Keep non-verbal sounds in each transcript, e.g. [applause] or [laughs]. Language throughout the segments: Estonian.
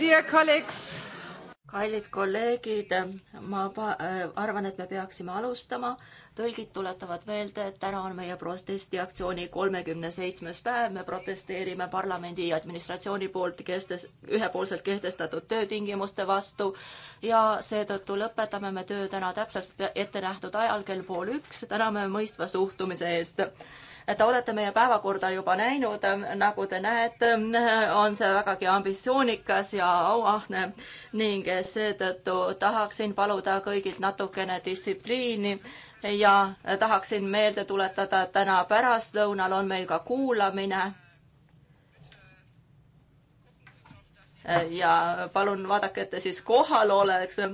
Dear colleagues. kallid kolleegid, ma äh, arvan, et me peaksime alustama. tõlgid tuletavad meelde, et täna on meie protestiaktsiooni kolmekümne seitsmes päev. me protesteerime parlamendi ja administratsiooni poolt kestes, ühepoolselt kehtestatud töötingimuste vastu ja seetõttu lõpetame me töö täna täpselt ette nähtud ajal kell pool üks. täname mõistva suhtumise eest Te olete meie päevakorda juba näinud, nagu te näete, on see vägagi ambitsioonikas ja auahne ning seetõttu tahaksin paluda kõigilt natukene distsipliini ja tahaksin meelde tuletada, et täna pärastlõunal on meil ka kuulamine ja palun vaadake, et te siis kohal oleks.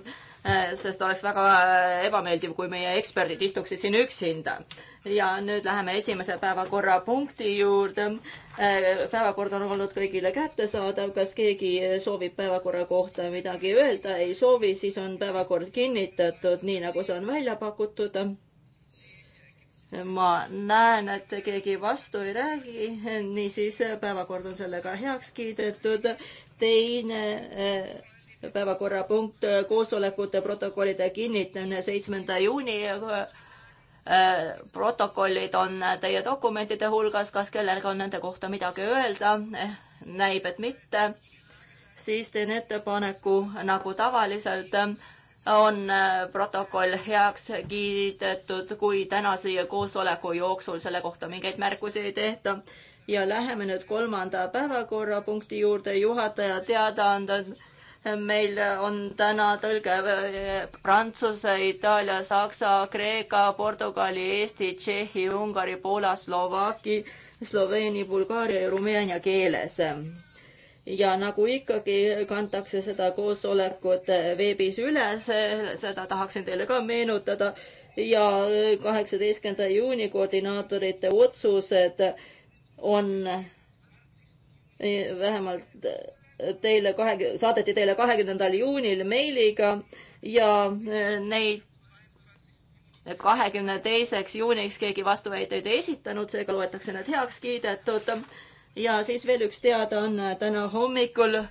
Äh, sest oleks väga äh, ebameeldiv, kui meie eksperdid istuksid siin üksinda. ja nüüd läheme esimese päevakorrapunkti juurde. Äh, päevakord on olnud kõigile kättesaadav, kas keegi soovib päevakorra kohta midagi öelda, ei soovi, siis on päevakord kinnitatud, nii nagu see on välja pakutud ma näen, et keegi vastu ei räägi, niisiis päevakord on sellega heaks kiidetud. teine päevakorrapunkt äh, koosolekute protokollide kinnitamine seitsmenda juuni äh, protokollid on teie dokumentide hulgas, kas kellelgi on nende kohta midagi öelda? Eh, näib, et mitte. siis teen ettepaneku, nagu tavaliselt on äh, protokoll heaks kiidetud, kui tänase koosoleku jooksul selle kohta mingeid märkusi ei tehta. ja läheme nüüd kolmanda päevakorrapunkti juurde, juhataja teadaanded meil on täna tõlge eh, prantsuse, itaalia, saksa, kreeka, portugali, eesti, tšehhi, ungari, poola, slovaki, sloveeni, bulgaaria ja rumeenia keeles ja nagu ikkagi kantakse seda koosolekut veebis üles, seda tahaksin teile ka meenutada ja kaheksateistkümnenda juuni koordinaatorite otsused on eh, vähemalt teile kahe, saadeti teile kahekümnendal juunil meiliga ja e, neid kahekümne teiseks juuniks keegi vastuväiteid ei esitanud, seega loetakse need heaks kiidetud. ja siis veel üks teadaanne täna hommikul e,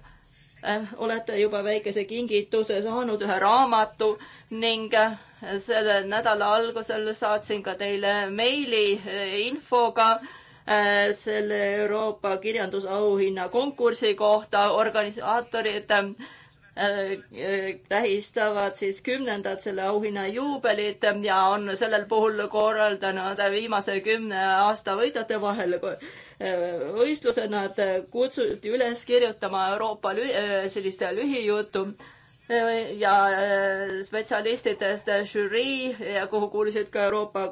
olete juba väikese kingituse saanud, ühe raamatu ning e, selle nädala algusel saatsin ka teile meili infoga äh, Äh, selle Euroopa kirjandusauhinna konkursi kohta. organisaatorid äh, äh, tähistavad siis kümnendat selle auhinna juubelit ja on sellel puhul korraldanud viimase kümne aasta võidjate vahel võistluse. Nad kutsuti üles kirjutama Euroopa lühi, sellist lühijuttu ja äh, spetsialistidest žürii, kuhu kuulusid ka Euroopa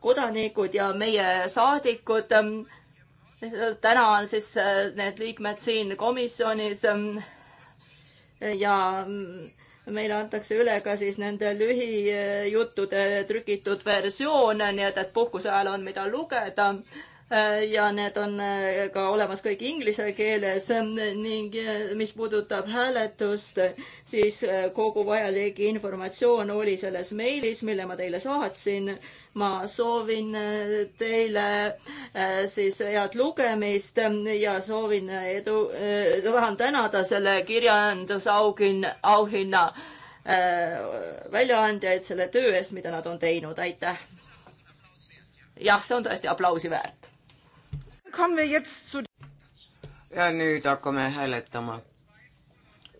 kodanikud ja meie saadikud. täna on siis äh, need liikmed siin komisjonis äh, ja mm, meile antakse üle ka siis nende lühijuttude trükitud versioon, nii et, et puhkuse ajal on, mida lugeda Äh, ja need on äh, ka olemas kõik inglise keeles ning äh, mis puudutab hääletust, siis kogu vajalik informatsioon oli selles meilis, mille ma teile saatsin. ma soovin teile siis head lugemist ja soovin edu, tahan tänada selle kirjandusauhinna, auhinna väljaandjaid selle töö eest, mida nad on teinud, aitäh! jah, see on tõesti aplausi väärt ja nüüd hakkame hääletama.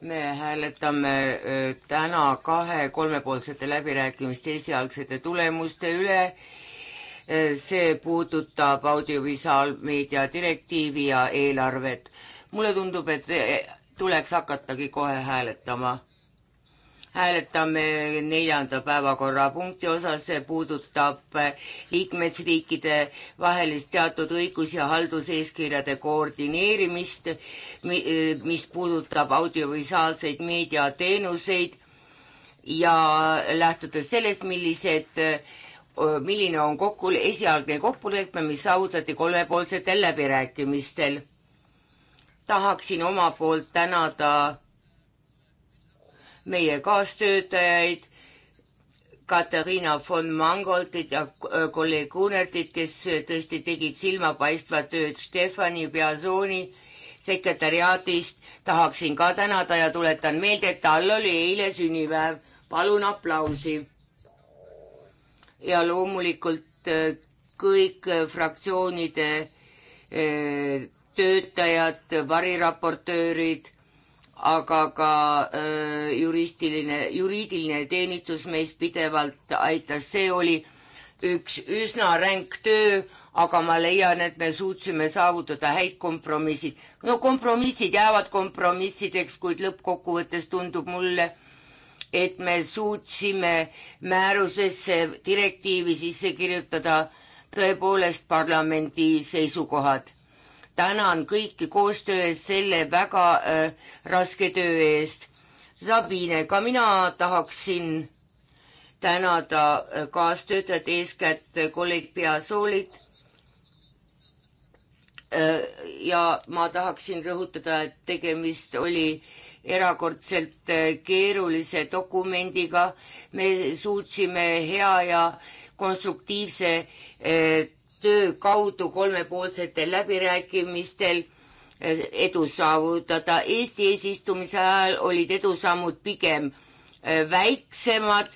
me hääletame äh, täna kahe kolmepoolsete läbirääkimiste esialgsete tulemuste üle. Äh, see puudutab audiovisuaalmeedia direktiivi ja eelarvet. mulle tundub, et äh, tuleks hakatagi kohe hääletama hääletame neljanda päevakorrapunkti osas, see puudutab eh, liikmesriikide vahelist teatud õigus- ja halduseeskirjade koordineerimist, eh, mis puudutab audiovisuaalseid meediateenuseid ja lähtudes sellest, millised eh, milline on kokku, esialgne kokkulepe, mis saavutati kolmepoolsetel läbirääkimistel. tahaksin oma poolt tänada meie kaastöötajaid, Katariina von Mangoltit ja äh, kolleeg Kunertit, kes tõesti tegid silmapaistvat tööd, Stefani Piazoni sekretäriaadist tahaksin ka tänada ja tuletan meelde, et tal oli eile sünnipäev. palun aplausi. ja loomulikult äh, kõik fraktsioonide äh, töötajad, variraportöörid aga ka öö, äh, juristiline, juriidiline teenistus meis pidevalt aitas, see oli üks üsna ränk töö, aga ma leian, et me suutsime saavutada häid kompromissid. no kompromissid jäävad kompromissideks, kuid lõppkokkuvõttes tundub mulle, et me suutsime määrusesse direktiivi sisse kirjutada tõepoolest parlamendi seisukohad tänan kõiki koostöö eest selle väga äh, raske töö eest. Sabine, ka mina tahaksin tänada äh, kaastöötajat, eeskätt äh, kolleeg Peasoolit äh,. ja ma tahaksin rõhutada, et tegemist oli erakordselt äh, keerulise dokumendiga. me suutsime hea ja konstruktiivse äh, töö kaudu kolmepoolsetel läbirääkimistel eh, edu saavutada. Eesti eesistumise ajal olid edusammud pigem eh, väiksemad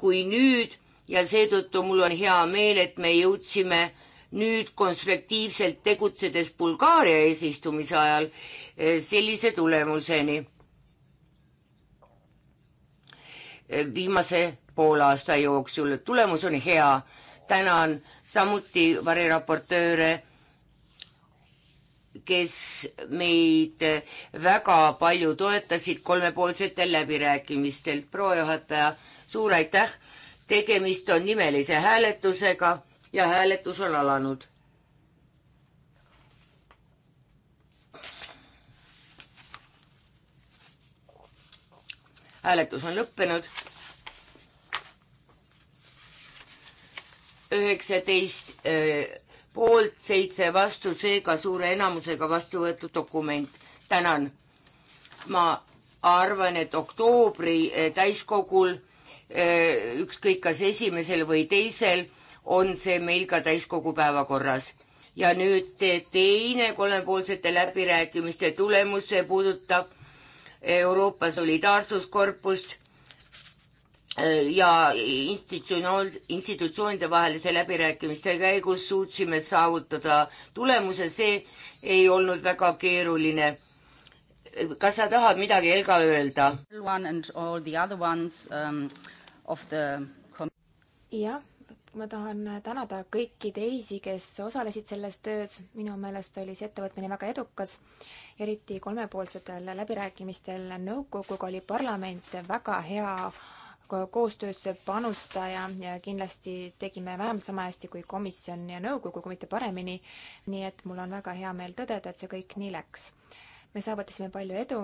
kui nüüd ja seetõttu mul on hea meel, et me jõudsime nüüd konstruktiivselt tegutsedes Bulgaaria eesistumise ajal eh, sellise tulemuseni. viimase poole aasta jooksul, tulemus on hea tänan samuti variraportööre, kes meid väga palju toetasid kolmepoolsetel läbirääkimistel. proua juhataja, suur aitäh, tegemist on nimelise hääletusega ja hääletus on alanud. hääletus on lõppenud üheksateist äh, poolt, seitse vastu, seega suure enamusega vastu võetud dokument. tänan. ma arvan, et oktoobri äh, täiskogul äh, ükskõik kas esimesel või teisel on see meil ka täiskogu päevakorras. ja nüüd teine kolmepoolsete läbirääkimiste tulemus, see puudutab Euroopa Solidaarsuskorpust ja institutsioon, institutsioonide vahelise läbirääkimiste käigus suutsime saavutada tulemuse, see ei olnud väga keeruline. kas sa tahad midagi, Helga, öelda? Um, jah, ma tahan tänada kõiki teisi, kes osalesid selles töös, minu meelest oli see ettevõtmine väga edukas. eriti kolmepoolsetel läbirääkimistel nõukoguga oli parlament väga hea koostöösse panustaja ja kindlasti tegime vähemalt sama hästi kui komisjon ja nõukogu, kui mitte paremini. nii et mul on väga hea meel tõdeda, et see kõik nii läks. me saavutasime palju edu,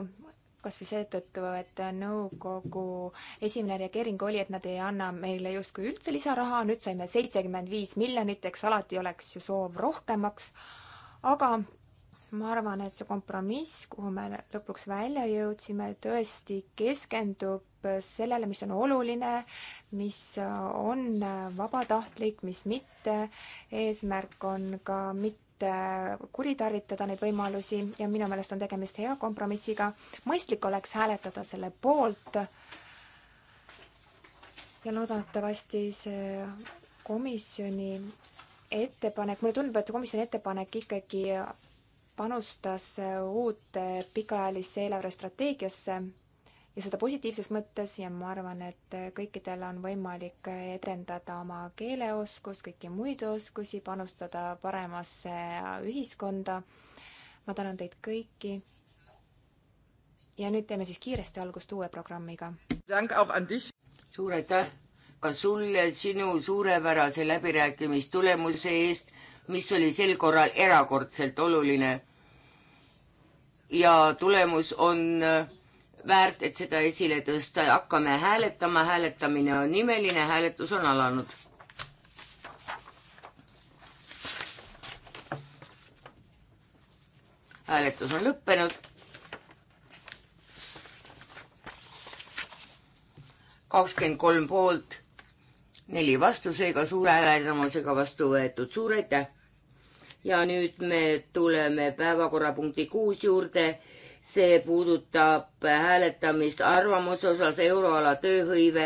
kas või seetõttu, et nõukogu esimene reageering oli, et nad ei anna meile justkui üldse lisaraha, nüüd saime seitsekümmend viis miljonit, eks alati oleks ju soov rohkemaks, aga ma arvan, et see kompromiss, kuhu me lõpuks välja jõudsime, tõesti keskendub sellele, mis on oluline, mis on vabatahtlik, mis mitte. eesmärk on ka mitte kuritarvitada neid võimalusi ja minu meelest on tegemist hea kompromissiga. mõistlik oleks hääletada selle poolt ja loodetavasti see komisjoni ettepanek, mulle tundub, et komisjoni ettepanek ikkagi panustas uute pikaajalisse eelarvestrateegiasse ja seda positiivses mõttes ja ma arvan, et kõikidel on võimalik edendada oma keeleoskust, kõiki muid oskusi, panustada paremasse ühiskonda. ma tänan teid kõiki. ja nüüd teeme siis kiiresti algust uue programmiga. suur aitäh ka sulle sinu suurepärase läbirääkimistulemuse eest mis oli sel korral erakordselt oluline. ja tulemus on äh, väärt, et seda esile tõsta, hakkame hääletama, hääletamine on nimeline, hääletus on alanud. hääletus on lõppenud. kakskümmend kolm poolt, neli vastu, seega suure hääletusega vastu võetud, suur aitäh ja nüüd me tuleme päevakorrapunkti kuus juurde. see puudutab hääletamist arvamuse osas euroala tööhõive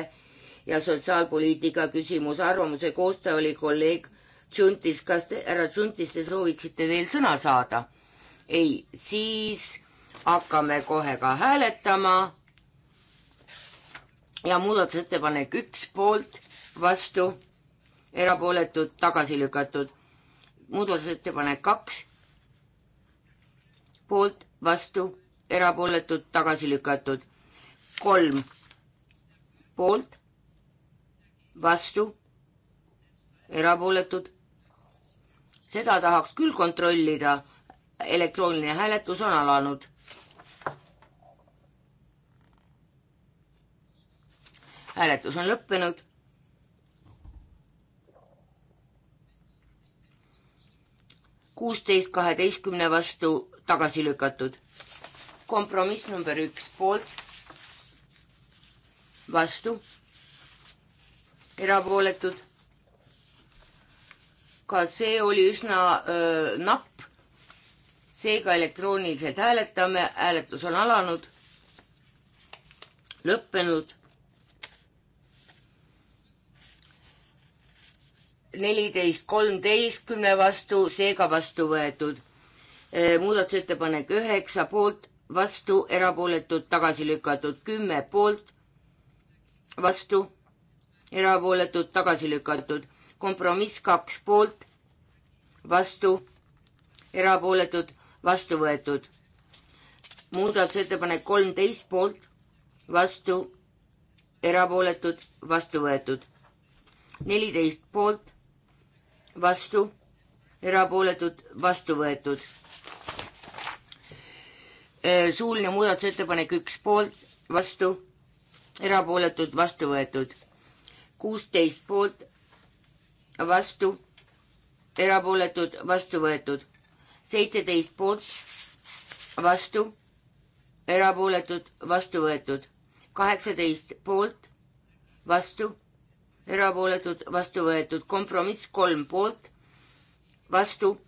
ja sotsiaalpoliitika küsimus. arvamuse koostaja oli kolleeg Tšuntis. kas te, härra Tšuntis, te sooviksite veel sõna saada? ei, siis hakkame kohe ka hääletama. ja muudatusettepanek üks poolt, vastu, erapooletud, tagasi lükatud muudatusettepanek kaks, poolt, vastu, erapooletud, tagasi lükatud. kolm, poolt, vastu, erapooletud. seda tahaks küll kontrollida. elektrooniline hääletus on alanud. hääletus on lõppenud kuusteist kaheteistkümne vastu tagasi lükatud. kompromiss number üks poolt, vastu, erapooletud. ka see oli üsna öö, napp. seega elektrooniliselt hääletame, hääletus on alanud, lõppenud neliteist kolmteistkümne vastu, seega vastu võetud. muudatusettepanek üheksa poolt, vastu, erapooletud, tagasi lükatud, kümme poolt, vastu, erapooletud, tagasi lükatud, kompromiss kaks poolt, vastu, erapooletud, vastu võetud. muudatusettepanek kolmteist poolt, vastu, erapooletud, vastu võetud. neliteist poolt, vastu, erapooletud, vastu võetud. Äh, suuline muudatusettepanek üks poolt, vastu, erapooletud, vastu võetud. kuusteist poolt, vastu, erapooletud, vastu võetud. seitseteist poolt, vastu, erapooletud, vastu võetud. kaheksateist poolt, vastu erapooletud, vastu võetud. kompromiss kolm poolt, vastu,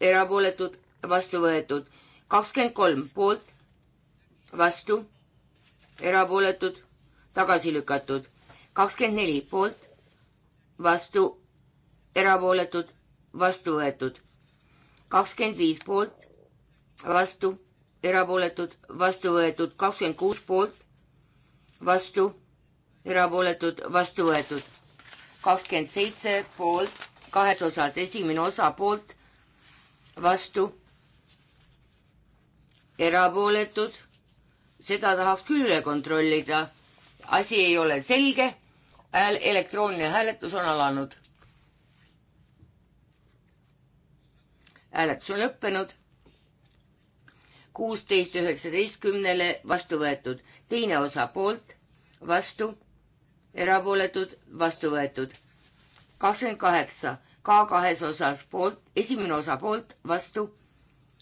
erapooletud, vastu võetud. kakskümmend kolm poolt, vastu, erapooletud, tagasi lükatud. kakskümmend neli poolt, vastu, erapooletud, vastu võetud. kakskümmend viis poolt, vastu, erapooletud, vastu võetud. kakskümmend kuus poolt, vastu erapooletud vastu võetud kakskümmend seitse poolt, kahes osas, esimene osa poolt, vastu, erapooletud, seda tahaks küll üle kontrollida. asi ei ole selge, hääl, elektrooniline hääletus on alanud. hääletus on lõppenud kuusteist üheksateistkümnele vastu võetud, teine osa poolt, vastu, erapooletud, vastu võetud. kakskümmend kaheksa ka kahes osas poolt, esimene osa poolt, vastu,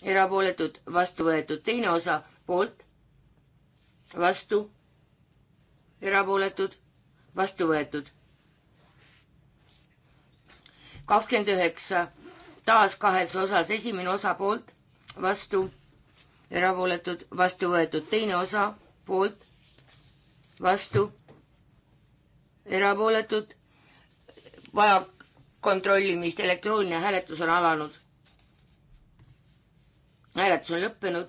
erapooletud, vastu võetud, teine osa poolt, vastu, erapooletud, vastu võetud. kakskümmend üheksa, taas kahes osas, esimene osa poolt, vastu, erapooletud, vastu võetud, teine osa poolt, vastu erapooletud, vajab kontrollimist, elektrooniline hääletus on alanud. hääletus on lõppenud.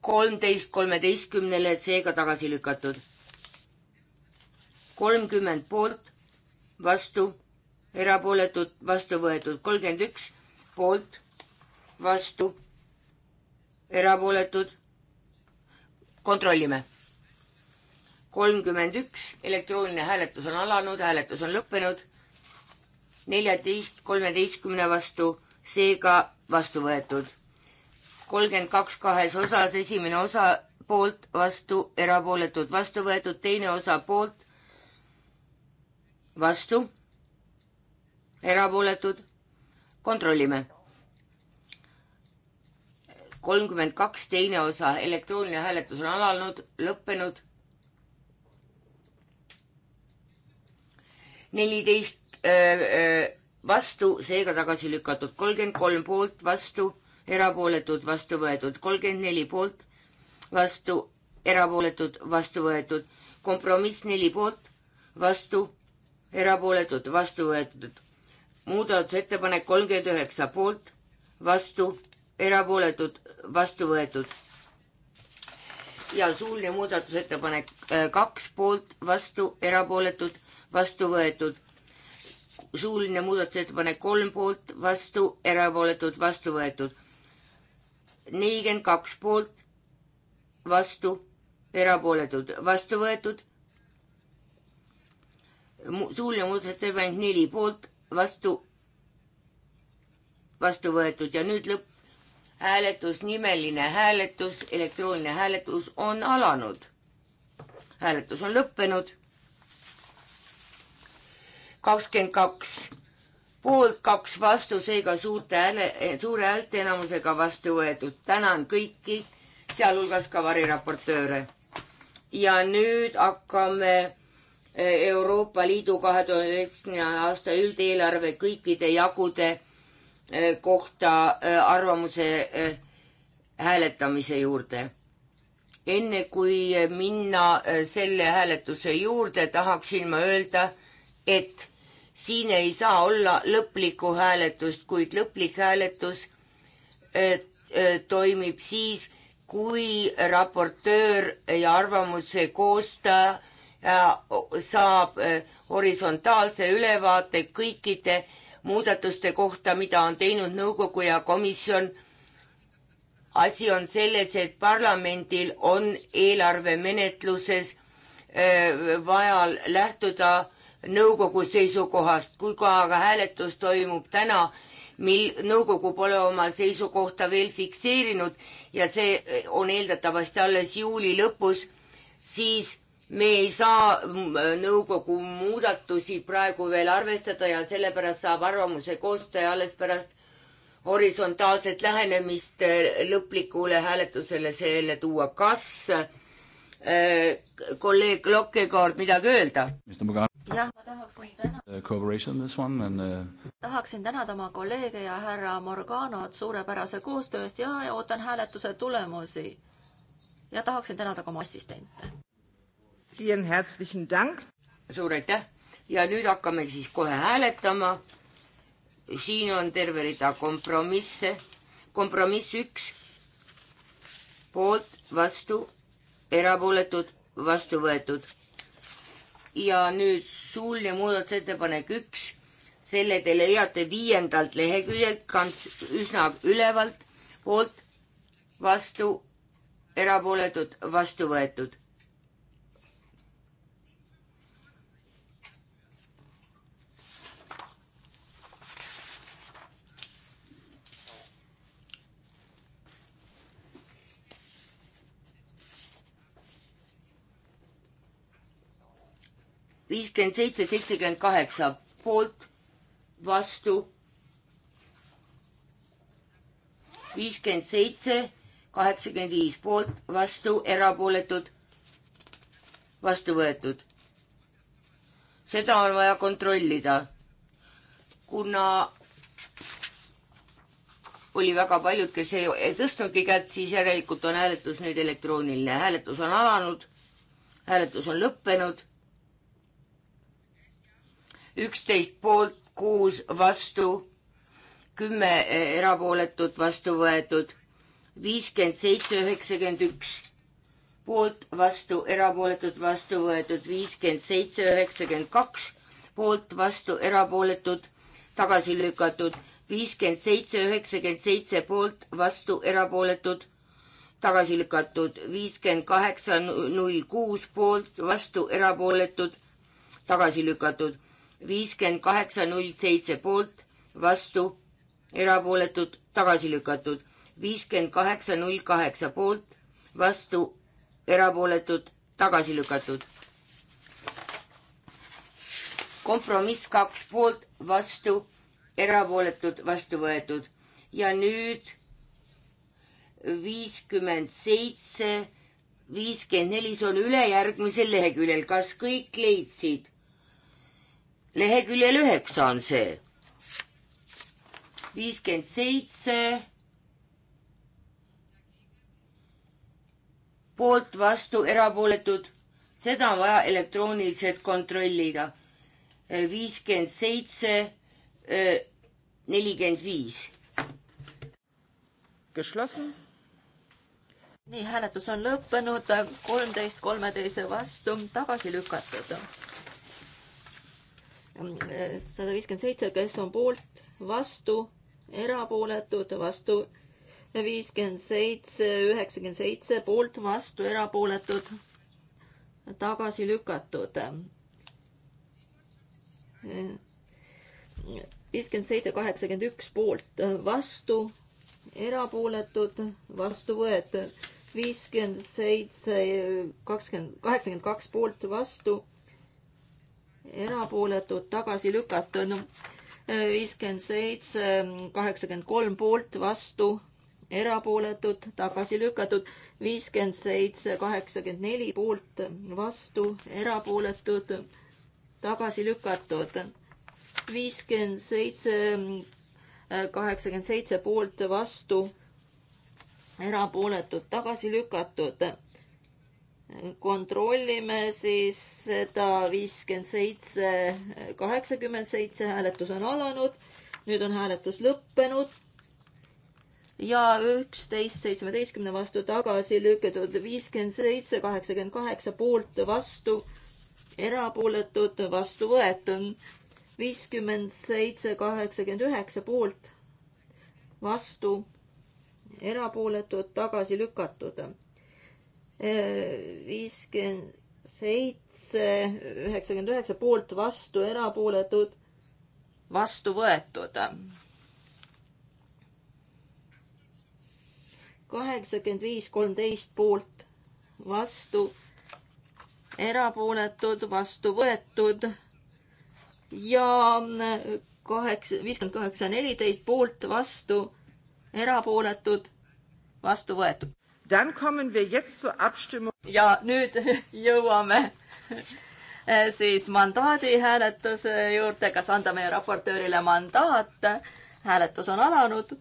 kolmteist kolmeteistkümnele, seega tagasi lükatud. kolmkümmend poolt, vastu, erapooletud, vastu võetud, kolmkümmend üks poolt, vastu, erapooletud. kontrollime kolmkümmend üks, elektrooniline hääletus on alanud, hääletus on lõppenud. neljateist kolmeteistkümne vastu, seega vastu võetud. kolmkümmend kaks kahes osas, esimene osa poolt, vastu, erapooletud, vastu võetud, teine osa poolt, vastu, erapooletud. kontrollime. kolmkümmend kaks, teine osa, elektrooniline hääletus on alanud, lõppenud neliteist äh, äh, vastu, seega tagasi lükatud, kolmkümmend kolm poolt, vastu, erapooletud, vastu võetud, kolmkümmend neli poolt, vastu, erapooletud, vastu võetud, kompromiss neli poolt, vastu, erapooletud, vastu võetud. muudatusettepanek kolmkümmend üheksa poolt, vastu, erapooletud, vastu võetud. ja suuline muudatusettepanek äh, kaks poolt, vastu, erapooletud, vastu võetud. suuline muudatusettepanek kolm poolt, vastu, erapooletud, vastu võetud. nelikümmend kaks poolt, vastu, erapooletud, vastu võetud. suuline muudatusettepanek neli poolt, vastu, vastu võetud ja nüüd lõpp hääletus, nimeline hääletus, elektrooniline hääletus on alanud. hääletus on lõppenud kakskümmend kaks poolt, kaks vastu, seega suurte hääle, suure häälteenamusega vastu võetud. tänan kõiki, sealhulgas ka variraportööre. ja nüüd hakkame eh, Euroopa Liidu kahe tuhande üheksakümne aasta üldeelarve kõikide jagude eh, kohta eh, arvamuse hääletamise juurde. enne kui minna selle hääletuse juurde, tahaksin ma öelda, et siin ei saa olla lõplikku hääletust, kuid lõplik hääletus äh, toimib siis, kui raportöör ja arvamuse koostaja äh, saab äh, horisontaalse ülevaate kõikide muudatuste kohta, mida on teinud nõukogu ja komisjon. asi on selles, et parlamendil on eelarvemenetluses vaja lähtuda nõukogu seisukohast, kui ka aga hääletus toimub täna, mil nõukogu pole oma seisukohta veel fikseerinud ja see eh, on eeldatavasti alles juuli lõpus, siis me ei saa mm, eh, nõukogu muudatusi praegu veel arvestada ja sellepärast saab arvamuse koostaja alles pärast horisontaalset lähenemist eh, lõplikule hääletusele selle tuua. kas kolleeg Lokkegaard midagi öelda? jah, ma tahaksin tänada, uh, tahaksin tänada oma kolleege ja härra Morganot suurepärase koostöö eest ja ootan hääletuse tulemusi. ja tahaksin tänada ka oma assistente. suur aitäh ja nüüd hakkamegi siis kohe hääletama. siin on terve rida kompromisse. kompromiss üks, poolt, vastu erapooletud, vastu võetud. ja nüüd suuline muudatusettepanek üks, selle te leiate viiendalt leheküljelt, kant-, üsna ülevalt, poolt, vastu, erapooletud, vastu võetud viiskümmend seitse, seitsekümmend kaheksa poolt, vastu. viiskümmend seitse, kaheksakümmend viis poolt, vastu, erapooletud, vastu võetud. seda on vaja kontrollida, kuna oli väga paljud, kes ei tõstnudki kätt, siis järelikult on hääletus nüüd elektrooniline. hääletus on alanud, hääletus on lõppenud üksteist poolt, kuus vastu, kümme erapooletut vastu võetud, viiskümmend seitse, üheksakümmend üks poolt, vastu, erapooletud, vastu võetud, viiskümmend seitse, üheksakümmend kaks poolt, vastu, erapooletud, tagasi lükatud, viiskümmend seitse, üheksakümmend seitse poolt, vastu, erapooletud tagasi lükatud, viiskümmend kaheksa null kuus poolt, vastu erapooletud, tagasi lükatud, viiskümmend kaheksa, null seitse poolt, vastu, erapooletud, tagasi lükatud. viiskümmend kaheksa, null kaheksa poolt, vastu, erapooletud, tagasi lükatud. kompromiss kaks poolt, vastu, erapooletud, vastu võetud. ja nüüd viiskümmend seitse, viiskümmend neli, see on ülejärgmisel leheküljel. kas kõik leidsid? leheküljel üheksa on see. viiskümmend seitse. poolt, vastu, erapooletud. seda on vaja elektrooniliselt kontrollida. viiskümmend seitse, nelikümmend viis. Geschlossen nii, hääletus on lõppenud, kolmteist kolmeteise vastu tagasi lükatud sada viiskümmend seitse, kes on poolt, vastu, erapooletud, vastu viiskümmend seitse, üheksakümmend seitse, poolt, vastu, erapooletud, tagasi lükatud. viiskümmend seitse, kaheksakümmend üks poolt, vastu, erapooletud, vastu võetud, viiskümmend seitse, kakskümmend, kaheksakümmend kaks poolt, vastu erapooletud, tagasi lükatud, viiskümmend seitse, kaheksakümmend kolm poolt, vastu, erapooletud, tagasi lükatud, viiskümmend seitse, kaheksakümmend neli poolt, vastu, erapooletud, tagasi lükatud, viiskümmend seitse, kaheksakümmend seitse poolt, vastu, erapooletud, tagasi lükatud kontrollime siis seda viiskümmend seitse, kaheksakümmend seitse, hääletus on alanud, nüüd on hääletus lõppenud ja üksteist seitsmeteistkümne vastu tagasi lükatud viiskümmend seitse, kaheksakümmend kaheksa poolt vastu, erapooletud vastu võetud viiskümmend seitse, kaheksakümmend üheksa poolt vastu, erapooletud tagasi lükatud viiskümmend seitse, üheksakümmend üheksa poolt, vastu, erapooletud, vastu võetud. kaheksakümmend viis, kolmteist poolt, vastu, erapooletud, vastu võetud ja kaheksa, viiskümmend kaheksa, neliteist poolt, vastu, erapooletud, vastu võetud ja nüüd [laughs] jõuame äh, siis mandaadi hääletuse juurde, kas anda meie raportöörile mandaat. hääletus on alanud.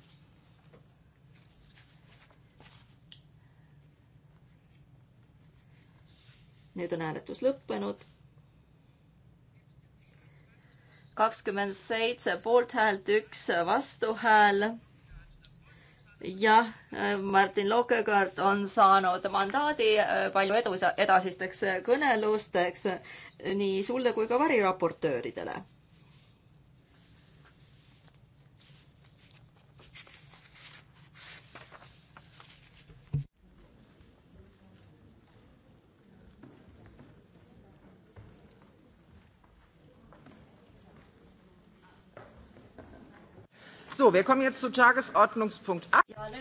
nüüd on hääletus lõppenud kakskümmend seitse poolthäält, üks vastuhääl jah, äh, Martin Lokekaart on saanud mandaadi äh, palju edu edasisteks kõnelusteks nii sulle kui ka variraportööridele. So, wir kommen jetzt zu Tagesordnungspunkt 8.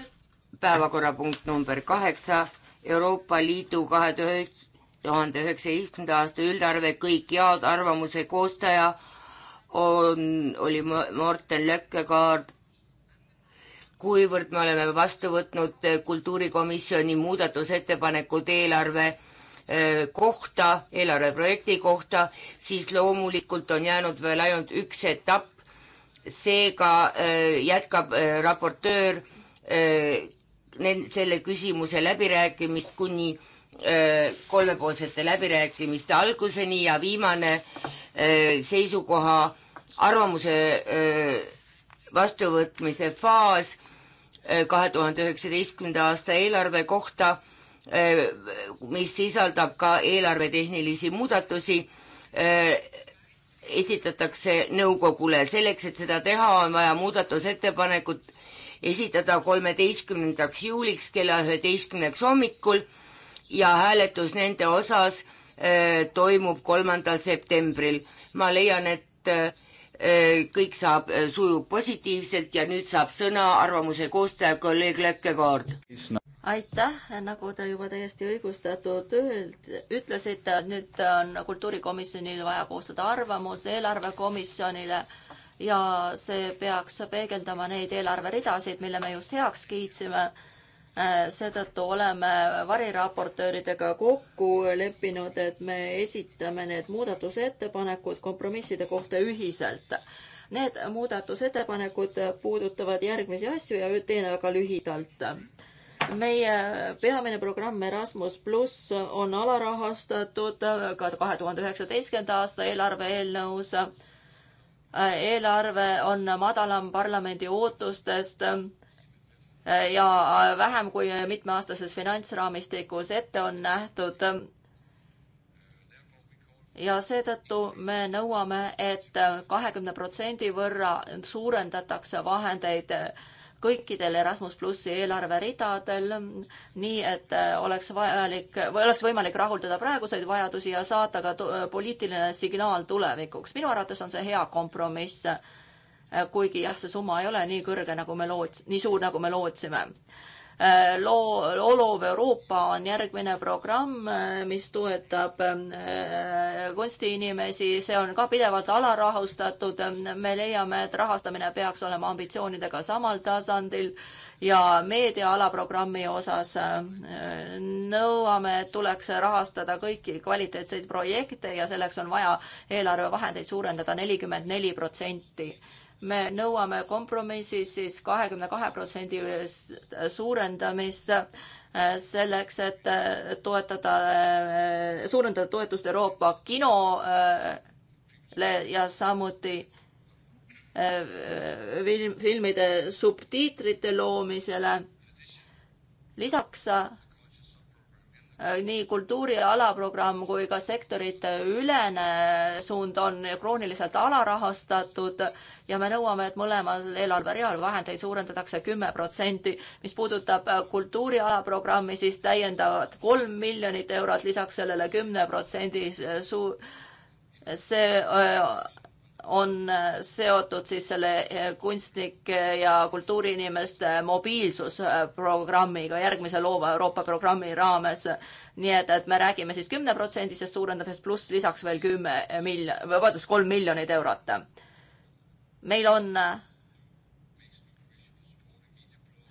päevakorrapunkt number kaheksa, Euroopa Liidu kahe tuhande üheksateistkümnenda aasta üldarve kõik head arvamuse koostaja on, oli Morten Lökkekaart kuivõrd me oleme vastu võtnud eh, kultuurikomisjoni muudatusettepanekud eelarve eh, kohta, eelarveprojekti kohta, siis loomulikult on jäänud veel ainult üks etapp seega äh, jätkab äh, raportöör äh, selle küsimuse läbirääkimist kuni kolmepoolsete läbirääkimiste alguseni ja viimane seisukoha arvamuse vastuvõtmise faas kahe tuhande üheksateistkümnenda aasta eelarve kohta, mis sisaldab ka eelarvetehnilisi muudatusi esitatakse nõukogule. selleks, et seda teha, on vaja muudatusettepanekut esitada kolmeteistkümnendaks juuliks kella üheteistkümneks hommikul ja hääletus nende osas äh, toimub kolmandal septembril. ma leian, et äh, Eh, kõik saab, eh, sujub positiivselt ja nüüd saab sõna arvamuse koostaja kolleeg Lekkekaard. aitäh, nagu te juba täiesti õigustatud öeld, ütlesite, et nüüd on kultuurikomisjonil vaja koostada arvamus eelarvekomisjonile ja see peaks peegeldama neid eelarveridasid, mille me just heaks kiitsime Äh, seetõttu oleme variraportööridega kokku leppinud, et me esitame need muudatusettepanekud kompromisside kohta ühiselt. Need muudatusettepanekud puudutavad järgmisi asju ja teen väga lühidalt. meie peamine programm Erasmus pluss on alarahastatud ka kahe tuhande üheksateistkümnenda aasta eelarve eelnõus. Äh, eelarve on madalam parlamendi ootustest ja vähem kui mitmeaastases finantsraamistikus ette on nähtud. ja seetõttu me nõuame et, et kahekümne protsendi võrra suurendatakse vahendeid kõikidel Erasmus plussi eelarveridadel, nii et oleks vajalik, oleks võimalik rahuldada praeguseid vajadusi ja saata ka poliitiline signaal tulevikuks. minu arvates on see hea kompromiss Äh, kuigi jah, see summa ei ole nii kõrge, nagu me loots-, nii suur, nagu me lootsime äh, loo, loov Euroopa on järgmine programm, äh, mis toetab kunstiinimesi, see on ka pidevalt alarahastatud. me leiame, et rahastamine peaks olema ambitsioonidega samal tasandil ja meediaalaprogrammi osas nõuame, et tuleks rahastada kõiki kvaliteetseid projekte ja selleks on vaja eelarvevahendeid suurendada nelikümmend neli protsenti me nõuame kompromissis siis kahekümne kahe protsendi suurendamist äh, selleks, et äh, toetada, äh, suurendada toetust Euroopa kinole ja samuti film, filmide subtiitrite loomisele. lisaks Äh, nii kultuuri alaprogramm kui ka sektorite ülene suund on krooniliselt alarahastatud ja me nõuame, et mõlemal eelarvereal vahendeid suurendatakse kümme protsenti. mis puudutab äh, kultuuri alaprogrammi, siis täiendavad kolm miljonit eurot lisaks sellele kümne protsendi suu-, see äh, on äh, seotud siis selle äh, kunstnike ja kultuuriinimeste mobiilsusprogrammiga, järgmise loova Euroopa programmi raames. nii et, et me räägime siis kümneprotsendisest suurendamisest pluss lisaks veel kümme mil-, vabandust, kolm miljonit eurot. meil on äh,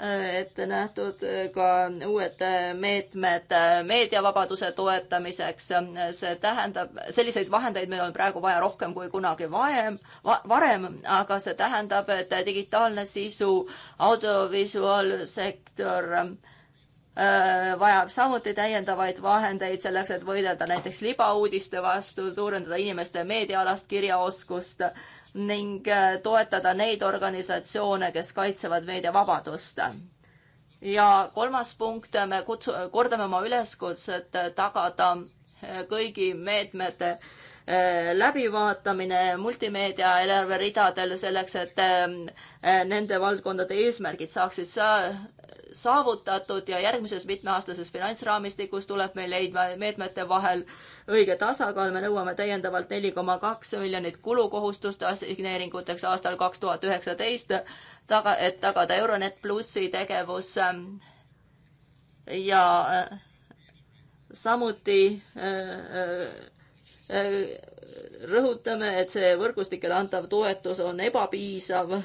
ette nähtud ka uued meetmed meediavabaduse toetamiseks. see tähendab, selliseid vahendeid meil on praegu vaja rohkem kui kunagi vaem, varem, aga see tähendab, et digitaalne sisu, audiovisuaalsektor äh, vajab samuti täiendavaid vahendeid selleks, et võidelda näiteks libauudiste vastu, suurendada inimeste meediaalast kirjaoskust ning äh, toetada neid organisatsioone, kes kaitsevad meediavabadust. ja kolmas punkt, me kutsu-, kordame oma üleskutset tagada äh, kõigi meetmete äh, läbivaatamine multimeedia eelarveridadel selleks, et nende valdkondade eesmärgid saaksid sa saavutatud ja järgmises mitmeaastases finantsraamistikus tuleb meil leidma meetmete vahel õige tasakaal, me nõuame täiendavalt neli koma kaks miljonit kulukohustuste assigneeringuteks aastal kaks tuhat üheksateist, taga, et tagada Euronet Plussi tegevus ja äh, samuti äh, äh, rõhutame, et see võrgustikele antav toetus on ebapiisav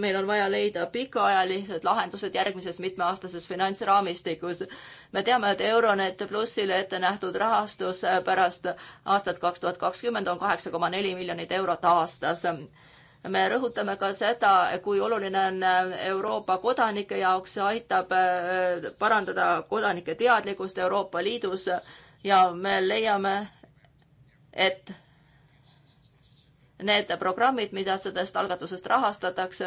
meil on vaja leida pikaajalised lahendused järgmises mitmeaastases finantsraamistikus. me teame, et Euronet Plussile ette nähtud rahastus pärast aastat kaks tuhat kakskümmend on kaheksa koma neli miljonit eurot aastas me rõhutame ka seda, kui oluline on Euroopa kodanike jaoks, see aitab äh, parandada kodanike teadlikkust Euroopa Liidus ja me leiame, et need programmid, mida sellest algatusest rahastatakse,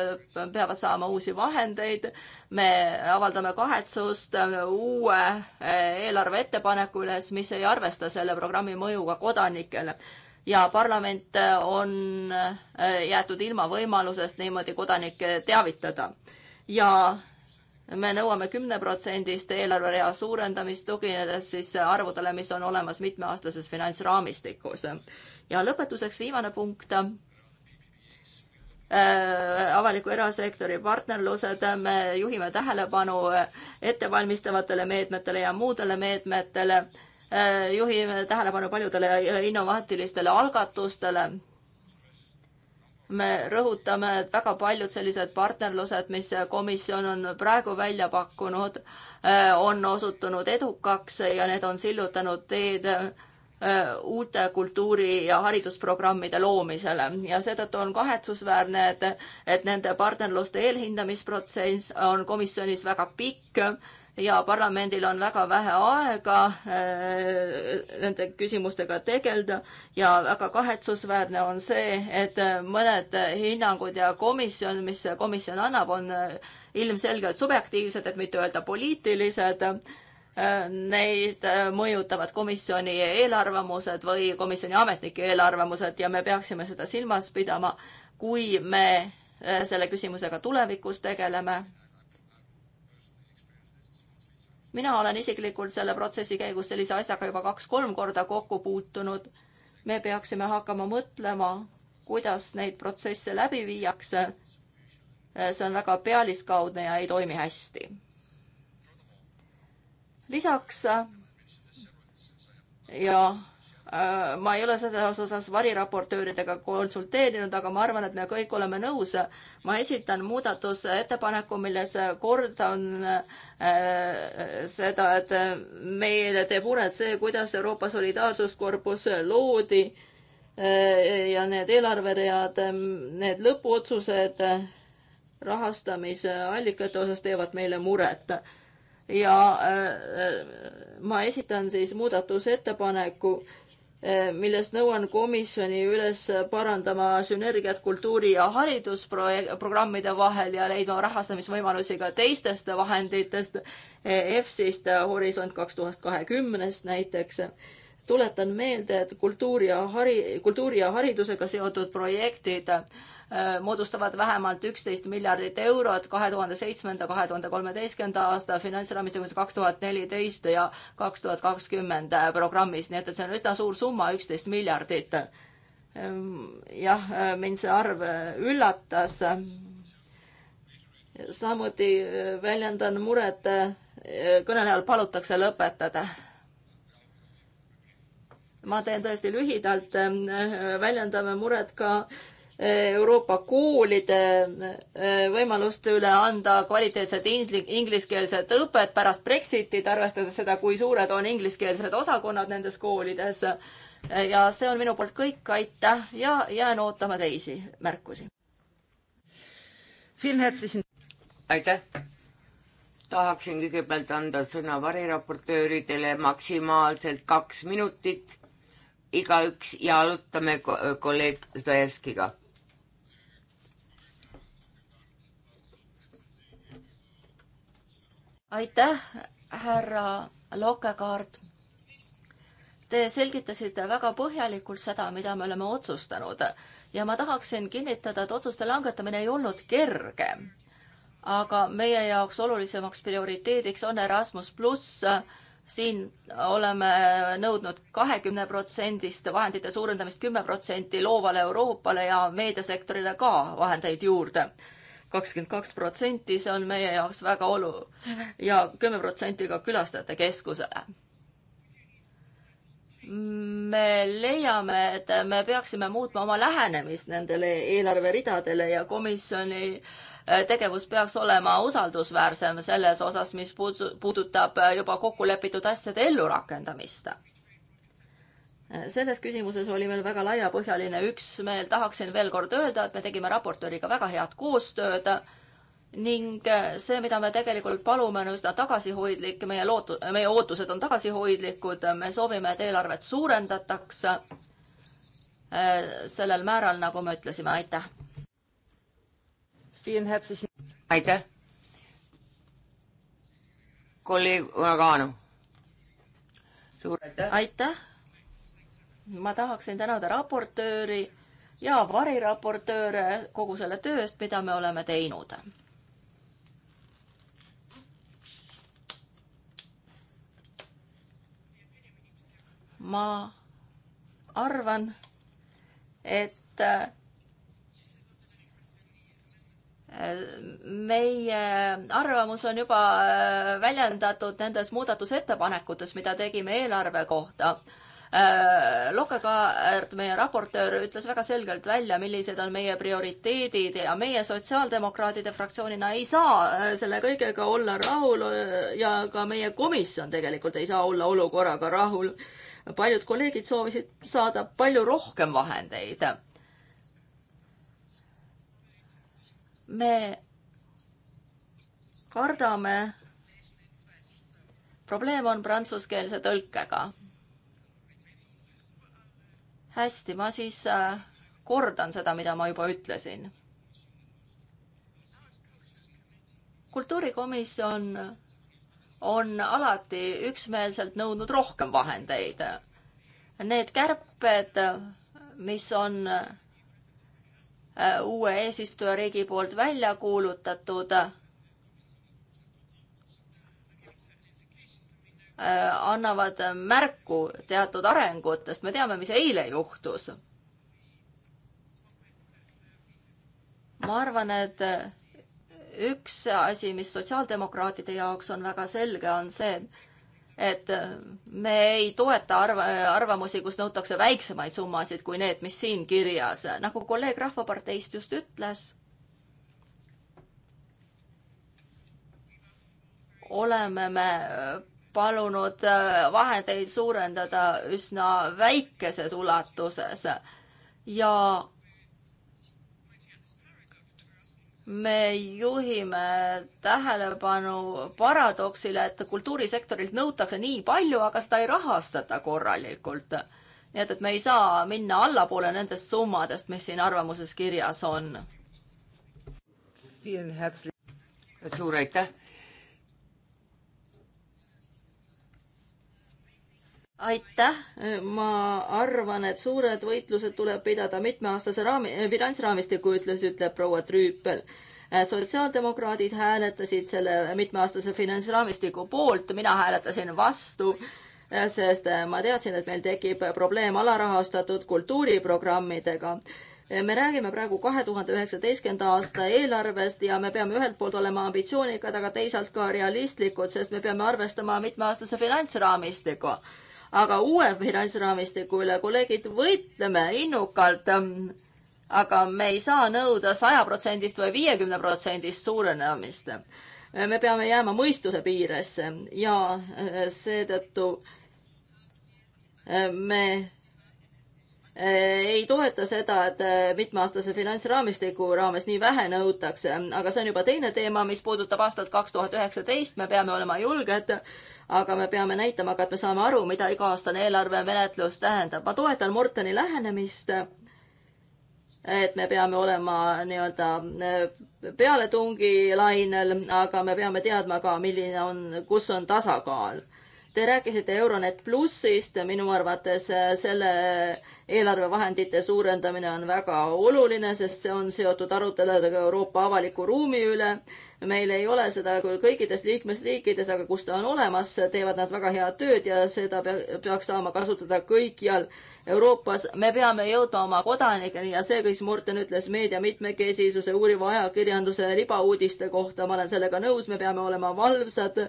peavad saama uusi vahendeid. me avaldame kahetsust uue eelarve ettepaneku üles, mis ei arvesta selle programmi mõjuga kodanikele ja parlament on jäetud ilma võimalusest niimoodi kodanikke teavitada. ja me nõuame kümneprotsendist eelarverea suurendamist, tuginedes siis arvudele, mis on olemas mitmeaastases finantsraamistikus ja lõpetuseks viimane punkt äh, avaliku erasektori partnerlused, me juhime tähelepanu ettevalmistavatele meetmetele ja muudele meetmetele, äh, juhime tähelepanu paljudele innovaatilistele algatustele. me rõhutame, et väga paljud sellised partnerlused, mis komisjon on praegu välja pakkunud, äh, on osutunud edukaks ja need on sillutanud teed Äh, uute kultuuri- ja haridusprogrammide loomisele ja seetõttu on kahetsusväärne, et, et nende partnerluste eelhindamisprotsess on komisjonis väga pikk ja parlamendil on väga vähe aega äh, nende küsimustega tegeleda ja väga kahetsusväärne on see, et mõned hinnangud ja komisjon, mis komisjon annab, on äh, ilmselgelt subjektiivsed, et mitte öelda poliitilised neid äh, mõjutavad komisjoni eelarvamused või komisjoni ametnike eelarvamused ja me peaksime seda silmas pidama, kui me äh, selle küsimusega tulevikus tegeleme. mina olen isiklikult selle protsessi käigus sellise asjaga juba kaks-kolm korda kokku puutunud. me peaksime hakkama mõtlema, kuidas neid protsesse läbi viiakse. Äh, see on väga pealiskaudne ja ei toimi hästi lisaks äh, ja äh, ma ei ole selles osas variraportööridega konsulteerinud, aga ma arvan, et me kõik oleme nõus. ma esitan muudatusettepaneku, milles kordan äh, seda, et meile teeb muret see, kuidas Euroopa Solidaarsuskorpus loodi ja need eelarveread, need lõpuotsused rahastamise allikate osas teevad meile muret ja äh, äh, ma esitan siis muudatusettepaneku, äh, milles nõuan komisjoni üles parandama sünergiat kultuuri- ja haridusprogrammide vahel ja leidma rahastamisvõimalusi ka teistest vahenditest, EFSist, Horisont kaks tuhat kahekümnest näiteks tuletan meelde, et kultuuri ja hari, kultuuri ja haridusega seotud projektid Äh, moodustavad vähemalt üksteist miljardit eurot kahe tuhande seitsmenda, kahe tuhande kolmeteistkümnenda aasta finantsraamistikus kaks tuhat neliteist ja kaks tuhat kakskümmend programmis, nii et, et see on üsna suur summa, üksteist miljardit. Ähm, jah, mind see arv äh, üllatas. samuti äh, väljendan muret, kõnelejal palutakse lõpetada ma teen tõesti lühidalt, väljendame muret ka äh, Euroopa koolide e, võimaluste üle anda kvaliteetset ingliskeelset õpet pärast Brexitit, arvestades seda, kui suured on ingliskeelsed osakonnad nendes koolides. E, ja see on minu poolt kõik, aitäh ja jään ootama teisi märkusi. aitäh! tahaksin kõigepealt anda sõna variraportööridele maksimaalselt kaks minutit igaüks ja alustame kolleeg Zdajevskiga aitäh, härra Lokekaart. Te selgitasite väga põhjalikult seda, mida me oleme otsustanud ja ma tahaksin kinnitada, et otsuste langetamine ei olnud kerge. aga meie jaoks olulisemaks prioriteediks on Erasmus pluss siin oleme nõudnud kahekümne protsendist vahendite suurendamist kümme protsenti loovale Euroopale ja meediasektorile ka vahendeid juurde kakskümmend kaks protsenti, see on meie jaoks väga oluline [laughs] ja kümme protsenti ka külastajate keskusele. me leiame, et me peaksime muutma oma lähenemist nendele eelarveridadele ja komisjoni äh, tegevus peaks olema usaldusväärsem selles osas, mis puudutab juba kokku lepitud asjade ellurakendamist selles küsimuses oli meil väga laiapõhjaline üksmeel, tahaksin veel kord öelda, et me tegime raportööriga väga head koostööd ning see, mida me tegelikult palume, on üsna tagasihoidlik, meie lootu-, meie ootused on tagasihoidlikud, me soovime, et eelarvet suurendataks eh, sellel määral, nagu me ütlesime, aitäh. aitäh. kolleeg Uragano. suur aitäh. aitäh ma tahaksin tänada raportööri ja variraportööre kogu selle töö eest, mida me oleme teinud. ma arvan, et äh, meie arvamus on juba äh, väljendatud nendes muudatusettepanekutes, mida tegime eelarve kohta Äh, Lokekaart, meie raportöör, ütles väga selgelt välja, millised on meie prioriteedid ja meie sotsiaaldemokraatide fraktsioonina ei saa äh, selle kõigega olla rahul äh, ja ka meie komisjon tegelikult ei saa olla olukorraga rahul. paljud kolleegid soovisid saada palju rohkem vahendeid. me kardame, probleem on prantsuskeelse tõlkega hästi, ma siis äh, kordan seda, mida ma juba ütlesin. kultuurikomisjon on alati üksmeelselt nõudnud rohkem vahendeid. Need kärped, mis on äh, uue eesistujariigi poolt välja kuulutatud, Äh, annavad märku teatud arengutest, me teame, mis eile juhtus. ma arvan, et üks asi, mis sotsiaaldemokraatide jaoks on väga selge, on see, et me ei toeta arv-, arvamusi, kus nõutakse väiksemaid summasid kui need, mis siin kirjas. nagu kolleeg Rahvaparteist just ütles oleme me palunud äh, vahendeid suurendada üsna väikeses ulatuses ja me juhime tähelepanu paradoksile, et kultuurisektorilt nõutakse nii palju, aga seda ei rahastata korralikult. nii et, et me ei saa minna allapoole nendest summadest, mis siin arvamuses kirjas on. suur aitäh aitäh, ma arvan, et suured võitlused tuleb pidada mitmeaastase raami, eh, finantsraamistiku ütles, ütleb proua Trüüpel. Eh, sotsiaaldemokraadid hääletasid selle mitmeaastase finantsraamistiku poolt, mina hääletasin vastu, eh, sest ma teadsin, et meil tekib probleem alarahastatud kultuuriprogrammidega me räägime praegu kahe tuhande üheksateistkümnenda aasta eelarvest ja me peame ühelt poolt olema ambitsioonikad, aga teisalt ka realistlikud, sest me peame arvestama mitmeaastase finantsraamistikuga aga uue finantsraamistiku üle, kolleegid, võitleme innukalt. Ehm, aga me ei saa nõuda sajaprotsendist või viiekümne protsendist suurenemist. Ehm, me peame jääma mõistuse piiresse ja ehm, seetõttu me Äh, ei toeta seda, et äh, mitmeaastase finantsraamistiku raames nii vähe nõutakse, aga see on juba teine teema, mis puudutab aastat kaks tuhat üheksateist, me peame olema julged, aga me peame näitama ka, et me saame aru, mida iga-aastane eelarvemenetlus tähendab. ma toetan Mortoni lähenemist, et me peame olema nii-öelda äh, pealetungilainel, aga me peame teadma ka, milline on, kus on tasakaal Te rääkisite Euronet plussist, minu arvates äh, selle eelarvevahendite suurendamine on väga oluline, sest see on seotud aruteludega Euroopa avaliku ruumi üle. meil ei ole seda küll kõikides liikmesriikides, aga kus ta on olemas, teevad nad väga head tööd ja seda peaks saama kasutada kõikjal Euroopas. me peame jõudma oma kodanikeni ja see kõik, mis Morten ütles meedia mitmekesisuse, uuriva ajakirjanduse, libauudiste kohta, ma olen sellega nõus, me peame olema valvsad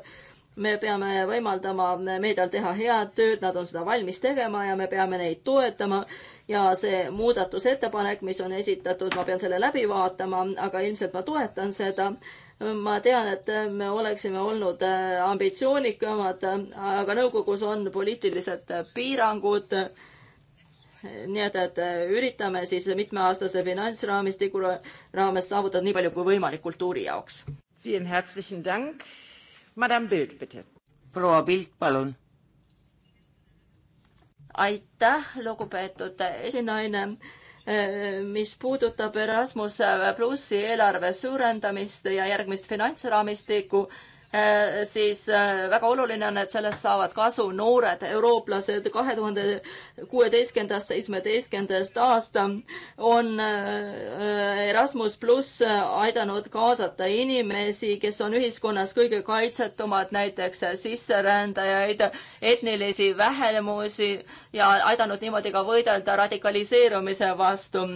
me peame võimaldama meedial teha head tööd, nad on seda valmis tegema ja me peame neid toetama. ja see muudatusettepanek, mis on esitatud, ma pean selle läbi vaatama, aga ilmselt ma toetan seda. ma tean, et me oleksime olnud äh, ambitsioonikamad, aga nõukogus on poliitilised piirangud. nii et, et äh, üritame siis mitmeaastase finantsraamistiku raames saavutada nii palju kui võimalik kultuuri jaoks. Vielen herzlichen Dank Madame Bild, bitte. proua Pilt, palun. aitäh, lugupeetud esinaine eh, mis puudutab Erasmus plussi eelarve suurendamist ja järgmist finantsraamistikku, Äh, siis äh, väga oluline on, et sellest saavad kasu noored eurooplased. kahe tuhande kuueteistkümnendast, seitsmeteistkümnendast aasta on äh, Erasmus pluss aidanud kaasata inimesi, kes on ühiskonnas kõige kaitsetumad, näiteks sisserändajaid, etnilisi vähemusi ja aidanud niimoodi ka võidelda radikaliseerumise vastu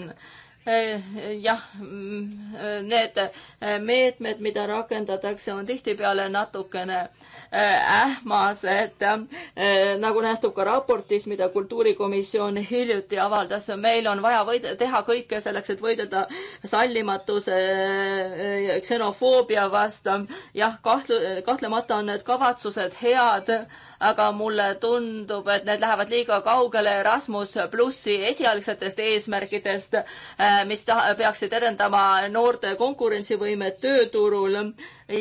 Eh, jah, mm, need eh, meetmed, mida rakendatakse, on tihtipeale natukene eh, ähmased, nagu nähtub ka raportis, mida kultuurikomisjon hiljuti avaldas. meil on vaja võid-, teha kõike selleks, et võidelda sallimatuse, ksenofoobia vastu. jah, kahtlu-, kahtlemata on need kavatsused head aga mulle tundub, et need lähevad liiga kaugele Erasmus plussi esialgsetest eesmärkidest, äh, mis peaksid edendama noorte konkurentsivõimet tööturul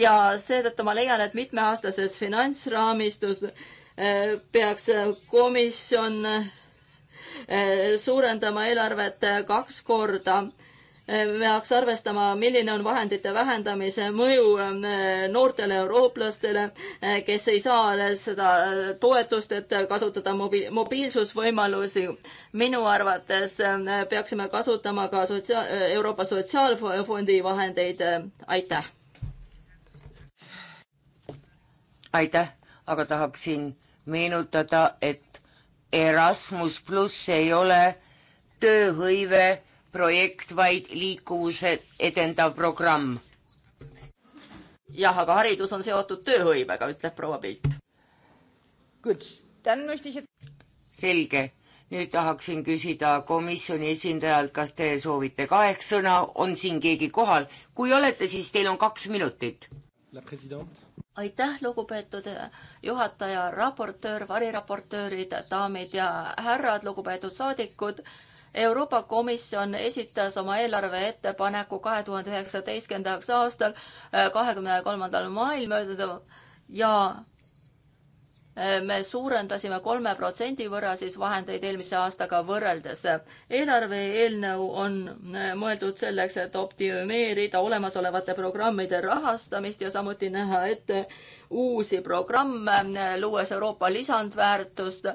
ja seetõttu ma leian, et mitmeaastases finantsraamistus äh, peaks komisjon äh, suurendama eelarvet kaks korda peaks arvestama, milline on vahendite vähendamise mõju noortele eurooplastele, eh, kes ei saa seda eh, toetust, et kasutada mobi-, mobiilsusvõimalusi. minu arvates peaksime kasutama ka sotsiaal, Euroopa Sotsiaalfondi vahendeid, aitäh! aitäh, aga tahaksin meenutada, et Erasmus pluss ei ole tööhõive projekt, vaid liikuvuse edendav programm. jah, aga haridus on seotud tööhõivega, ütleb proua Pilt. selge, nüüd tahaksin küsida komisjoni esindajalt, kas te soovite ka ehk sõna, on siin keegi kohal, kui olete, siis teil on kaks minutit aitäh, lugupeetud juhataja, raportöör, variraportöörid, daamid ja härrad, lugupeetud saadikud Euroopa Komisjon esitas oma eelarve ettepaneku kahe tuhande üheksateistkümnendaks aastal kahekümne kolmandal mail möödunud ja me suurendasime kolme protsendi võrra siis vahendeid eelmise aastaga võrreldes. eelarve eelnõu on eh, mõeldud selleks, et optimeerida olemasolevate programmide rahastamist ja samuti näha ette uusi programme, luues Euroopa lisandväärtust,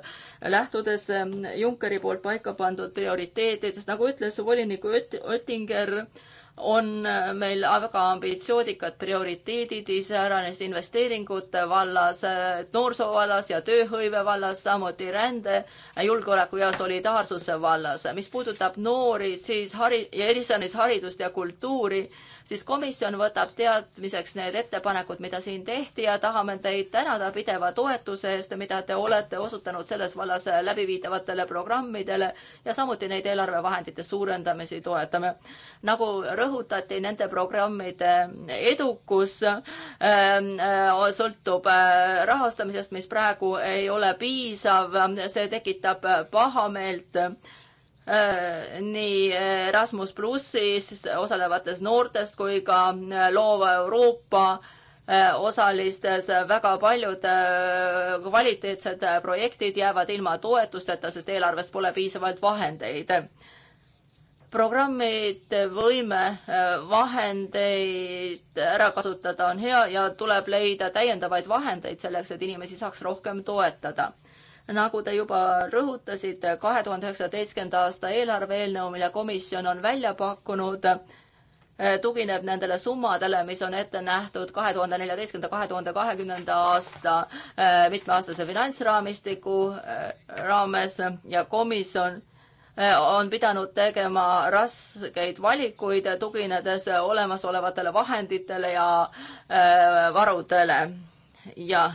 lähtudes eh, Junckeri poolt paika pandud prioriteetidest, nagu ütles volinik Oettinger Öt on äh, meil väga ambitsioonikad prioriteedid iseäranis investeeringute vallas, äh, noorsoo vallas ja tööhõive vallas, samuti rände, julgeoleku ja solidaarsuse vallas. mis puudutab noori, siis hari-, ja erisanis haridust ja kultuuri, siis komisjon võtab teadmiseks need ettepanekud, mida siin tehti ja tahame teid tänada pideva toetuse eest, mida te olete osutanud selles vallas läbiviidavatele programmidele ja samuti neid eelarvevahendite suurendamisi toetame. nagu rõhutati, nende programmide edukus ähm, äh, sõltub äh, rahastamisest, mis praegu ei ole piisav, see tekitab pahameelt Äh, nii äh, Erasmus plussis osalevates noortest kui ka äh, loova Euroopa osalistes väga paljud kvaliteetsed projektid jäävad ilma toetusteta, sest eelarvest pole piisavalt vahendeid. programmide võime vahendeid ära kasutada on hea ja tuleb leida täiendavaid vahendeid selleks, et inimesi saaks rohkem toetada nagu te juba rõhutasite, kahe tuhande üheksateistkümnenda aasta eelarve eelnõu, mille komisjon on välja pakkunud, eh, tugineb nendele summadele, mis on ette nähtud kahe tuhande neljateistkümnenda, kahe tuhande kahekümnenda aasta eh, mitmeaastase finantsraamistiku eh, raames ja komisjon on pidanud tegema raskeid valikuid, tuginedes olemasolevatele vahenditele ja varudele. ja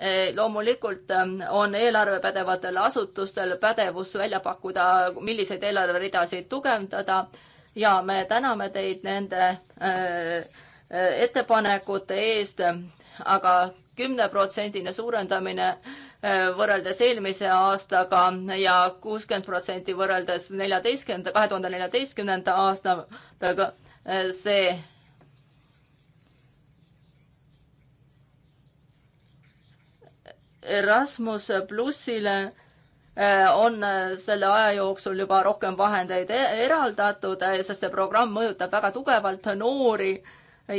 Eh, loomulikult ähm, on eelarvepädevatel asutustel pädevus välja pakkuda, milliseid eelarveridasid tugevdada ja me täname teid nende äh, äh, ettepanekute eest aga, aga kümneprotsendine suurendamine äh, võrreldes eelmise aastaga ja kuuskümmend protsenti võrreldes neljateistkümnenda, kahe tuhande neljateistkümnenda aastaga, see Erasmus plussile äh, on äh, selle aja jooksul juba rohkem vahendeid e-, eraldatud, äh, sest see programm mõjutab väga tugevalt noori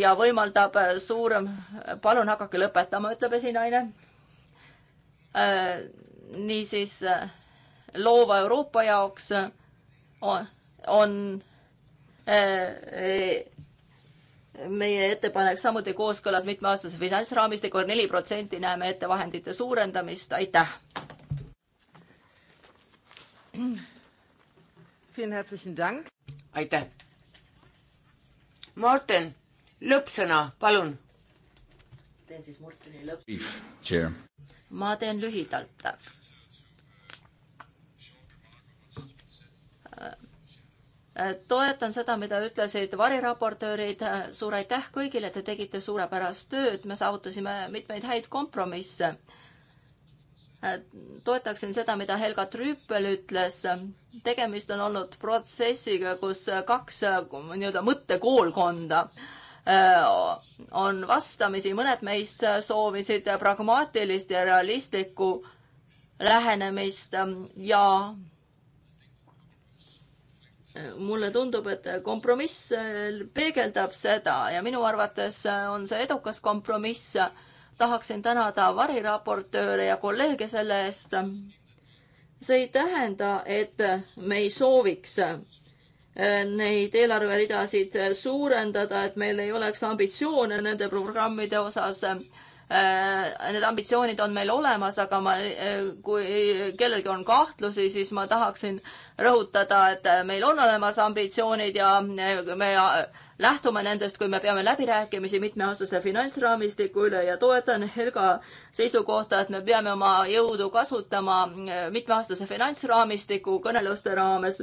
ja võimaldab suurem, palun hakake lõpetama, ütleb esinaine. niisiis loova Euroopa jaoks on, on meie ettepanek samuti kooskõlas mitmeaastase finantsraamistikuga neli protsenti näeme ette vahendite suurendamist, aitäh. aitäh. Morten, lõppsõna, palun. teen siis Morteni lõpp. ma teen lühidalt toetan seda, mida ütlesid variraportöörid. suur aitäh kõigile, te tegite suurepärast tööd, me saavutasime mitmeid häid kompromisse. toetaksin seda, mida Helga Trüüpel ütles. tegemist on olnud protsessiga, kus kaks nii-öelda mõttekoolkonda eh, on vastamisi, mõned meist soovisid pragmaatilist ja realistlikku lähenemist ja mulle tundub, et kompromiss äh, peegeldab seda ja minu arvates äh, on see edukas kompromiss. tahaksin tänada variraportööre ja kolleege selle eest. see ei tähenda, et me ei sooviks äh, neid eelarveridasid suurendada, et meil ei oleks ambitsioone nende programmide osas Äh, need ambitsioonid on meil olemas, aga ma, äh, kui kellelgi on kahtlusi, siis ma tahaksin rõhutada, et äh, meil on olemas ambitsioonid ja me lähtume nendest, kui me peame läbirääkimisi mitmeaastase finantsraamistiku üle ja toetan Helga seisukohta, et me peame oma jõudu kasutama mitmeaastase finantsraamistiku kõneluste raames,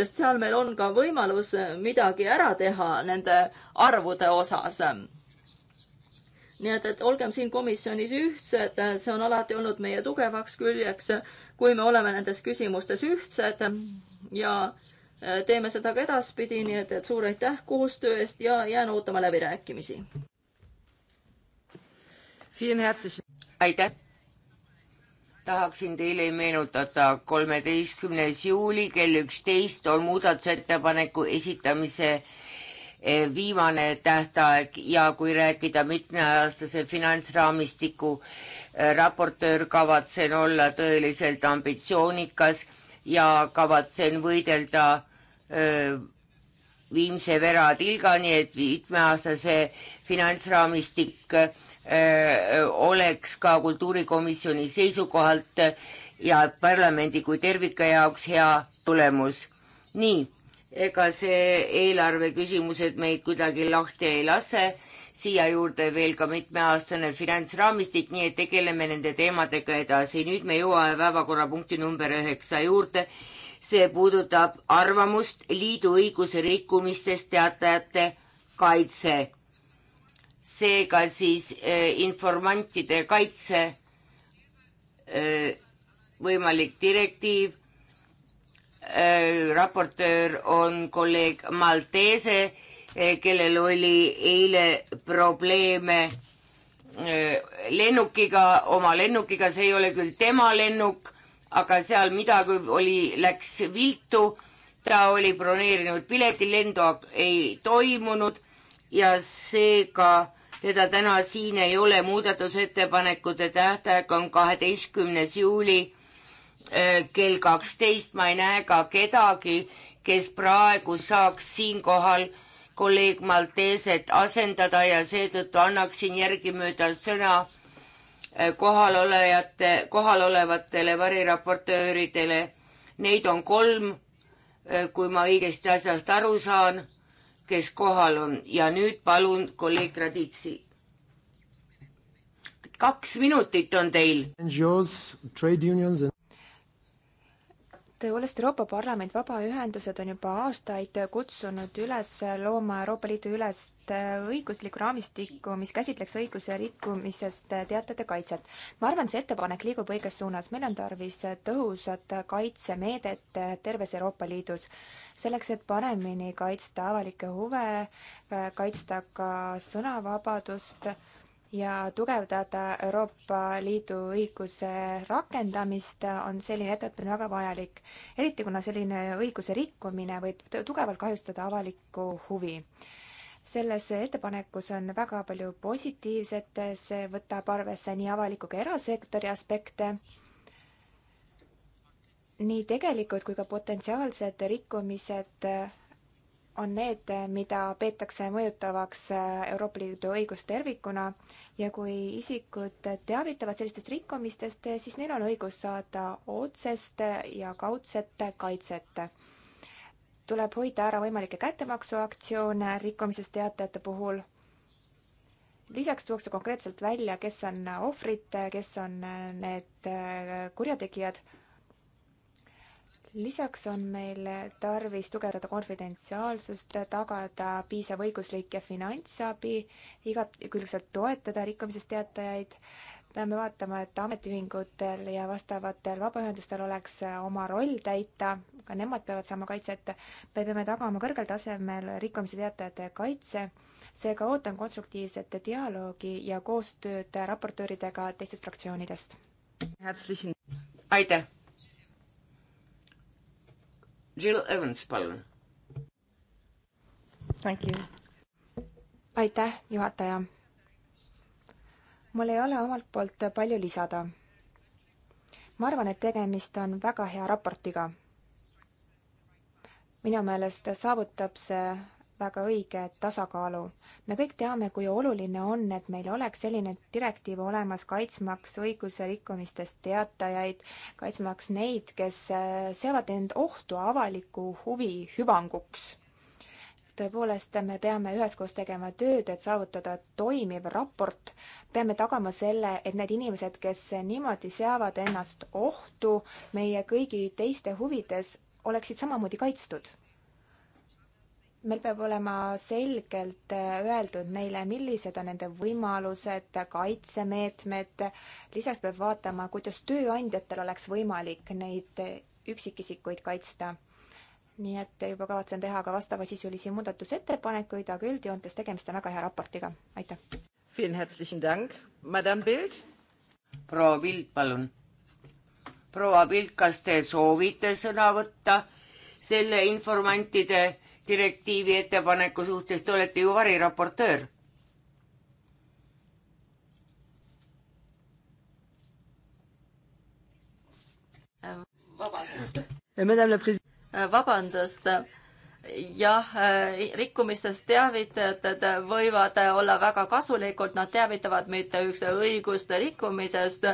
sest seal meil on ka võimalus midagi ära teha nende arvude osas nii et, et olgem siin komisjonis ühtsed, see on alati olnud meie tugevaks küljeks, kui me oleme nendes küsimustes ühtsed ja e, teeme seda ka edaspidi, nii et, et suur aitäh koostöö eest ja jään ootama läbirääkimisi. aitäh! tahaksin teile meenutada, kolmeteistkümnes juuli kell üksteist on muudatusettepaneku esitamise viimane tähtaeg ja kui rääkida mitmeaastase finantsraamistiku äh, raportöör, kavatsen olla tõeliselt ambitsioonikas ja kavatsen võidelda öö, äh, viimse vera tilgani, et mitmeaastase finantsraamistik äh, oleks ka kultuurikomisjoni seisukohalt ja parlamendi kui tervika jaoks hea tulemus. nii ega see eelarve küsimused meid kuidagi lahti ei lase, siia juurde veel ka mitmeaastane finantsraamistik, nii et tegeleme nende teemadega edasi. nüüd me jõuame päevakorrapunkti number üheksa juurde. see puudutab arvamust liidu õiguse rikkumistest teatajate kaitse. seega siis eh, informantide kaitse eh, võimalik direktiiv Äh, raportöör on kolleeg Maltese, äh, kellel oli eile probleeme äh, lennukiga, oma lennukiga, see ei ole küll tema lennuk, aga seal midagi oli, läks viltu. ta oli broneerinud pileti, lendu ei toimunud ja seega teda täna siin ei ole. muudatusettepanekute tähtaeg on kaheteistkümnes juuli Eh, kell kaksteist, ma ei näe ka kedagi, kes praegu saaks siinkohal kolleeg Malteset asendada ja seetõttu annaksin järgimööda sõna eh, kohalolejate, kohalolevatele variraportööridele. Neid on kolm, eh, kui ma õigesti asjast aru saan, kes kohal on ja nüüd palun kolleeg Raditsi. kaks minutit on teil. NGOs, trade unions and tõepoolest, Euroopa Parlament, vabaühendused on juba aastaid kutsunud üles looma Euroopa Liidu ülest õiguslikku raamistikku, mis käsitleks õiguse rikkumisest teatajate kaitset. ma arvan, see ettepanek liigub õiges suunas, meil on tarvis tõhusat kaitsemeedet terves Euroopa Liidus. selleks, et paremini kaitsta avalikke huve, kaitsta ka sõnavabadust ja tugevdada Euroopa Liidu õiguse rakendamist, on selline ettevõtmine väga vajalik. eriti kuna selline õiguse rikkumine võib tugevalt kahjustada avalikku huvi. selles ettepanekus on väga palju positiivset, see võtab arvesse nii avaliku kui erasektori aspekte, nii tegelikud kui ka potentsiaalsed rikkumised on need, mida peetakse mõjutavaks Euroopa Liidu õigust tervikuna ja kui isikud teavitavad sellistest rikkumistest, siis neil on õigus saada otsest ja kaudset kaitset. tuleb hoida ära võimalikke kättemaksuaktsioone rikkumisest teatajate puhul lisaks tuuakse konkreetselt välja, kes on ohvrid, kes on need kurjategijad lisaks on meil tarvis tugevdada konfidentsiaalsust, tagada piisav õiguslik ja finantsabi, igakülgselt toetada rikkumisest teatajaid, peame vaatama, et ametiühingutel ja vastavatel vabaühendustel oleks oma roll täita, ka nemad peavad saama kaitset. me peame tagama kõrgel tasemel rikkumise teatajate kaitse, seega ootan konstruktiivset dialoogi ja koostööd raportööridega teistest fraktsioonidest. aitäh! Jill Evans, palun. aitäh, juhataja. mul ei ole omalt poolt palju lisada. ma arvan, et tegemist on väga hea raportiga. minu meelest saavutab see väga õige tasakaalu. me kõik teame, kui oluline on, et meil oleks selline direktiiv olemas, kaitsmaks õiguse rikkumistest teatajaid, kaitsmaks neid, kes äh, seavad end ohtu avaliku huvi hüvanguks. tõepoolest, me peame üheskoos tegema tööd, et saavutada toimiv raport, peame tagama selle, et need inimesed, kes niimoodi seavad ennast ohtu meie kõigi teiste huvides, oleksid samamoodi kaitstud meil peab olema selgelt äh, öeldud neile, millised on nende võimalused, kaitsemeetmed, lisaks peab vaatama, kuidas tööandjatel oleks võimalik neid äh, üksikisikuid kaitsta. nii et juba kavatsen teha ka vastavasisulisi muudatusettepanekuid, aga üldjoontes tegemist on väga hea raportiga, aitäh! proua Pild, palun. proua Pild, kas te soovite sõna võtta selle informantide direktiivi ettepaneku suhtes, te olete ju variraportöör. vabandust. Eh, eh, vabandust jah, äh, rikkumistest teavitajad võivad olla väga kasulikud, nad teavitavad mitte üksnes õiguste rikkumisest,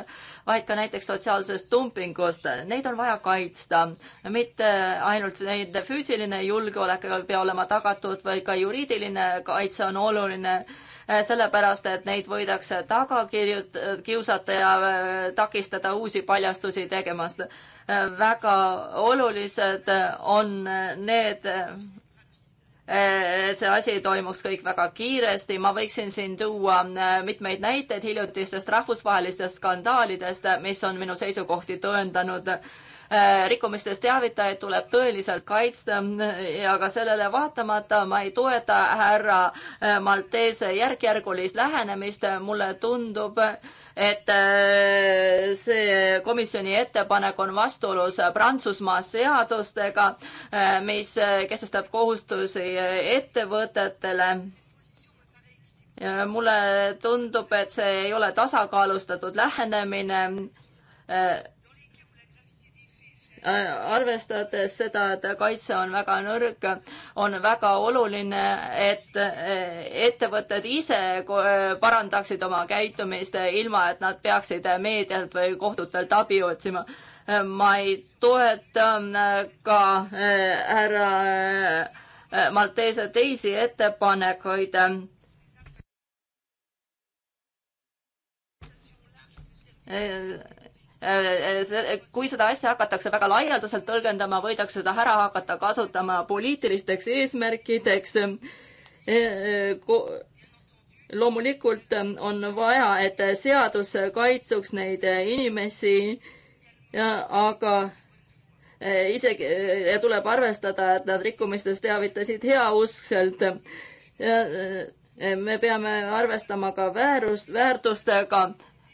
vaid ka näiteks sotsiaalsest dumpingust. Neid on vaja kaitsta, mitte ainult nende füüsiline julgeolek ei pea olema tagatud, vaid ka juriidiline kaitse on oluline, äh, sellepärast et neid võidakse taga kirjut-, kiusata ja äh, takistada uusi paljastusi tegemast väga olulised on need, et see asi toimuks kõik väga kiiresti. ma võiksin siin tuua mitmeid näiteid hiljutistest rahvusvahelistest skandaalidest, mis on minu seisukohti tõendanud Äh, rikkumistest teavitajaid tuleb tõeliselt kaitsta ja ka sellele vaatamata ma ei toeta härra äh, Maltese järkjärgulist lähenemist. mulle tundub, et äh, see komisjoni ettepanek on vastuolus Prantsusmaa seadustega, mis kehtestab kohustusi ettevõtetele Ja mulle tundub, et see ei ole tasakaalustatud lähenemine arvestades seda, et kaitse on väga nõrk, on väga oluline, et eh, ettevõtted ise parandaksid oma käitumist, ilma et nad peaksid meedialt või kohtutelt abi otsima. ma ei toeta eh, ka eh, härra Maltese teisi ettepanekuid kui seda asja hakatakse väga laialdaselt tõlgendama, võidakse seda ära hakata kasutama poliitilisteks eesmärkideks. E, e, loomulikult on vaja, et seadus kaitsuks neid inimesi, aga e, isegi ja tuleb arvestada, et nad rikkumistest teavitasid heauskselt me peame arvestama ka väärus, väärtustega.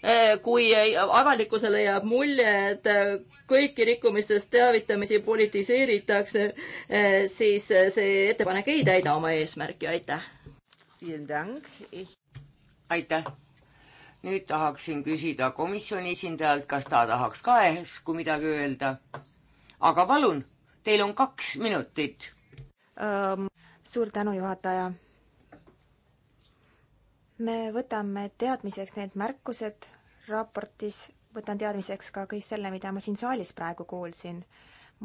Eh, kui avalikkusele jääb mulje, et eh, kõiki rikkumistest teavitamisi politiseeritakse, eh, siis see ettepanek ei täida oma eesmärki, aitäh. aitäh. nüüd tahaksin küsida komisjoni esindajalt, kas ta tahaks ka ehk midagi öelda. aga palun, teil on kaks minutit um,. suur tänu, juhataja me võtame teadmiseks need märkused raportis, võtan teadmiseks ka kõik selle, mida ma siin saalis praegu kuulsin.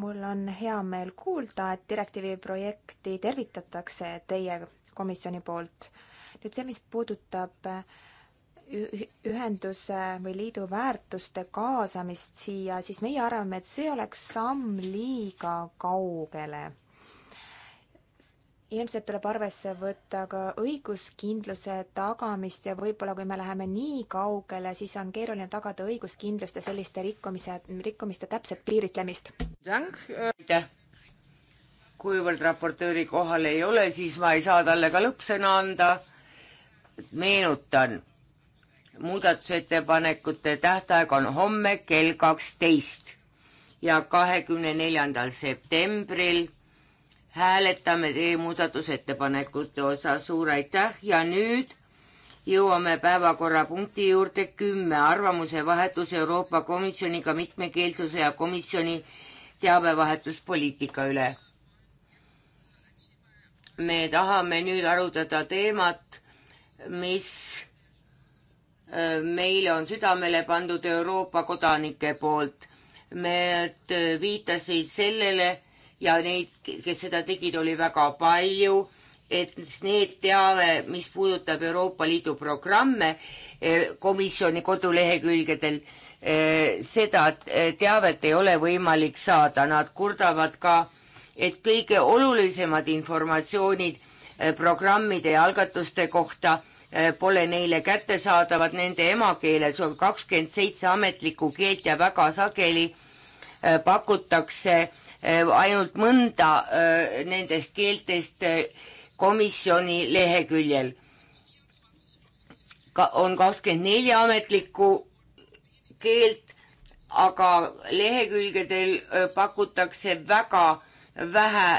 mul on hea meel kuulda, et direktiivi projekti tervitatakse teie komisjoni poolt. nüüd see, mis puudutab ühenduse või liidu väärtuste kaasamist siia, siis meie arvame, et see oleks samm liiga kaugele ilmselt tuleb arvesse võtta ka õiguskindluse tagamist ja võib-olla kui me läheme nii kaugele, siis on keeruline tagada õiguskindlust ja selliste rikkumise, rikkumiste täpset piiritlemist. aitäh! kuivõrd raportööri kohal ei ole, siis ma ei saa talle ka lõppsõna anda. meenutan, muudatusettepanekute tähtaeg on homme kell kaksteist ja kahekümne neljandal septembril hääletame teie muudatusettepanekute osa, suur aitäh ja nüüd jõuame päevakorrapunkti juurde kümme arvamuse vahetus Euroopa Komisjoniga mitmekeelsuse ja komisjoni teabevahetuspoliitika üle. me tahame nüüd arutada teemat, mis äh, meile on südamele pandud Euroopa kodanike poolt. Nad äh, viitasid sellele, ja neid, kes seda tegid, oli väga palju, et need teave, mis puudutab Euroopa Liidu programme eh, komisjoni kodulehekülgedel, eh, seda eh, teavet ei ole võimalik saada, nad kurdavad ka, et kõige olulisemad informatsioonid programmide ja algatuste kohta pole neile kättesaadavad nende emakeeles, on kakskümmend seitse ametlikku keelt ja väga sageli pakutakse Äh, ainult mõnda äh, nendest keeltest äh, komisjoni leheküljel. ka on kakskümmend neli ametlikku keelt, aga lehekülgedel pakutakse väga vähe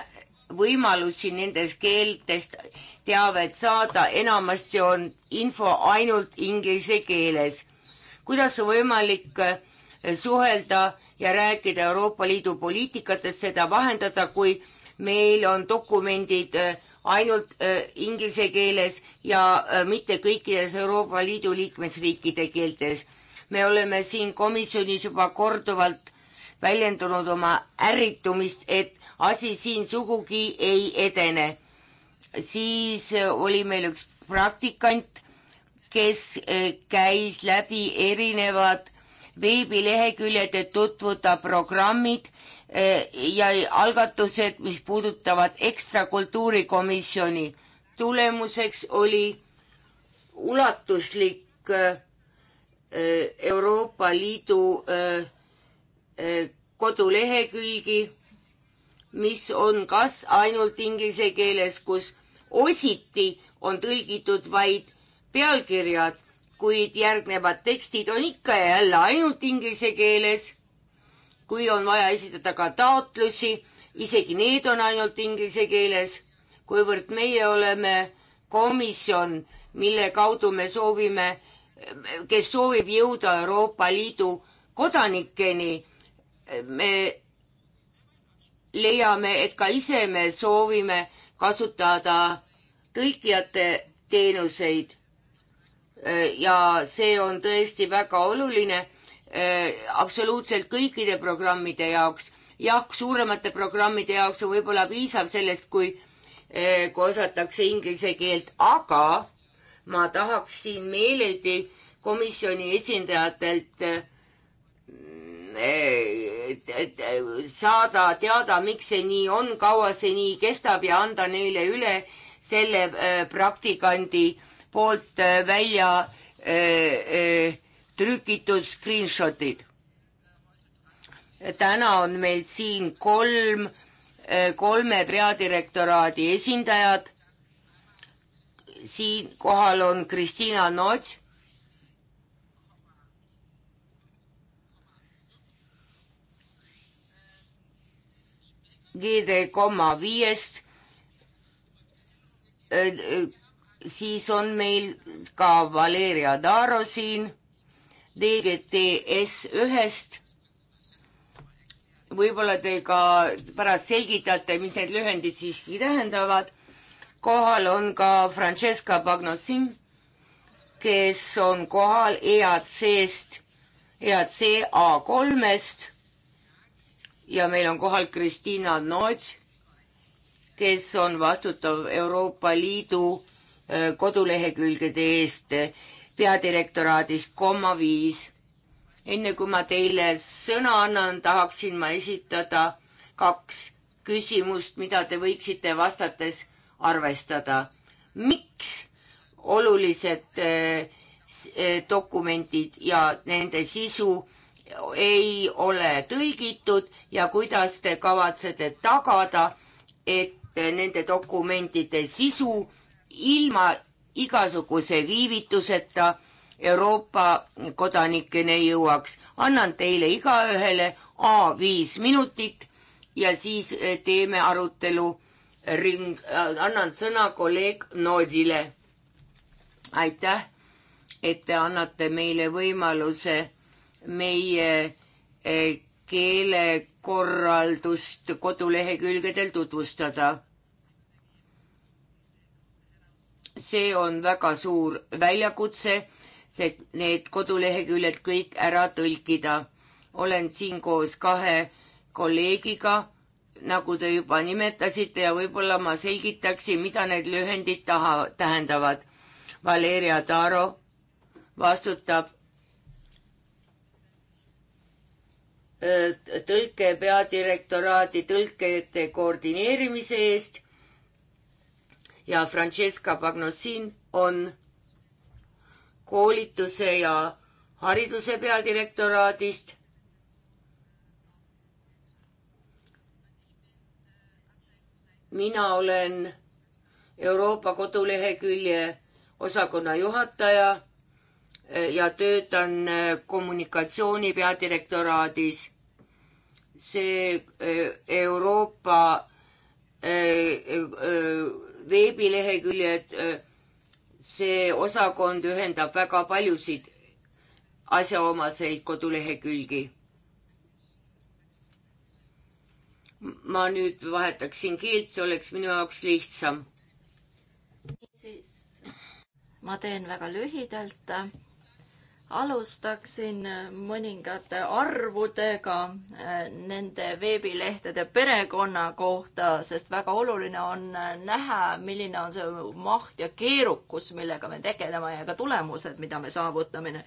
võimalusi nendest keeltest teavet saada, enamasti on info ainult inglise keeles. kuidas on võimalik äh, suhelda ja rääkida Euroopa Liidu poliitikatest, seda vahendada, kui meil on dokumendid äh, ainult äh, inglise keeles ja äh, mitte kõikides Euroopa Liidu liikmesriikide keeltes. me oleme siin komisjonis juba korduvalt väljendanud oma ärritumist, et asi siin sugugi ei edene. siis oli meil üks praktikant, kes käis läbi erinevad veebileheküljed, et tutvuda programmid eh, ja algatused, mis puudutavad ekstrakultuurikomisjoni. tulemuseks oli ulatuslik eh, eh, Euroopa Liidu kodulehekülgi, mis on kas ainult inglise keeles, kus ositi on tõlgitud vaid pealkirjad kuid järgnevad tekstid on ikka ja jälle ainult inglise keeles. kui on vaja esitada ka taotlusi, isegi need on ainult inglise keeles, kuivõrd meie oleme komisjon, mille kaudu me soovime, kes soovib jõuda Euroopa Liidu kodanikeni, me leiame, et ka ise me soovime kasutada tõlkijate teenuseid Äh, ja see on tõesti väga oluline äh, absoluutselt kõikide programmide jaoks. jah, suuremate programmide jaoks on võib-olla piisav sellest, kui, äh, kui osatakse inglise keelt, aga ma tahaksin meeleldi komisjoni esindajatelt saada teada, miks see nii on, kaua see nii kestab ja anda neile üle selle praktikandi poolt äh, välja äh, äh, trükitud screenshotid. täna on meil siin kolm, kolme peadirektoraadi esindajad. siin kohal on Kristiina Nots GD koma viiest siis on meil ka Valeria Daro siin DGTS ühest. võib-olla te ka pärast selgitate, mis need lühendid siiski tähendavad. kohal on ka Francesca Bagnosin, kes on kohal EAC-st, EAC A3-st ja meil on kohal Kristiina Noot, kes on vastutav Euroopa Liidu Äh, kodulehekülgede eest äh, peadirektoraadist koma viis. enne kui ma teile sõna annan, tahaksin ma esitada kaks küsimust, mida te võiksite vastates arvestada. miks olulised äh, dokumendid ja nende sisu ei ole tõlgitud ja kuidas te kavatsete tagada, et nende dokumentide sisu ilma igasuguse viivituseta Euroopa kodanikene jõuaks. annan teile igaühele A viis minutit ja siis eh, teeme arutelu ring, eh, annan sõna kolleeg Noodile. aitäh, et te annate meile võimaluse meie eh, keelekorraldust kodulehekülgedel tutvustada see on väga suur väljakutse, see, need koduleheküljed kõik ära tõlkida. olen siin koos kahe kolleegiga, nagu te juba nimetasite ja võib-olla ma selgitaksin, mida need lühendid taha, tähendavad. Valeria Taro vastutab äh, tõlke peadirektoraadi tõlkete koordineerimise eest ja Francesca Pagnosin on koolituse ja hariduse peadirektoraadist. mina olen Euroopa kodulehekülje osakonna juhataja e, ja töötan e, kommunikatsiooni peadirektoraadis. see e, Euroopa veebileheküljed, see osakond ühendab väga paljusid asjaomaseid kodulehekülgi. ma nüüd vahetaksin keelt, see oleks minu jaoks lihtsam. siis ma teen väga lühidalt alustaksin mõningate arvudega eh, nende veebilehtede perekonna kohta, sest väga oluline on eh, näha, milline on see maht ja keerukus, millega me tegeleme ja ka tulemused, mida me saavutame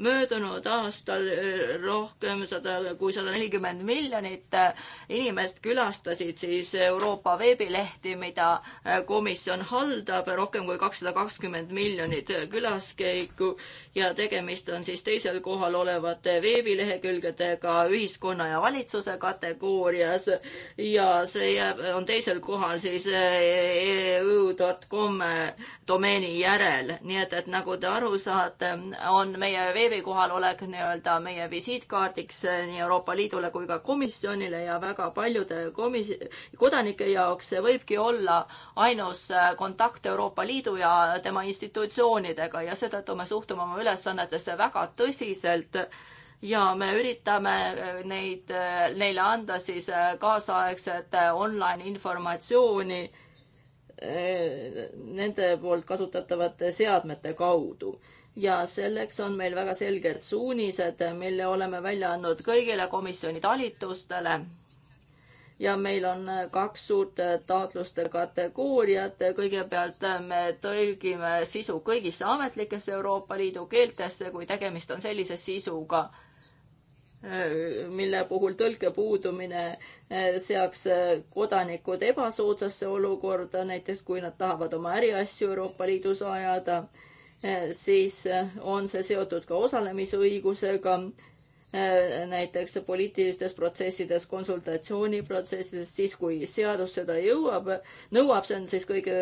möödunud aastal äh, rohkem sada, kui sada nelikümmend miljonit äh, inimest külastasid siis Euroopa veebilehti, mida äh, komisjon haldab, rohkem kui kakssada kakskümmend miljonit külaskäiku ja tegemist on siis teisel kohal olevate veebilehekülgedega ühiskonna ja valitsuse kategoorias ja see jääb, on teisel kohal siis eu.com e, domeeni järel, nii et, et nagu te aru saate, on meie veebilehekülg Kievi kohalolek nii-öelda meie visiitkaardiks eh, nii Euroopa Liidule kui ka komisjonile ja väga paljude komis-, kodanike jaoks see võibki olla ainus eh, kontakt Euroopa Liidu ja tema institutsioonidega ja seetõttu me suhtume oma ülesannetesse väga tõsiselt ja me üritame eh, neid, neile anda siis kaasaegset online informatsiooni nende poolt kasutatavate seadmete kaudu ja selleks on meil väga selged suunised, mille oleme välja andnud kõigile komisjoni talitustele. ja meil on kaks suurt taotluste kategooriat. kõigepealt me tõlgime sisu kõigisse ametlikesse Euroopa Liidu keeltesse, kui tegemist on sellise sisuga, mille puhul tõlke puudumine seaks kodanikud ebasoodsasse olukorda, näiteks kui nad tahavad oma äriasju Euroopa Liidus ajada Eh, siis eh, on see seotud ka osalemisõigusega, eh, näiteks poliitilistes protsessides, konsultatsiooniprotsessides, siis kui seadus seda jõuab, nõuab, see on siis kõige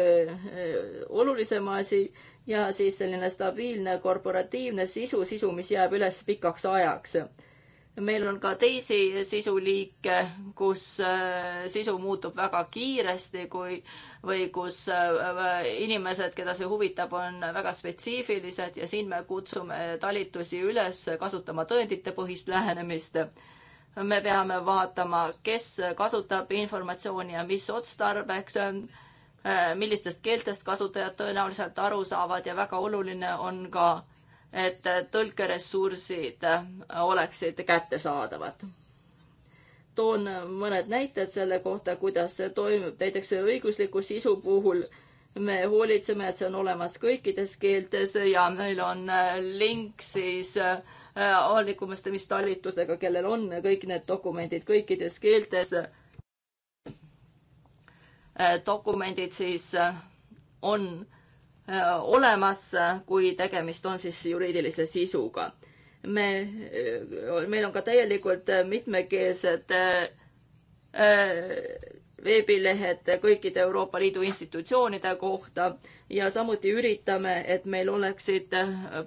olulisem asi ja siis selline stabiilne korporatiivne sisu, sisu, mis jääb üles pikaks ajaks meil on ka teisi sisuliike, kus äh, sisu muutub väga kiiresti, kui või kus äh, inimesed, keda see huvitab, on väga spetsiifilised ja siin me kutsume talitusi üles kasutama tõenditepõhist lähenemist. me peame vaatama, kes kasutab informatsiooni ja mis otstarbeks äh, millistest keeltest kasutajad tõenäoliselt aru saavad ja väga oluline on ka äh, et tõlkeressursid oleksid kättesaadavad. toon mõned näited selle kohta, kuidas see toimub, näiteks õigusliku sisu puhul me hoolitseme, et see on olemas kõikides keeltes ja meil on link siis äh, avalikumistamistallitusega, kellel on kõik need dokumendid kõikides keeltes. Äh, dokumendid siis äh, on Äh, olemas, kui tegemist on siis juriidilise sisuga. me, äh, meil on ka täielikult mitmekeelsed äh, veebilehed kõikide Euroopa Liidu institutsioonide kohta ja samuti üritame, et meil oleksid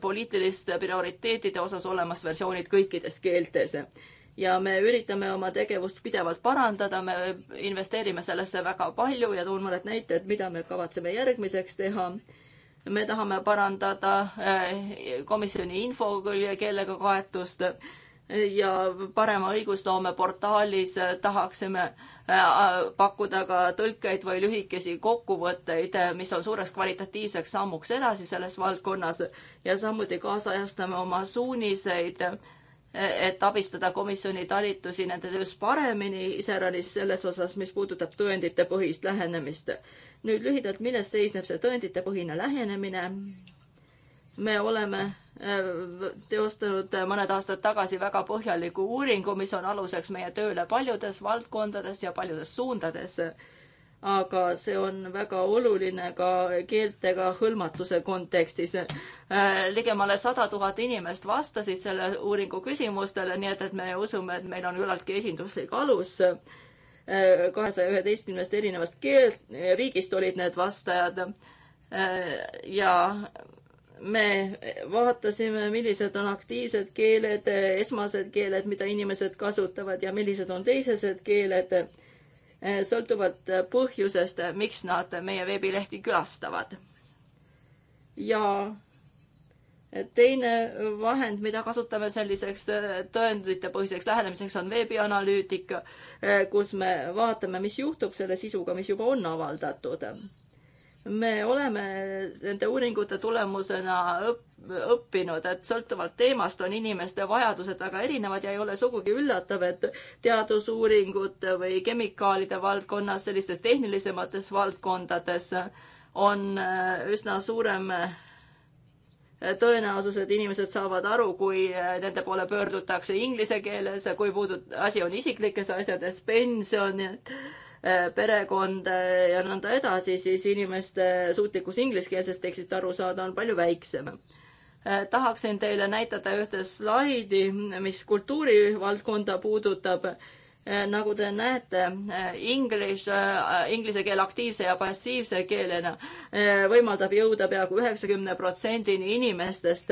poliitiliste prioriteetide osas olemas versioonid kõikides keeltes. ja me üritame oma tegevust pidevalt parandada, me investeerime sellesse väga palju ja toon mõned näited, mida me kavatseme järgmiseks teha me tahame parandada eh, komisjoni infoküljekeelega kaetust ja parema õigusloome portaalis tahaksime eh, pakkuda ka tõlkeid või lühikesi kokkuvõtteid, eh, mis on suureks kvalitatiivseks sammuks edasi selles valdkonnas ja samuti kaasajastame oma suuniseid, et abistada komisjoni talitusi nende töös paremini, iseäranis selles osas, mis puudutab tõenditepõhist lähenemist nüüd lühidalt, milles seisneb see tõenditepõhine lähenemine? me oleme äh, teostanud äh, mõned aastad tagasi väga põhjaliku uuringu, mis on aluseks meie tööle paljudes valdkondades ja paljudes suundades. aga see on väga oluline ka keeltega hõlmatuse kontekstis. Äh, ligemale sada tuhat inimest vastasid selle uuringu küsimustele, nii et, et me usume, et meil on küllaltki esinduslik alus kahesaja üheteistkümnest erinevast keelt, riigist olid need vastajad. ja me vaatasime, millised on aktiivsed keeled, esmased keeled, mida inimesed kasutavad ja millised on teised keeled, sõltuvalt põhjusest, miks nad meie veebilehti külastavad. ja teine vahend, mida kasutame selliseks äh, tõenditepõhiseks lähenemiseks, on veebianalüütika, äh, kus me vaatame, mis juhtub selle sisuga, mis juba on avaldatud. me oleme nende uuringute tulemusena õppinud, et sõltuvalt teemast on inimeste vajadused väga erinevad ja ei ole sugugi üllatav, et teadusuuringute või kemikaalide valdkonnas, sellistes tehnilisemates valdkondades on äh, üsna suurem tõenäosus, et inimesed saavad aru, kui äh, nende poole pöördutakse inglise keeles, kui puudut-, asi on isiklikes asjades, pension, äh, perekond äh, ja nõnda edasi, siis inimeste suutlikkus ingliskeelsest tekstist aru saada on palju väiksem. tahaksin teile näidata ühte slaidi, mis kultuurivaldkonda puudutab Äh, nagu te näete, äh, inglise, äh, inglise keel aktiivse ja passiivse keelena võimaldab jõuda peaaegu üheksakümne protsendini inimestest,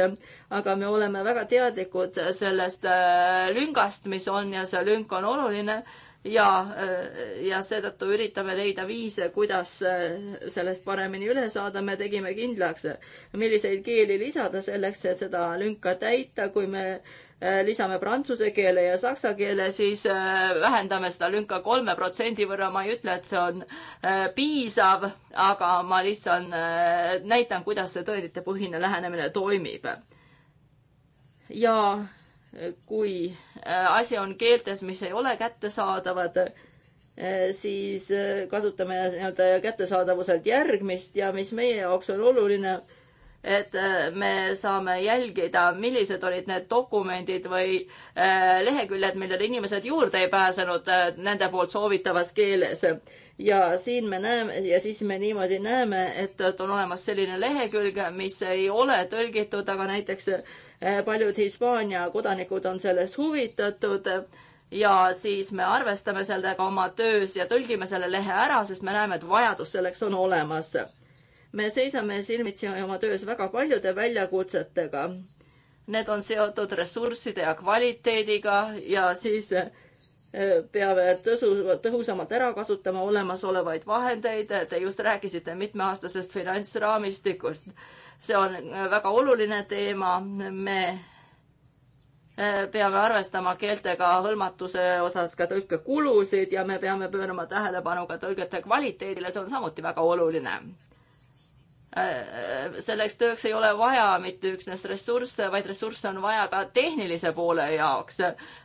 aga me oleme väga teadlikud sellest lüngast, mis on ja see lünk on oluline ja, ja seetõttu üritame leida viise, kuidas sellest paremini üle saada. me tegime kindlaks, milliseid keeli lisada selleks, et seda lünka täita, kui me Äh, lisame prantsuse keele ja saksa keele, siis äh, vähendame seda lünka kolme protsendi võrra, ma ei ütle, et see on äh, piisav, aga ma lihtsalt näitan, kuidas see tõenditepõhine lähenemine toimib. ja kui asi on keeltes, mis ei ole kättesaadavad, siis kasutame nii-öelda kättesaadavuselt järgmist ja mis meie jaoks on oluline et äh, me saame jälgida, millised olid need dokumendid või äh, leheküljed, millele inimesed juurde ei pääsenud äh, nende poolt soovitavas keeles. ja siin me näeme ja siis me niimoodi näeme, et, et on olemas selline lehekülg, mis ei ole tõlgitud, aga näiteks paljud Hispaania kodanikud on sellest huvitatud ja siis me arvestame sellega oma töös ja tõlgime selle lehe ära, sest me näeme, et vajadus selleks on olemas me seisame silmitsi oma töös väga paljude väljakutsetega. Need on seotud ressursside ja kvaliteediga ja siis eh, peame tõsu, tõhusamalt ära kasutama olemasolevaid vahendeid. Te just rääkisite mitmeaastasest finantsraamistikust. see on eh, väga oluline teema. me eh, peame arvestama keeltega hõlmatuse osas ka tõlkekulusid ja me peame pöörama tähelepanu ka tõlgete kvaliteedile, see on samuti väga oluline selleks tööks ei ole vaja mitte üksnes ressursse, vaid ressursse on vaja ka tehnilise poole jaoks.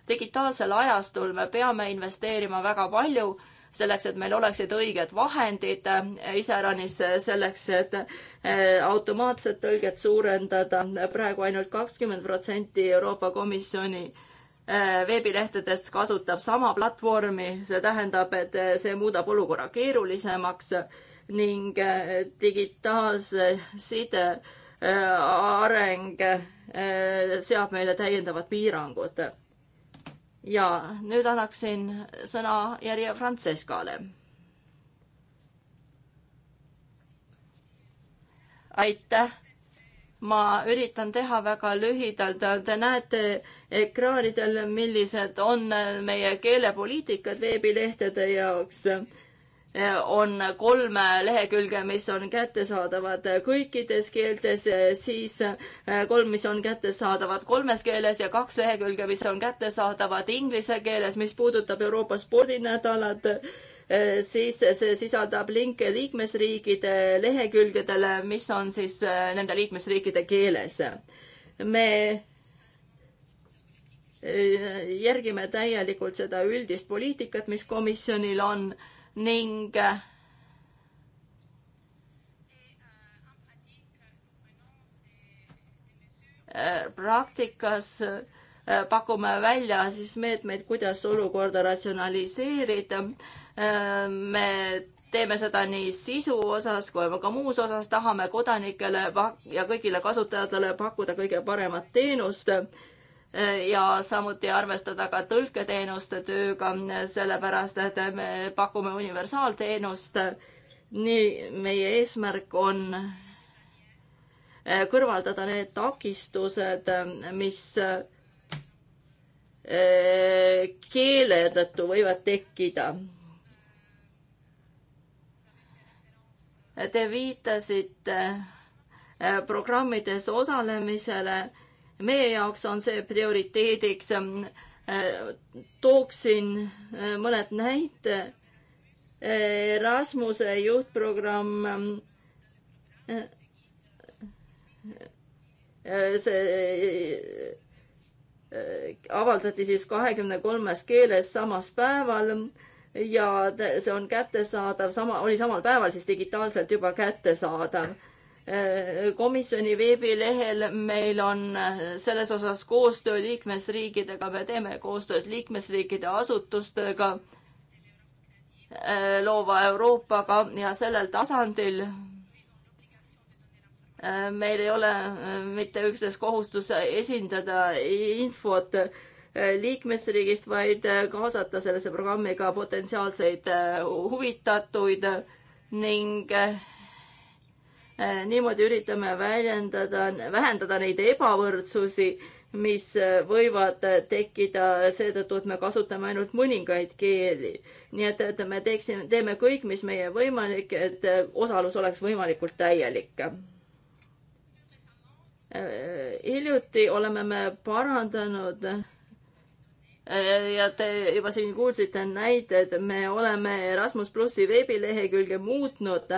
digitaalsel ajastul me peame investeerima väga palju selleks, et meil oleksid õiged vahendid iseäranis selleks, et eh, automaatset tõlget suurendada. praegu ainult kakskümmend protsenti Euroopa Komisjoni eh, veebilehtedest kasutab sama platvormi, see tähendab, et eh, see muudab olukorra keerulisemaks ning äh, digitaalse side äh, areng äh, seab meile täiendavad piirangud. ja nüüd annaksin sõna järje Francescale. aitäh ma üritan teha väga lühidalt, te näete ekraanidel, millised on meie keelepoliitikad veebilehtede jaoks on kolm lehekülge, mis on kättesaadavad kõikides keeltes, siis äh, kolm, mis on kättesaadavad kolmes keeles ja kaks lehekülge, mis on kättesaadavad inglise keeles, mis puudutab Euroopa spordinädalat, äh, siis see sisaldab linke liikmesriikide lehekülgedele, mis on siis äh, nende liikmesriikide keeles. me järgime täielikult seda üldist poliitikat, mis komisjonil on ning äh, praktikas äh, pakume välja siis meetmeid, kuidas olukorda ratsionaliseerida. Äh, me teeme seda nii sisu osas kui ka muus osas, tahame kodanikele ja kõigile kasutajatele pakkuda kõige paremat teenust ja samuti arvestada ka tõlketeenuste tööga, sellepärast et me pakume universaalteenust. nii, meie eesmärk on eh, kõrvaldada need takistused, mis eh, keele tõttu võivad tekkida. Te viitasite eh, programmides osalemisele meie jaoks on see prioriteediks. Ähm, äh, tooksin äh, mõned näite. Äh, Rasmuse juhtprogramm ähm, see avaldati siis kahekümne kolmes keeles samas päeval ja see on kättesaadav, sama, oli samal päeval siis digitaalselt juba kättesaadav. Äh, komisjoni veebilehel meil on äh, selles osas koostöö liikmesriikidega, me teeme koostööd liikmesriikide asutustega, äh, loova Euroopaga ja sellel tasandil meil ei ole mitte üksnes kohustus esindada infot liikmesriigist, vaid kaasata sellesse programmi ka potentsiaalseid huvitatuid ning Eh, niimoodi üritame väljendada, vähendada neid ebavõrdsusi, mis eh, võivad tekkida seetõttu, et me kasutame ainult mõningaid keeli. nii et, et me teeksime, teeme kõik, mis meie võimalik, et eh, osalus oleks võimalikult täielik hiljuti oleme me parandanud ja te juba siin kuulsite näiteid, me oleme Erasmus plussi veebilehekülge muutnud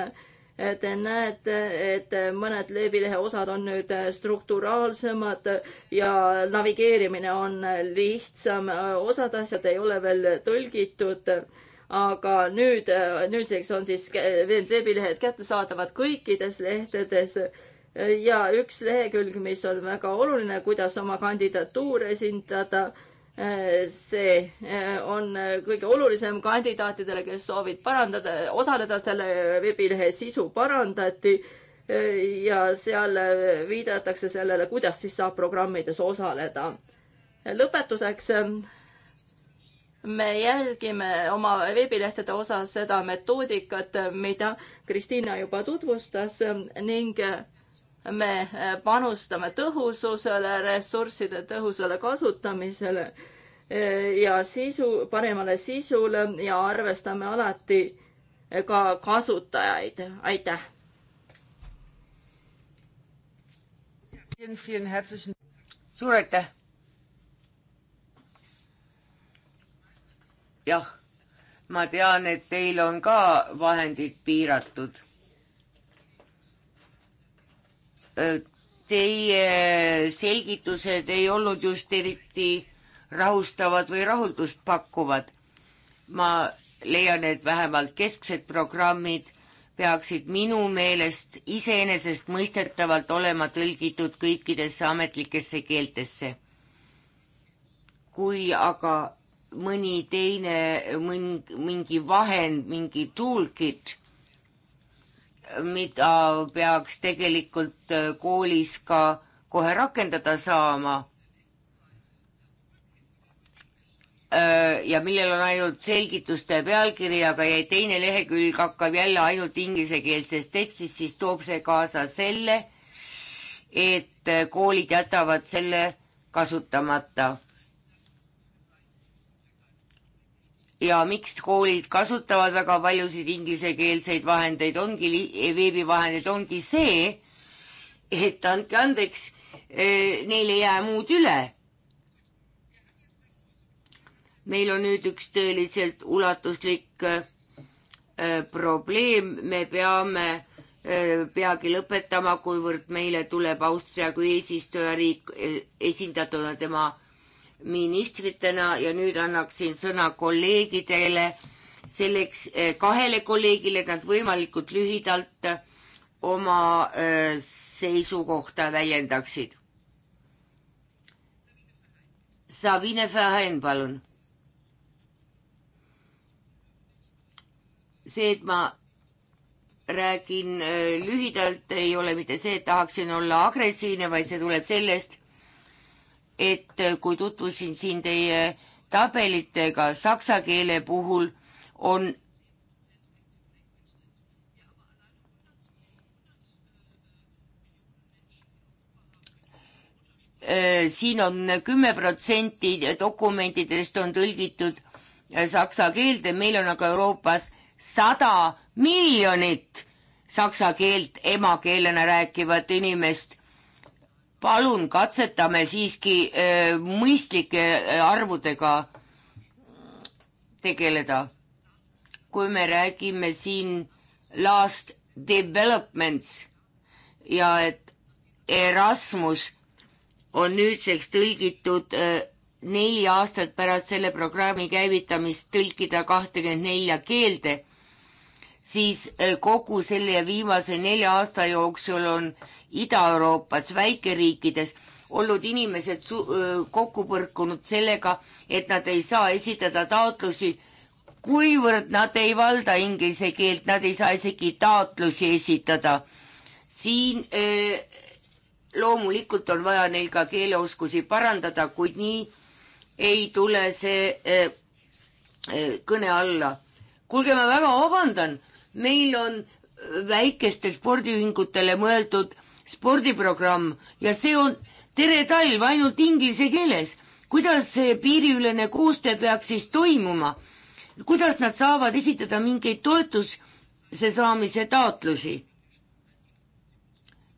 Te näete, et mõned veebilehe osad on nüüd strukturaalsemad ja navigeerimine on lihtsam, osad asjad ei ole veel tõlgitud aga nüüd, nüüdseks on siis veebilehed kättesaadavad kõikides lehtedes ja üks lehekülg, mis on väga oluline, kuidas oma kandidatuur esindada see äh, on äh, kõige olulisem kandidaatidele, kes soovid parandada, osaleda selle veebilehe sisu parandati äh, ja seal viidatakse sellele, kuidas siis saab programmides osaleda. lõpetuseks me jälgime oma veebilehtede osas seda metoodikat, mida Kristiina juba tutvustas ning me äh, panustame tõhususele, ressursside tõhusale kasutamisele äh, ja sisu, paremale sisule ja arvestame alati äh, ka kasutajaid. aitäh! suur aitäh! jah, ma tean, et teil on ka vahendid piiratud Teie selgitused ei olnud just eriti rahustavad või rahuldust pakkuvad. ma leian, et vähemalt kesksed programmid peaksid minu meelest iseenesestmõistetavalt olema tõlgitud kõikidesse ametlikesse keeltesse. kui aga mõni teine, mõn-, mingi vahend, mingi toolkit mida peaks tegelikult äh, koolis ka kohe rakendada saama. Äh, ja millel on ainult selgituste pealkiri, aga teine lehekülg hakkab jälle ainult inglisekeelsest tekstist, siis toob see kaasa selle, et äh, koolid jätavad selle kasutamata ja miks koolid kasutavad väga paljusid inglisekeelseid vahendeid, ongi veebivahendeid, ongi see, et andke andeks, eh, neil ei jää muud üle. meil on nüüd üks tõeliselt ulatuslik eh, probleem, me peame eh, peagi lõpetama, kuivõrd meile tuleb Austria kui eesistujariik esindatuna tema ministritena ja nüüd annaksin sõna kolleegidele, selleks eh, kahele kolleegile, et nad võimalikult lühidalt eh, oma eh, seisukohta väljendaksid. Sabine Fahen, palun. see, et ma räägin lühidalt, ei ole mitte see, et tahaksin olla agressiivne, vaid see tuleb sellest et kui tutvusin siin teie tabelitega saksa keele puhul, on äh, siin on kümme protsenti dokumentidest on tõlgitud äh, saksa keelde, meil on aga Euroopas sada miljonit saksa keelt emakeelena rääkivat inimest palun katsetame siiski äh, mõistlike äh, arvudega tegeleda. kui me räägime siin last developments ja et Erasmus on nüüdseks tõlgitud äh, neli aastat pärast selle programmi käivitamist tõlkida kahtekümmend nelja keelde, siis kogu selle viimase nelja aasta jooksul on äh, Ida-Euroopas, väikeriikides olnud inimesed su, öö, kokku põrkunud sellega, et nad ei saa esitada taotlusi, kuivõrd nad ei valda inglise keelt, nad ei saa isegi taotlusi esitada. siin öö, loomulikult on vaja neil ka keeleoskusi parandada, kuid nii ei tule see öö, kõne alla. kuulge, ma väga vabandan, meil on väikeste spordiühingutele mõeldud spordiprogramm ja see on Tere talv ainult inglise keeles. kuidas see piiriülene koostöö peaks siis toimuma? kuidas nad saavad esitada mingeid toetuse saamise taotlusi?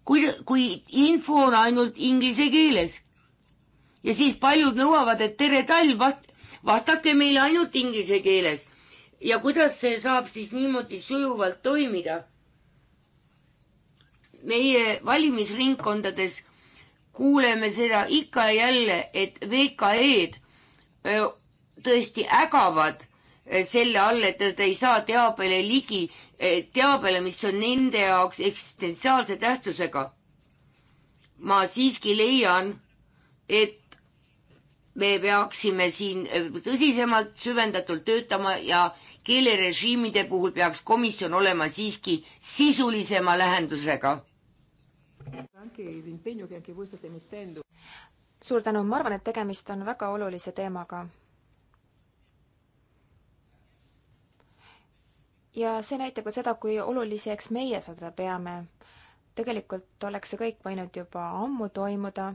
kui, kui info on ainult inglise keeles ja siis paljud nõuavad, et tere talv, vast-, vastake meile ainult inglise keeles. ja kuidas see saab siis niimoodi sujuvalt toimida? meie valimisringkondades kuuleme seda ikka ja jälle, et VKE-d tõesti ägavad selle all, et nad ei saa teabele ligi, teabele, mis on nende jaoks eksistentsiaalse tähtsusega. ma siiski leian, et me peaksime siin tõsisemalt, süvendatult töötama ja keelerežiimide puhul peaks komisjon olema siiski sisulisema lähendusega suur tänu, ma arvan, et tegemist on väga olulise teemaga. ja see näitab ka seda, kui oluliseks meie seda peame. tegelikult oleks see kõik võinud juba ammu toimuda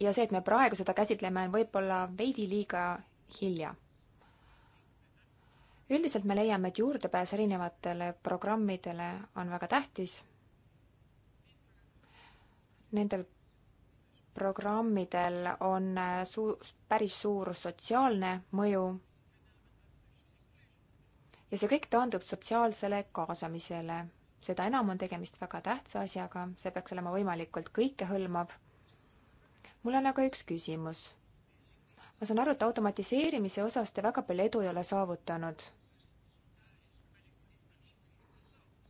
ja see, et me praegu seda käsitleme, on võib-olla veidi liiga hilja üldiselt me leiame, et juurdepääs erinevatele programmidele on väga tähtis nendel programmidel on äh, suu-, päris suur sotsiaalne mõju ja see kõik taandub sotsiaalsele kaasamisele. seda enam on tegemist väga tähtsa asjaga, see peaks olema võimalikult kõikehõlmav. mul on aga üks küsimus. ma saan aru, et automatiseerimise osas te väga palju edu ei ole saavutanud.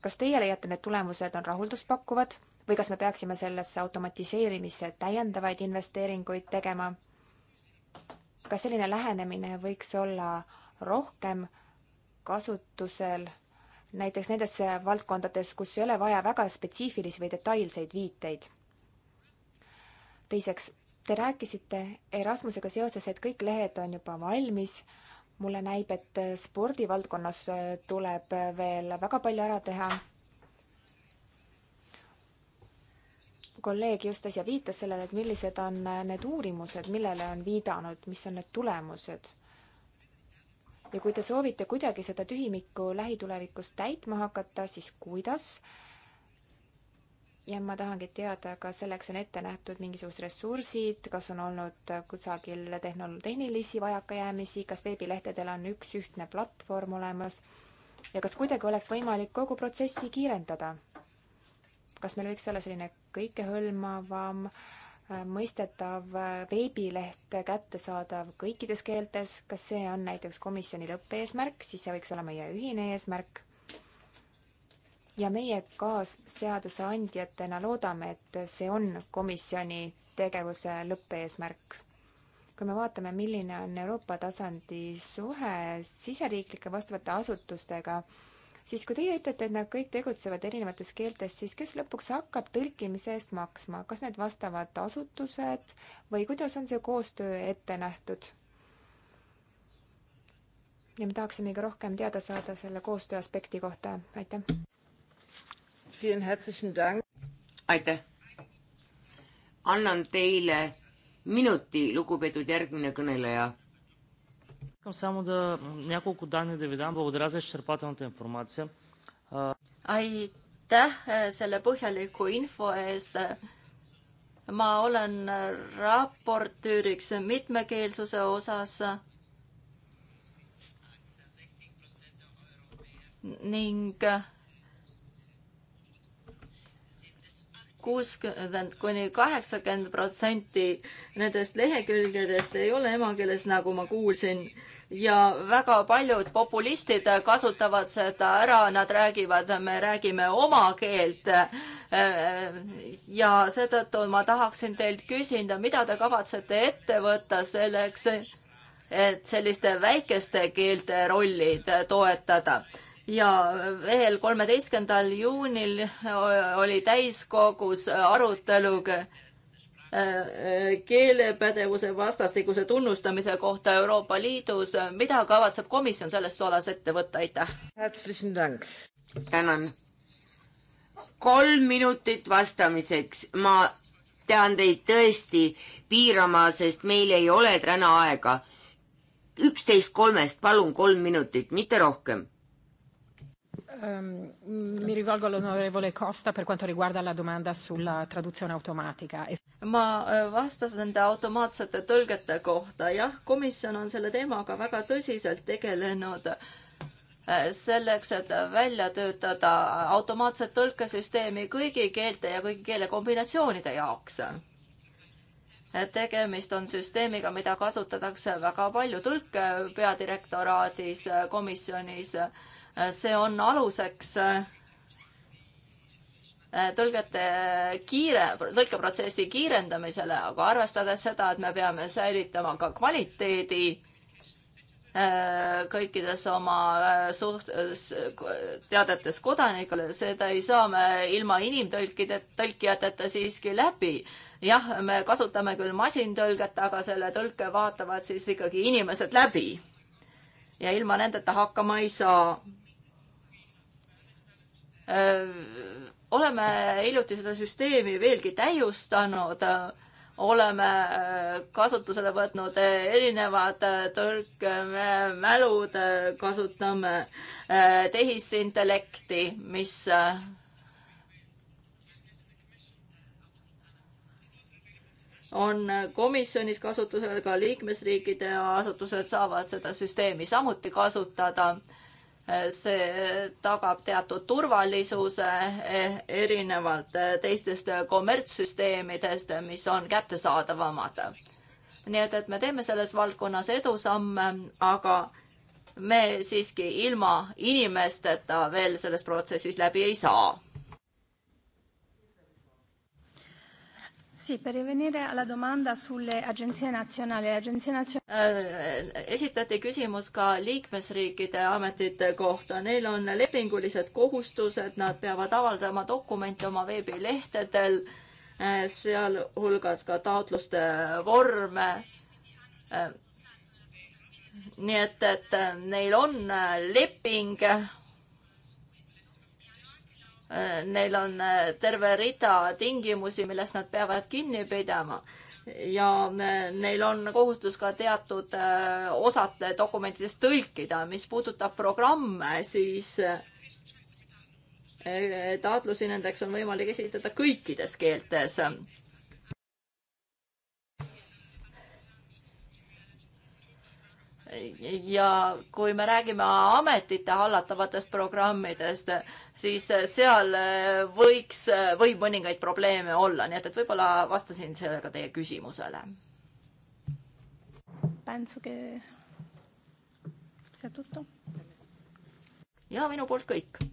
kas teie leiate, need tulemused on rahulduspakkuvad? või kas me peaksime sellesse automatiseerimisse täiendavaid investeeringuid tegema? kas selline lähenemine võiks olla rohkem kasutusel näiteks nendes valdkondades, kus ei ole vaja väga spetsiifilisi või detailseid viiteid? teiseks, te rääkisite Erasmusega seoses, et kõik lehed on juba valmis. mulle näib, et spordivaldkonnas tuleb veel väga palju ära teha kolleeg just äsja viitas sellele, et millised on äh, need uurimused, millele on viidanud, mis on need tulemused. ja kui te soovite kuidagi seda tühimikku lähitulevikus täitma hakata, siis kuidas? ja ma tahangi teada, kas selleks on ette nähtud mingisugused ressursid, kas on olnud äh, kusagil tehnol-, tehnilisi vajakajäämisi, kas veebilehtedel on üks ühtne platvorm olemas ja kas kuidagi oleks võimalik kogu protsessi kiirendada? kas meil võiks olla selline kõikehõlmavam äh, mõistetav äh, veebileht kättesaadav kõikides keeltes, kas see on näiteks komisjoni lõppeesmärk, siis see võiks olla meie ühine eesmärk. ja meie kaasseadusandjatena loodame, et see on komisjoni tegevuse lõppeesmärk. kui me vaatame, milline on Euroopa tasandi suhe siseriiklike vastavate asutustega, siis kui teie ütlete, et nad kõik tegutsevad erinevates keeltes, siis kes lõpuks hakkab tõlkimise eest maksma, kas need vastavad asutused või kuidas on see koostöö ette nähtud? ja me tahaksimegi rohkem teada saada selle koostöö aspekti kohta, aitäh. aitäh. annan teile minuti, lugupeetud järgmine kõneleja Искам само да няколко данни да ви дам. Благодаря за изчерпателната информация. Aitäh selle põhjaliku info eest. ma olen raportööriks mitmekeelsuse osas. ning kuuskümmend kuni kaheksakümmend protsenti nendest lehekülgedest ei ole emakeeles, nagu ma kuulsin ja väga paljud populistid kasutavad seda ära, nad räägivad, me räägime oma keelt. ja seetõttu ma tahaksin teilt küsida, mida te kavatsete ette võtta selleks, et selliste väikeste keelte rollid toetada ja veel kolmeteistkümnendal juunil oli täiskogus arutelu keelepädevuse vastastikuse tunnustamise kohta Euroopa Liidus. mida kavatseb komisjon selles suunas ette võtta, aitäh! tänan! kolm minutit vastamiseks, ma pean teid tõesti piirama, sest meil ei ole täna aega. üksteist kolmest, palun kolm minutit, mitte rohkem Um, mi rivolgo all'onorevole Costa per quanto riguarda la domanda sulla traduzione automatica. E ma eh, vastasin nende automaatsete tõlgete kohta, jah, komisjon on selle teemaga väga tõsiselt tegelenud eh, selleks, et välja töötada automaatset tõlkesüsteemi kõigi keelte ja kõigi keelekombinatsioonide jaoks. tegemist on süsteemiga, mida kasutatakse väga palju tõlke peadirektoraadis, komisjonis see on aluseks äh, tõlgete kiire, tõlkeprotsessi kiirendamisele, aga arvestades seda, et me peame säilitama ka kvaliteedi äh, kõikides oma äh, suht-, teadetes kodanikele, seda ei saa me ilma inimtõlkide, tõlkijateta siiski läbi. jah, me kasutame küll masintõlget, aga selle tõlke vaatavad siis ikkagi inimesed läbi. ja ilma nendeta hakkama ei saa oleme hiljuti seda süsteemi veelgi täiustanud, oleme kasutusele võtnud erinevad tõrkmälud, kasutame tehisintellekti, mis on komisjonis kasutusel, ka liikmesriikide asutused saavad seda süsteemi samuti kasutada see tagab teatud turvalisuse e, erinevalt teistest kommertssüsteemidest, mis on kättesaadavamad. nii et, et me teeme selles valdkonnas edusamme, aga me siiski ilma inimesteta veel selles protsessis läbi ei saa Äh, esitati küsimus ka liikmesriikide ametite kohta. Neil on lepingulised kohustused, nad peavad avaldama dokumente oma veebilehtedel, äh, sealhulgas ka taotluste vorme. Äh, nii et, et neil on leping Äh, neil on äh, terve rida tingimusi, millest nad peavad kinni pidama ja äh, neil on kohustus ka teatud osad dokumentidest tõlkida. mis puudutab programme, siis taotlusi nendeks on võimalik esitada kõikides keeltes ja kui me räägime ametite hallatavatest programmidest, siis seal äh, võiks, äh, võib mõningaid probleeme olla, nii et, et võib-olla vastasin sellega teie küsimusele. ja minu poolt kõik.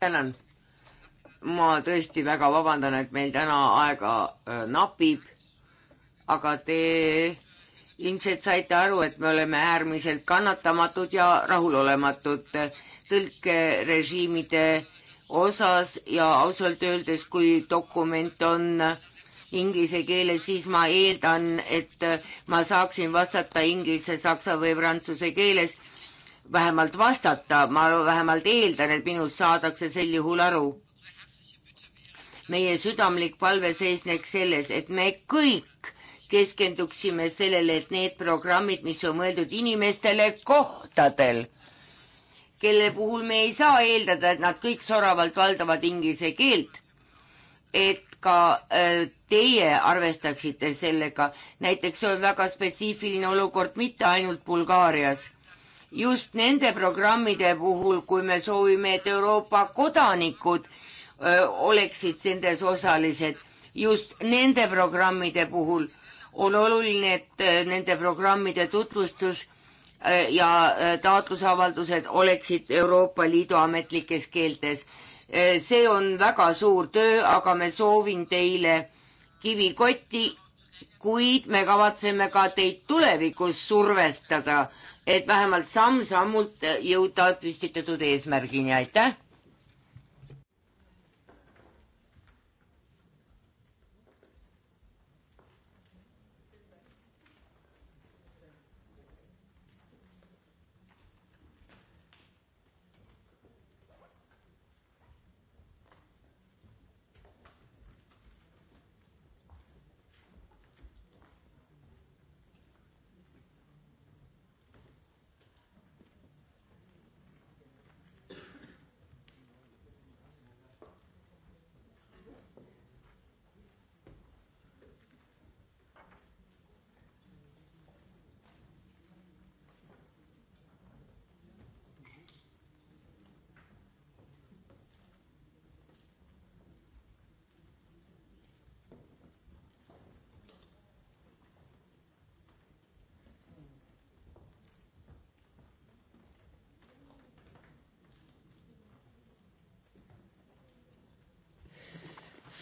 tänan. ma tõesti väga vabandan, et meil täna aega äh, napib, aga te ilmselt saite aru, et me oleme äärmiselt kannatamatud ja rahulolematud tõlkerežiimide osas ja ausalt öeldes, kui dokument on inglise keeles, siis ma eeldan, et ma saaksin vastata inglise, saksa või prantsuse keeles, vähemalt vastata, ma vähemalt eeldan, et minust saadakse sel juhul aru meie südamlik palve seisneks selles, et me kõik keskenduksime sellele, et need programmid, mis on mõeldud inimestele kohtadel, kelle puhul me ei saa eeldada, et nad kõik soravalt valdavad inglise keelt, et ka äh, teie arvestaksite sellega. näiteks on väga spetsiifiline olukord mitte ainult Bulgaarias. just nende programmide puhul, kui me soovime, et Euroopa kodanikud öö, äh, oleksid nendes osalised, just nende programmide puhul on oluline, et äh, nende programmide tutvustus äh, ja äh, taotlusavaldused oleksid Euroopa Liidu ametlikes keeltes. see on väga suur töö, aga me soovin teile kivikotti, kuid me kavatseme ka teid tulevikus survestada, et vähemalt samm-sammult jõuda püstitatud eesmärgini, aitäh!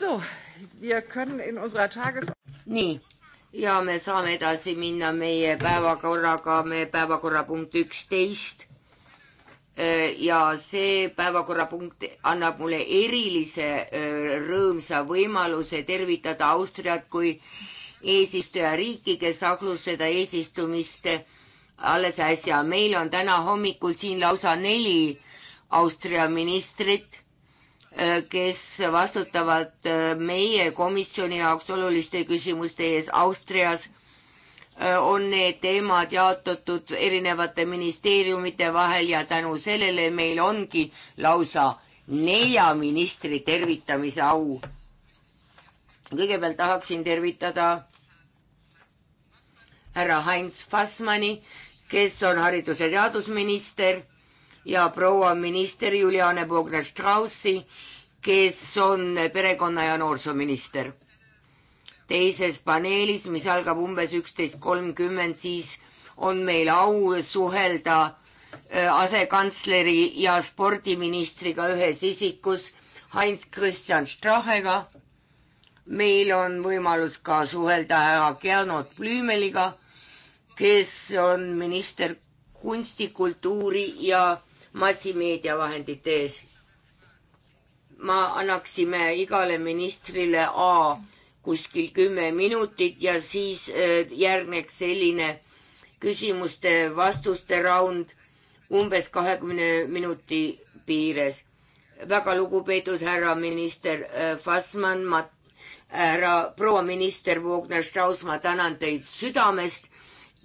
So, wir können in unserer Tages- nii, ja me saame edasi minna meie päevakorraga, meie päevakorrapunkt üksteist. Äh, ja see päevakorrapunkt annab mulle erilise äh, rõõmsa võimaluse tervitada Austriat kui eesistujariiki, kes asus seda eesistumist alles äsja. meil on täna hommikul siin lausa neli Austria ministrit kes vastutavad äh, meie komisjoni jaoks oluliste küsimuste ees Austrias, äh, on need teemad jaotatud erinevate ministeeriumite vahel ja tänu sellele meil ongi lausa nelja ministri tervitamise au. kõigepealt tahaksin tervitada härra Heinz Fassmanni, kes on haridus- ja teadusminister ja proua minister Juliane Bogner-Straussi, kes on perekonna- ja noorsoominister. teises paneelis, mis algab umbes üksteist kolmkümmend, siis on meil au suhelda äh, asekantsleri ja spordiministriga ühes isikus, Heinz Christian Strachega. meil on võimalus ka suhelda härra Gernot Blümeliga, kes on minister kunstikultuuri ja massimeedia vahendite ees. ma annaksime igale ministrile A kuskil kümme minutit ja siis äh, järgneks selline küsimuste-vastuste raund umbes kahekümne minuti piires. väga lugupeetud härra minister äh, Fassmann, ma, härra proua minister Voogner-Strauss, ma tänan teid südamest,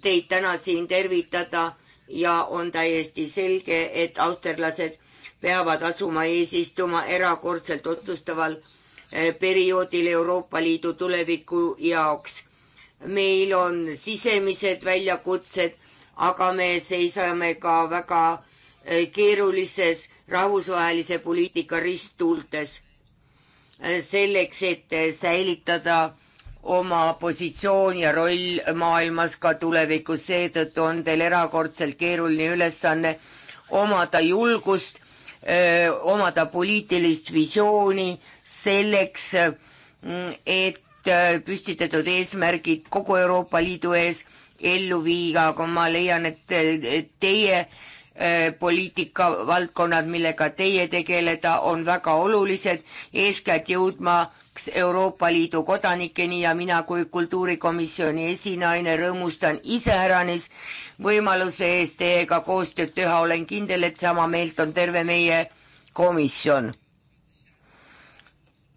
teid täna siin tervitada ja on täiesti selge, et austerlased peavad asuma eesistuma erakordselt otsustaval eh, perioodil Euroopa Liidu tuleviku jaoks. meil on sisemised väljakutsed, aga me seisame ka väga eh, keerulises rahvusvahelise poliitika risttuultes. Eh, selleks, et säilitada oma positsioon ja roll maailmas ka tulevikus, seetõttu on teil erakordselt keeruline ülesanne omada julgust, omada poliitilist visiooni selleks, mm, et püstitatud eesmärgid kogu Euroopa Liidu ees ellu viia, aga ma leian, et teie poliitikavaldkonnad, millega teie tegeleda, on väga olulised, eeskätt jõudma jõudmaks Euroopa Liidu kodanikeni ja mina kui kultuurikomisjoni esinaine rõõmustan iseäranis võimaluse eest teiega koostööd teha, olen kindel, et sama meelt on terve meie komisjon.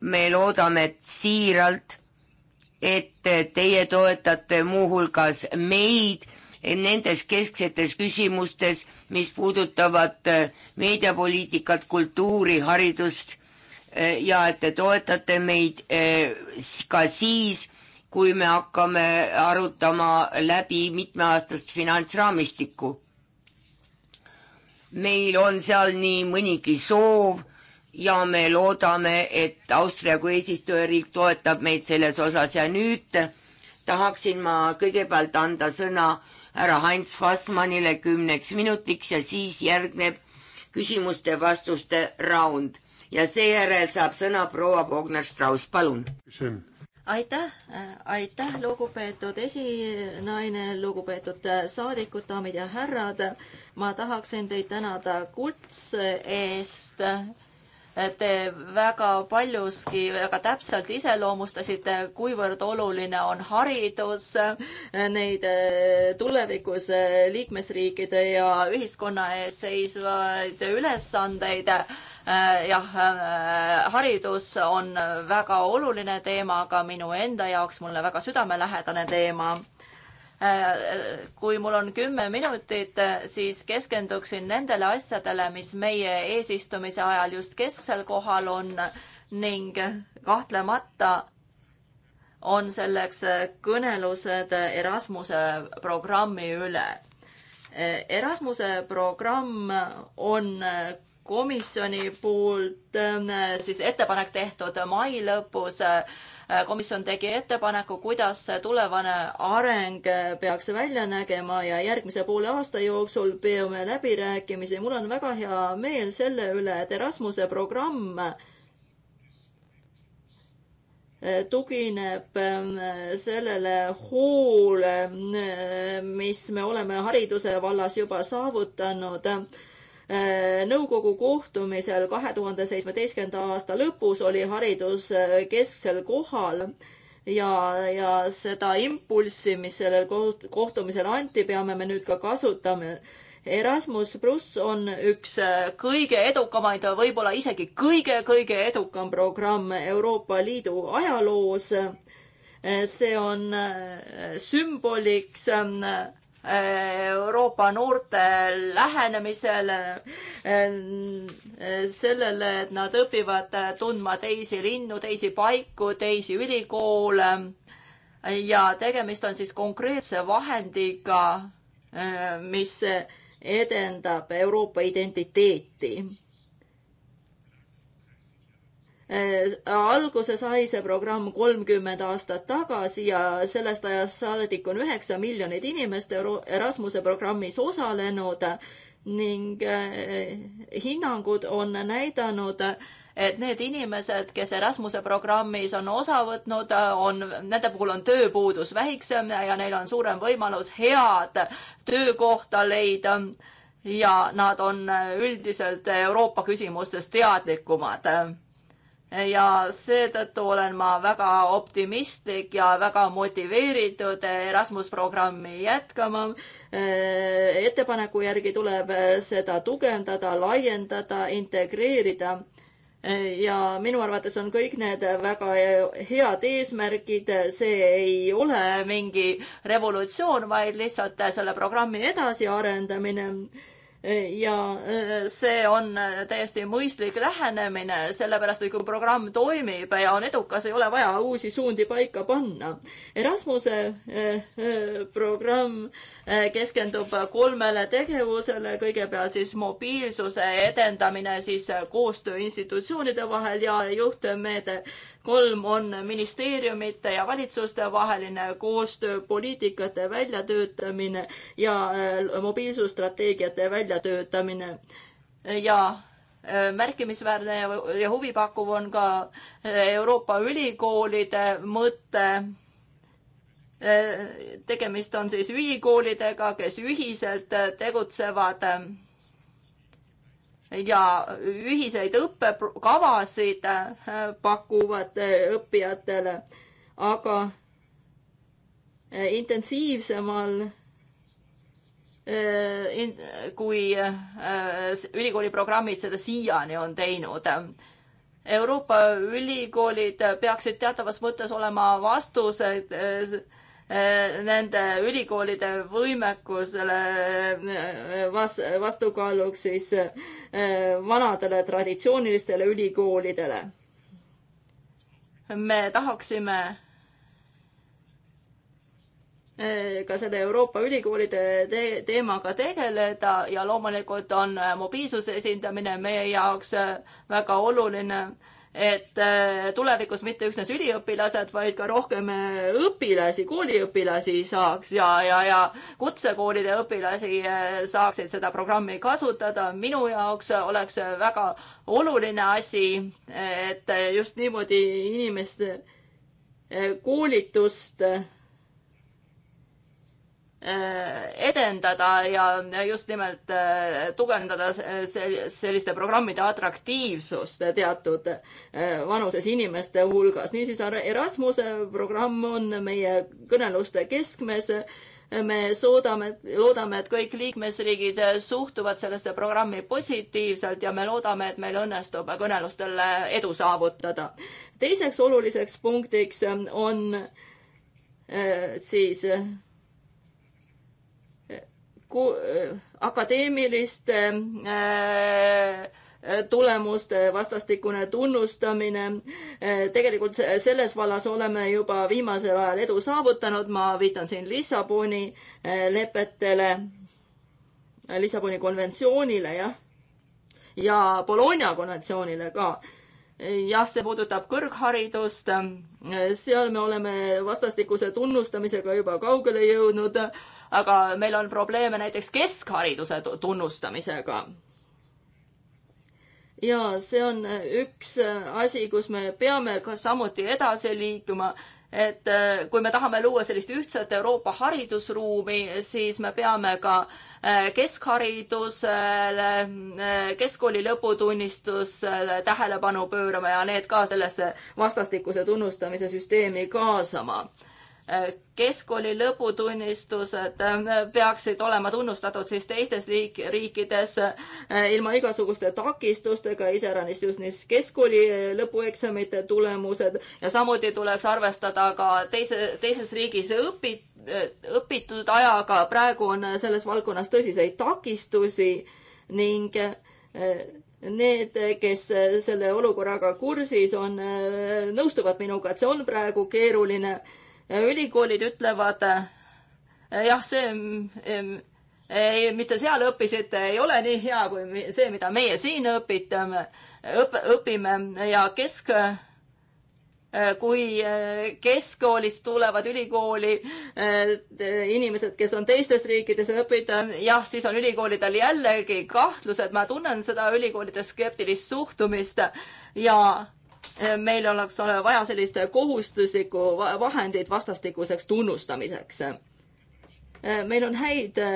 me loodame siiralt, et teie toetate muuhulgas meid nendes kesksetes küsimustes, mis puudutavad meediapoliitikat, kultuuri, haridust Eh, ja et te toetate meid eh, ka siis, kui me hakkame arutama läbi mitmeaastast finantsraamistikku. meil on seal nii mõnigi soov ja me loodame, et Austria kui eesistujariik toetab meid selles osas ja nüüd tahaksin ma kõigepealt anda sõna härra Hans Fassmannile kümneks minutiks ja siis järgneb küsimuste-vastuste raund ja seejärel saab sõna proua Bogner-Strauss, palun. aitäh, äh, aitäh, lugupeetud esinaine, lugupeetud äh, saadikud, daamid ja härrad. ma tahaksin teid tänada kutse eest te väga paljuski, väga täpselt iseloomustasite, kuivõrd oluline on haridus äh, neid tulevikus liikmesriikide ja ühiskonna ees seisvaid ülesandeid Äh, jah, äh, haridus on väga oluline teema, aga minu enda jaoks mulle väga südamelähedane teema äh, kui mul on kümme minutit, siis keskenduksin nendele asjadele, mis meie eesistumise ajal just kesksel kohal on ning kahtlemata on selleks kõnelused Erasmuse programmi üle. Erasmuse programm on komisjoni poolt ähm, siis ettepanek tehtud mai lõpus. Äh, komisjon tegi ettepaneku, kuidas tulevane areng peaks välja nägema ja järgmise poole aasta jooksul peame läbirääkimisi. mul on väga hea meel selle üle, et Erasmuse programm äh, tugineb ähm, sellele hoole, äh, mis me oleme hariduse vallas juba saavutanud Äh, nõukogu kohtumisel kahe tuhande seitsmeteistkümnenda aasta lõpus oli haridus äh, kesksel kohal ja, ja seda impulssi, mis sellel kohtumisel anti, peame me nüüd ka kasutama. Erasmus pluss on üks äh, kõige edukamaid, võib-olla isegi kõige-kõige edukam programm Euroopa Liidu ajaloos. see on sümboliks äh, Euroopa noorte lähenemisele, ehm, sellele, et nad õpivad tundma teisi linnu, teisi paiku, teisi ülikoole ja tegemist on siis konkreetse vahendiga, ehm, mis edendab Euroopa identiteeti Äh, alguse sai see programm kolmkümmend aastat tagasi ja sellest ajast saadik on üheksa miljonit inimest Erasmuse programmis osalenud ning äh, hinnangud on näidanud, et need inimesed, kes Erasmuse programmis on osa võtnud, on, nende puhul on tööpuudus väiksem ja neil on suurem võimalus head töökohta leida ja nad on üldiselt Euroopa küsimustes teadlikumad ja seetõttu olen ma väga optimistlik ja väga motiveeritud Erasmus programmi jätkama. Äh, ettepaneku järgi tuleb seda tugevdada, laiendada, integreerida äh, ja minu arvates on kõik need väga head eesmärgid, see ei ole mingi revolutsioon, vaid lihtsalt selle programmi edasiarendamine ja äh, see on äh, täiesti mõistlik lähenemine, sellepärast et kui programm toimib ja on edukas, ei ole vaja uusi suundi paika panna. Erasmuse äh, programm keskendub kolmele tegevusele, kõigepealt siis mobiilsuse edendamine, siis koostöö institutsioonide vahel ja juhtmeede kolm on ministeeriumite ja valitsuste vaheline koostöö, poliitikate väljatöötamine ja äh, mobiilsusstrateegiate väljatöötamine ja äh, märkimisväärne ja huvipakkuv on ka äh, Euroopa ülikoolide mõte. tegemist on siis ülikoolidega, kes ühiselt tegutsevad ja ühiseid õppekavasid äh, pakuvad äh, õppijatele, aga äh, intensiivsemal kui ülikooli programmid seda siiani on teinud Euroopa ülikoolid peaksid teatavas mõttes olema vastused Äh, nende ülikoolide võimekusele äh, vas-, vastukaaluks siis äh, vanadele traditsioonilistele ülikoolidele. me tahaksime ka selle Euroopa ülikoolide te teemaga tegeleda ja loomulikult on mobiilsuse esindamine meie jaoks väga oluline et äh, tulevikus mitte üksnes üliõpilased, vaid ka rohkem äh, õpilasi, kooliõpilasi saaks ja, ja, ja kutsekoolide õpilasi äh, saaksid seda programmi kasutada. minu jaoks oleks väga oluline asi, et just niimoodi inimeste koolitust Äh, edendada ja just nimelt äh, tugevdada selliste programmide atraktiivsust teatud äh, vanuses inimeste hulgas. niisiis Erasmuse programm on meie kõneluste keskmes me soodame, loodame, et kõik liikmesriigid suhtuvad sellesse programmi positiivselt ja me loodame, et meil õnnestub kõnelustele edu saavutada. teiseks oluliseks punktiks on siis ku-, akadeemiliste äh, tulemuste vastastikune tunnustamine. Äh, tegelikult selles vallas oleme juba viimasel ajal edu saavutanud, ma viitan siin Lissaboni äh, lepetele, Lissaboni konventsioonile, jah, ja Bologna konventsioonile ka jah, see puudutab kõrgharidust, seal me oleme vastastikuse tunnustamisega juba kaugele jõudnud, aga meil on probleeme näiteks keskhariduse tunnustamisega. ja see on üks asi, kus me peame ka samuti edasi liikuma et äh, kui me tahame luua sellist ühtset Euroopa haridusruumi, siis me peame ka äh, keskharidusele, äh, keskkooli lõputunnistusele tähelepanu pöörama ja need ka sellesse vastastikuse tunnustamise süsteemi kaasama keskkooli lõputunnistused äh, peaksid olema tunnustatud siis teistes liik-, riikides äh, ilma igasuguste takistustega, iseäranis just niis keskkooli äh, lõpueksamite tulemused ja samuti tuleks arvestada ka teise, teises riigis õpi-, õpitud ajaga, praegu on selles valdkonnas tõsiseid takistusi ning need, kes selle olukorraga kursis on, nõustuvad minuga, et see on praegu keeruline ülikoolid ütlevad, eh, jah, see, mis te seal õppisite, ei ole nii hea kui see, mida meie siin õpitame, õp-, õpime ja kesk, eh, kui eh, keskkoolist tulevad ülikooli inimesed, kes on teistes riikides õppinud, jah, siis on ülikoolidel jällegi kahtlused, ma tunnen seda ülikoolide skeptilist suhtumist ja meil oleks vaja sellist kohustuslikku vahendit vastastikuseks tunnustamiseks. meil on häid äh,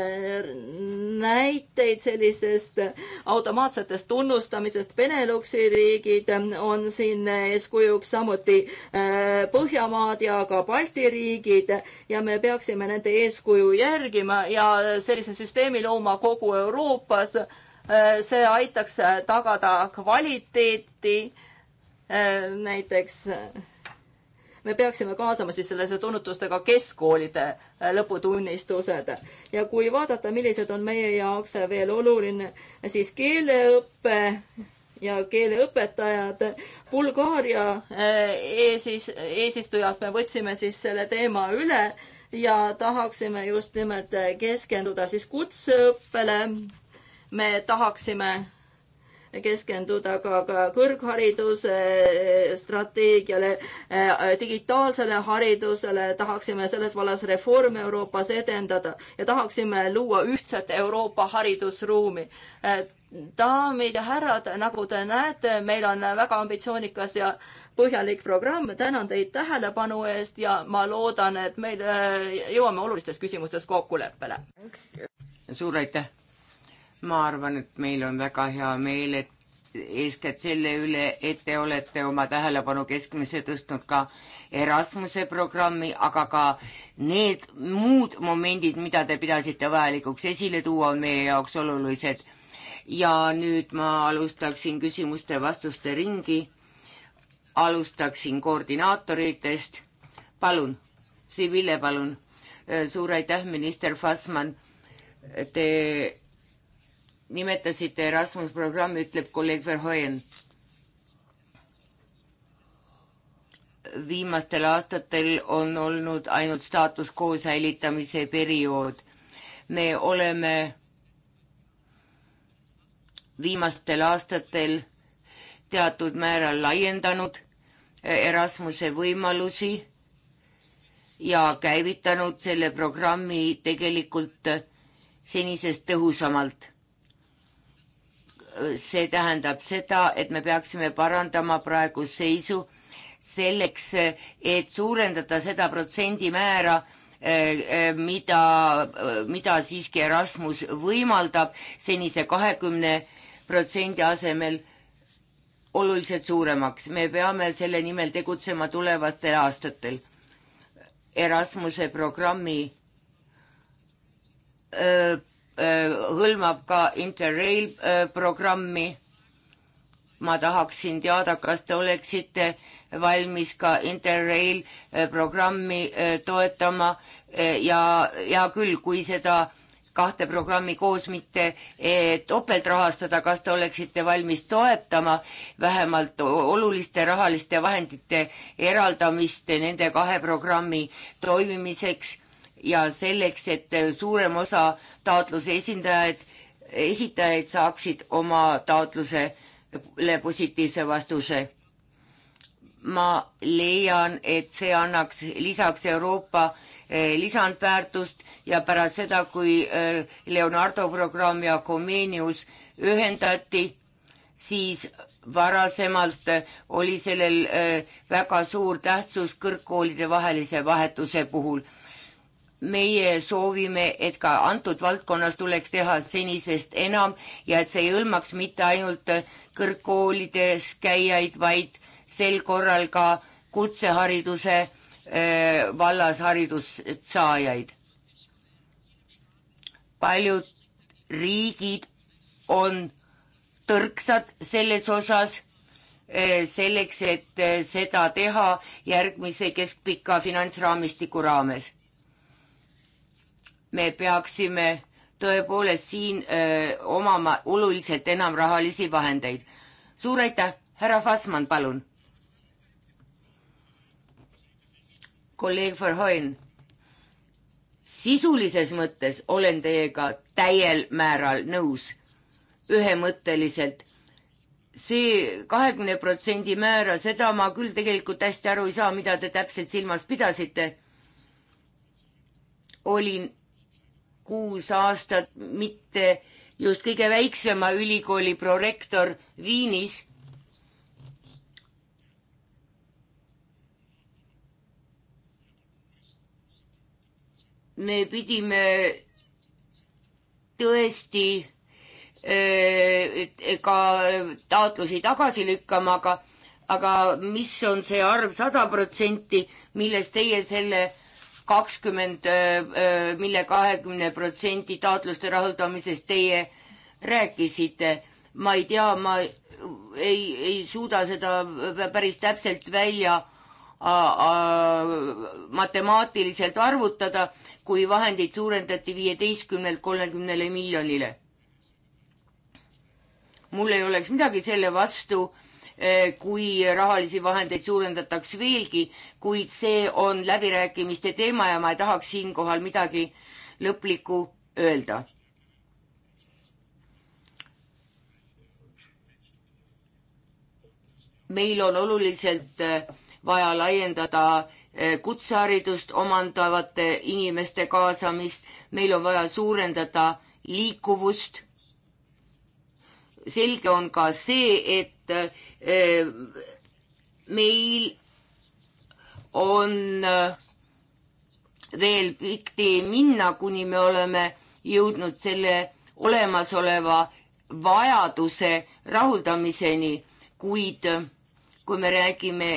näiteid sellisest automaatsetest tunnustamisest, Beneluxi riigid on siin eeskujuks, samuti äh, Põhjamaad ja ka Balti riigid ja me peaksime nende eeskuju järgima ja sellise süsteemi looma kogu Euroopas. Äh, see aitaks tagada kvaliteeti näiteks me peaksime kaasama siis sellesse tunnetustega keskkoolide äh, lõputunnistused. ja kui vaadata, millised on meie jaoks veel oluline, siis keeleõpe ja keeleõpetajad. Bulgaaria äh, eesis, eesistujalt me võtsime siis selle teema üle ja tahaksime just nimelt keskenduda siis kutseõppele. me tahaksime keskenduda ka, ka kõrghariduse eh, strateegiale, eh, digitaalsele haridusele, tahaksime selles vallas reforme Euroopas edendada ja tahaksime luua ühtset Euroopa haridusruumi eh, daamid ja härrad, nagu te näete, meil on väga ambitsioonikas ja põhjalik programm. tänan teid tähelepanu eest ja ma loodan, et meil jõuame olulistes küsimustes kokkuleppele. suur aitäh ma arvan, et meil on väga hea meel, et eeskätt selle üle, et te olete oma tähelepanu keskmise tõstnud ka Erasmuse programmi, aga ka need muud momendid, mida te pidasite vajalikuks esile tuua, on meie jaoks olulised. ja nüüd ma alustaksin küsimuste-vastuste ringi. alustaksin koordinaatoritest. palun, Sibille, palun. suur aitäh, minister Fassmann. Te nimetasite Erasmus programmi, ütleb kolleeg Verhoen. viimastel aastatel on olnud ainult staatus quo säilitamise periood. me oleme viimastel aastatel teatud määral laiendanud Erasmuse võimalusi ja käivitanud selle programmi tegelikult senisest tõhusamalt see tähendab seda, et me peaksime parandama praegu seisu selleks, et suurendada seda protsendimäära, eh, mida, mida siiski Erasmus võimaldab senise kahekümne protsendi asemel oluliselt suuremaks. me peame selle nimel tegutsema tulevastel aastatel. Erasmuse programmi öö, eh, Äh, hõlmab ka Interrail äh, programmi. ma tahaksin teada, kas te oleksite valmis ka Interrail äh, programmi toetama ja hea küll, kui seda kahte programmi koos mitte topelt rahastada, kas te oleksite valmis toetama vähemalt oluliste rahaliste vahendite eraldamist nende kahe programmi toimimiseks ja selleks, et suurem osa taotluse esindajaid, esitajaid saaksid oma taotlusele positiivse vastuse. ma leian, et see annaks lisaks Euroopa eh, lisandväärtust ja pärast seda, kui eh, Leonardo programm ja Comenius ühendati, siis varasemalt oli sellel eh, väga suur tähtsus kõrgkoolide vahelise vahetuse puhul meie soovime, et ka antud valdkonnas tuleks teha senisest enam ja et see ei hõlmaks mitte ainult kõrgkoolides käijaid, vaid sel korral ka kutsehariduse äh, vallas haridust saajaid. paljud riigid on tõrksad selles osas äh, selleks, et äh, seda teha järgmise keskpika finantsraamistiku raames me peaksime tõepoolest siin öö, omama oluliselt enam rahalisi vahendeid. suur aitäh, härra Fassmann, palun. kolleeg Verhoen, sisulises mõttes olen teiega täiel määral nõus, ühemõtteliselt see kahekümne protsendi määra, seda ma küll tegelikult hästi aru ei saa, mida te täpselt silmas pidasite. olin kuus aastat mitte just kõige väiksema ülikooli prorektor Viinis. me pidime tõesti äh, ka taotlusi tagasi lükkama, aga, aga mis on see arv sada protsenti, milles teie selle kakskümmend, mille kahekümne protsendi taotluste rahuldamisest teie rääkisite. ma ei tea, ma ei, ei suuda seda päris täpselt välja a, a, matemaatiliselt arvutada, kui vahendeid suurendati viieteistkümnelt kolmekümnele miljonile. mul ei oleks midagi selle vastu Eh, kui rahalisi vahendeid suurendataks veelgi, kuid see on läbirääkimiste teema ja ma ei tahaks siinkohal midagi lõplikku öelda. meil on oluliselt eh, vaja laiendada eh, kutseharidust omandavate inimeste kaasamist, meil on vaja suurendada liikuvust selge on ka see, et eh, meil on eh, veel pikk tee minna, kuni me oleme jõudnud selle olemasoleva vajaduse rahuldamiseni, kuid eh, kui me räägime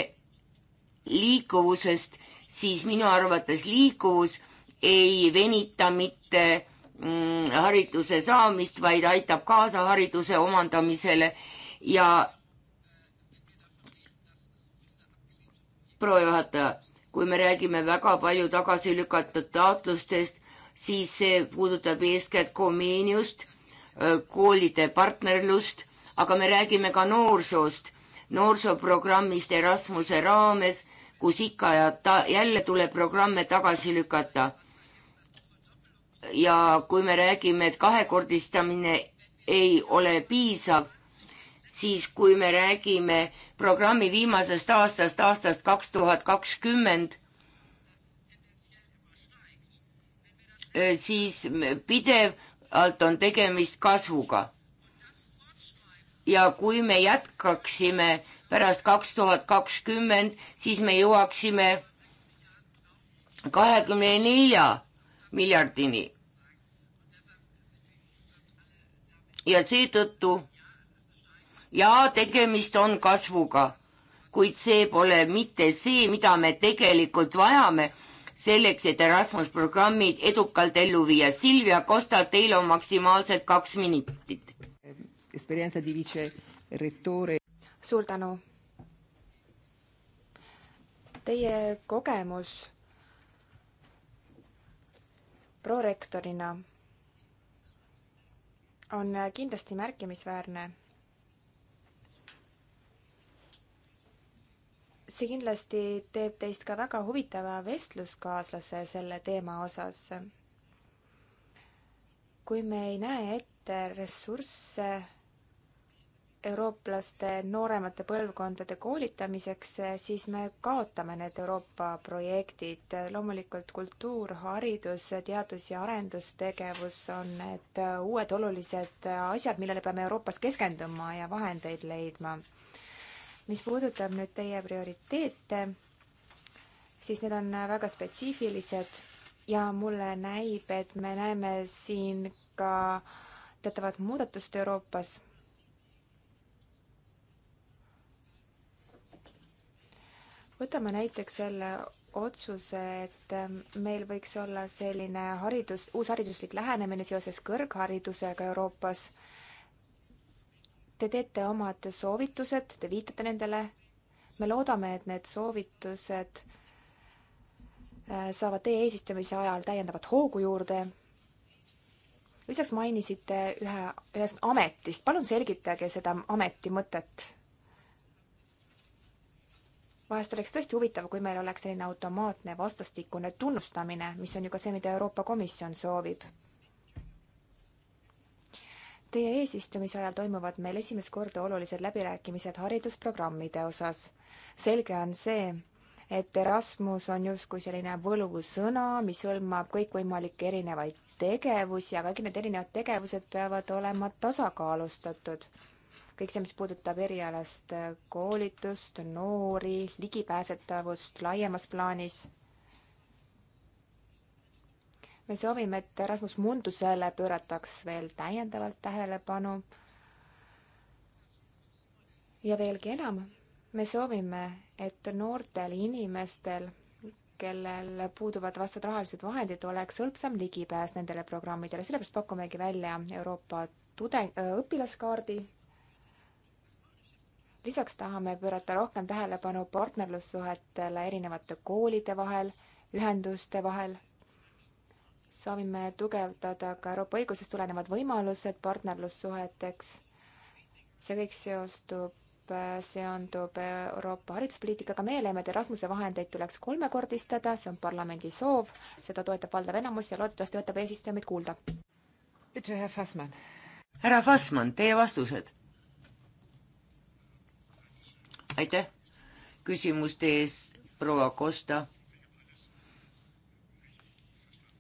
liikuvusest, siis minu arvates liikuvus ei venita mitte Mm, hariduse saamist, vaid aitab kaasa hariduse omandamisele ja proua juhataja, kui me räägime väga palju tagasi lükatud taotlustest, siis see puudutab eeskätt Komeeniust, koolide partnerlust, aga me räägime ka noorsoost, noorsooprogrammist Erasmuse raames, kus ikka ja ta, jälle tuleb programme tagasi lükata ja kui me räägime, et kahekordistamine ei ole piisav, siis kui me räägime programmi viimasest aastast, aastast kaks tuhat kakskümmend, siis pidevalt on tegemist kasvuga. ja kui me jätkaksime pärast kaks tuhat kakskümmend, siis me jõuaksime kahekümne nelja miljardini ja seetõttu ja tegemist on kasvuga, kuid see pole mitte see, mida me tegelikult vajame selleks, et Erasmus programmid edukalt ellu viia. Silvia Costa, teil on maksimaalselt kaks minutit. suur tänu. Teie kogemus prorektorina on kindlasti märkimisväärne. see kindlasti teeb teist ka väga huvitava vestluskaaslase selle teema osas. kui me ei näe ette ressursse eurooplaste nooremate põlvkondade koolitamiseks, siis me kaotame need Euroopa projektid. loomulikult kultuur, haridus, teadus- ja arendustegevus on need uued olulised asjad, millele peame Euroopas keskenduma ja vahendeid leidma. mis puudutab nüüd teie prioriteete, siis need on väga spetsiifilised ja mulle näib, et me näeme siin ka teatavat muudatust Euroopas võtame näiteks selle otsuse, et ähm, meil võiks olla selline haridus, uus hariduslik lähenemine seoses kõrgharidusega Euroopas. Te teete omad soovitused, te viitate nendele. me loodame, et need soovitused äh, saavad teie eesistumise ajal täiendavat hoogu juurde. lisaks mainisite ühe, ühest ametist, palun selgitage seda ameti mõtet vahest oleks tõesti huvitav, kui meil oleks selline automaatne vastastikune tunnustamine, mis on ju ka see, mida Euroopa Komisjon soovib. Teie eesistumise ajal toimuvad meil esimest korda olulised läbirääkimised haridusprogrammide osas. selge on see, et Erasmus on justkui selline võlusõna, mis hõlmab kõikvõimalikke erinevaid tegevusi, aga kõik need erinevad tegevused peavad olema tasakaalustatud kõik see, mis puudutab erialast äh, koolitust, noori, ligipääsetavust laiemas plaanis. me soovime, et Rasmus Mundusele pöörataks veel täiendavalt tähelepanu. ja veelgi enam, me soovime, et noortel inimestel kellel puuduvad vastavad rahalised vahendid, oleks hõlpsam ligipääs nendele programmidele, sellepärast pakumegi välja Euroopa tude-, õpilaskaardi lisaks tahame pöörata rohkem tähelepanu partnerlussuhetele erinevate koolide vahel, ühenduste vahel. soovime tugevdada ka Euroopa õigusest tulenevad võimalused partnerlussuheteks. see kõik seostub seondub Euroopa hariduspoliitikaga, meie leiame, et Erasmuse vahendeid tuleks kolmekordistada, see on parlamendi soov, seda toetab valdav enamus ja loodetavasti võtab eesistuja meid kuulda. härra Fassmann, teie vastused aitäh küsimuste eest, proua Kosta.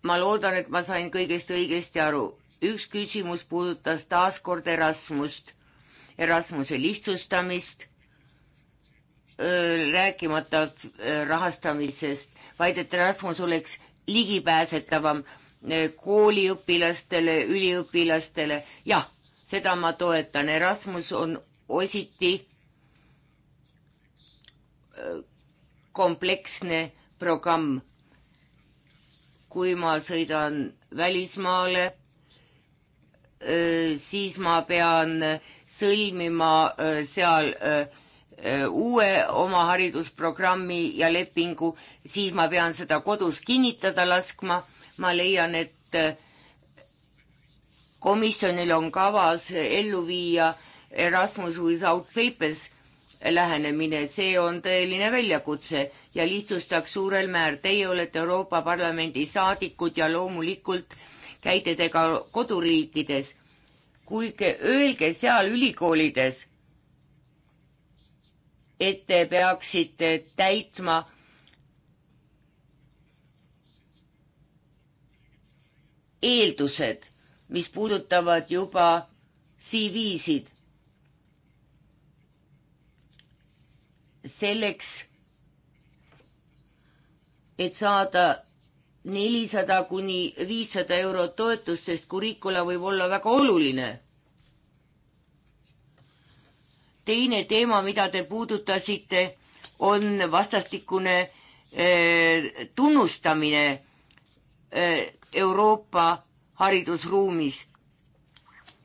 ma loodan, et ma sain kõigest õigesti aru. üks küsimus puudutas taas kord Erasmust, Erasmuse lihtsustamist rääkimata rahastamisest, vaid et Erasmus oleks ligipääsetavam kooliõpilastele, üliõpilastele. jah, seda ma toetan, Erasmus on ositi kompleksne programm. kui ma sõidan välismaale, eh, siis ma pean sõlmima eh, seal eh, uue oma haridusprogrammi ja lepingu, siis ma pean seda kodus kinnitada laskma. ma leian, et komisjonil on kavas ellu viia Erasmus without papers lähenemine, see on tõeline väljakutse ja lihtsustaks suurel määr. Teie olete Euroopa Parlamendi saadikud ja loomulikult käite te ka koduriikides. kuigi öelge seal ülikoolides, et te peaksite täitma eeldused, mis puudutavad juba CV-sid selleks, et saada nelisada kuni viissada eurot toetust, sest kurikula võib olla väga oluline. teine teema, mida te puudutasite, on vastastikune eh, tunnustamine eh, Euroopa haridusruumis.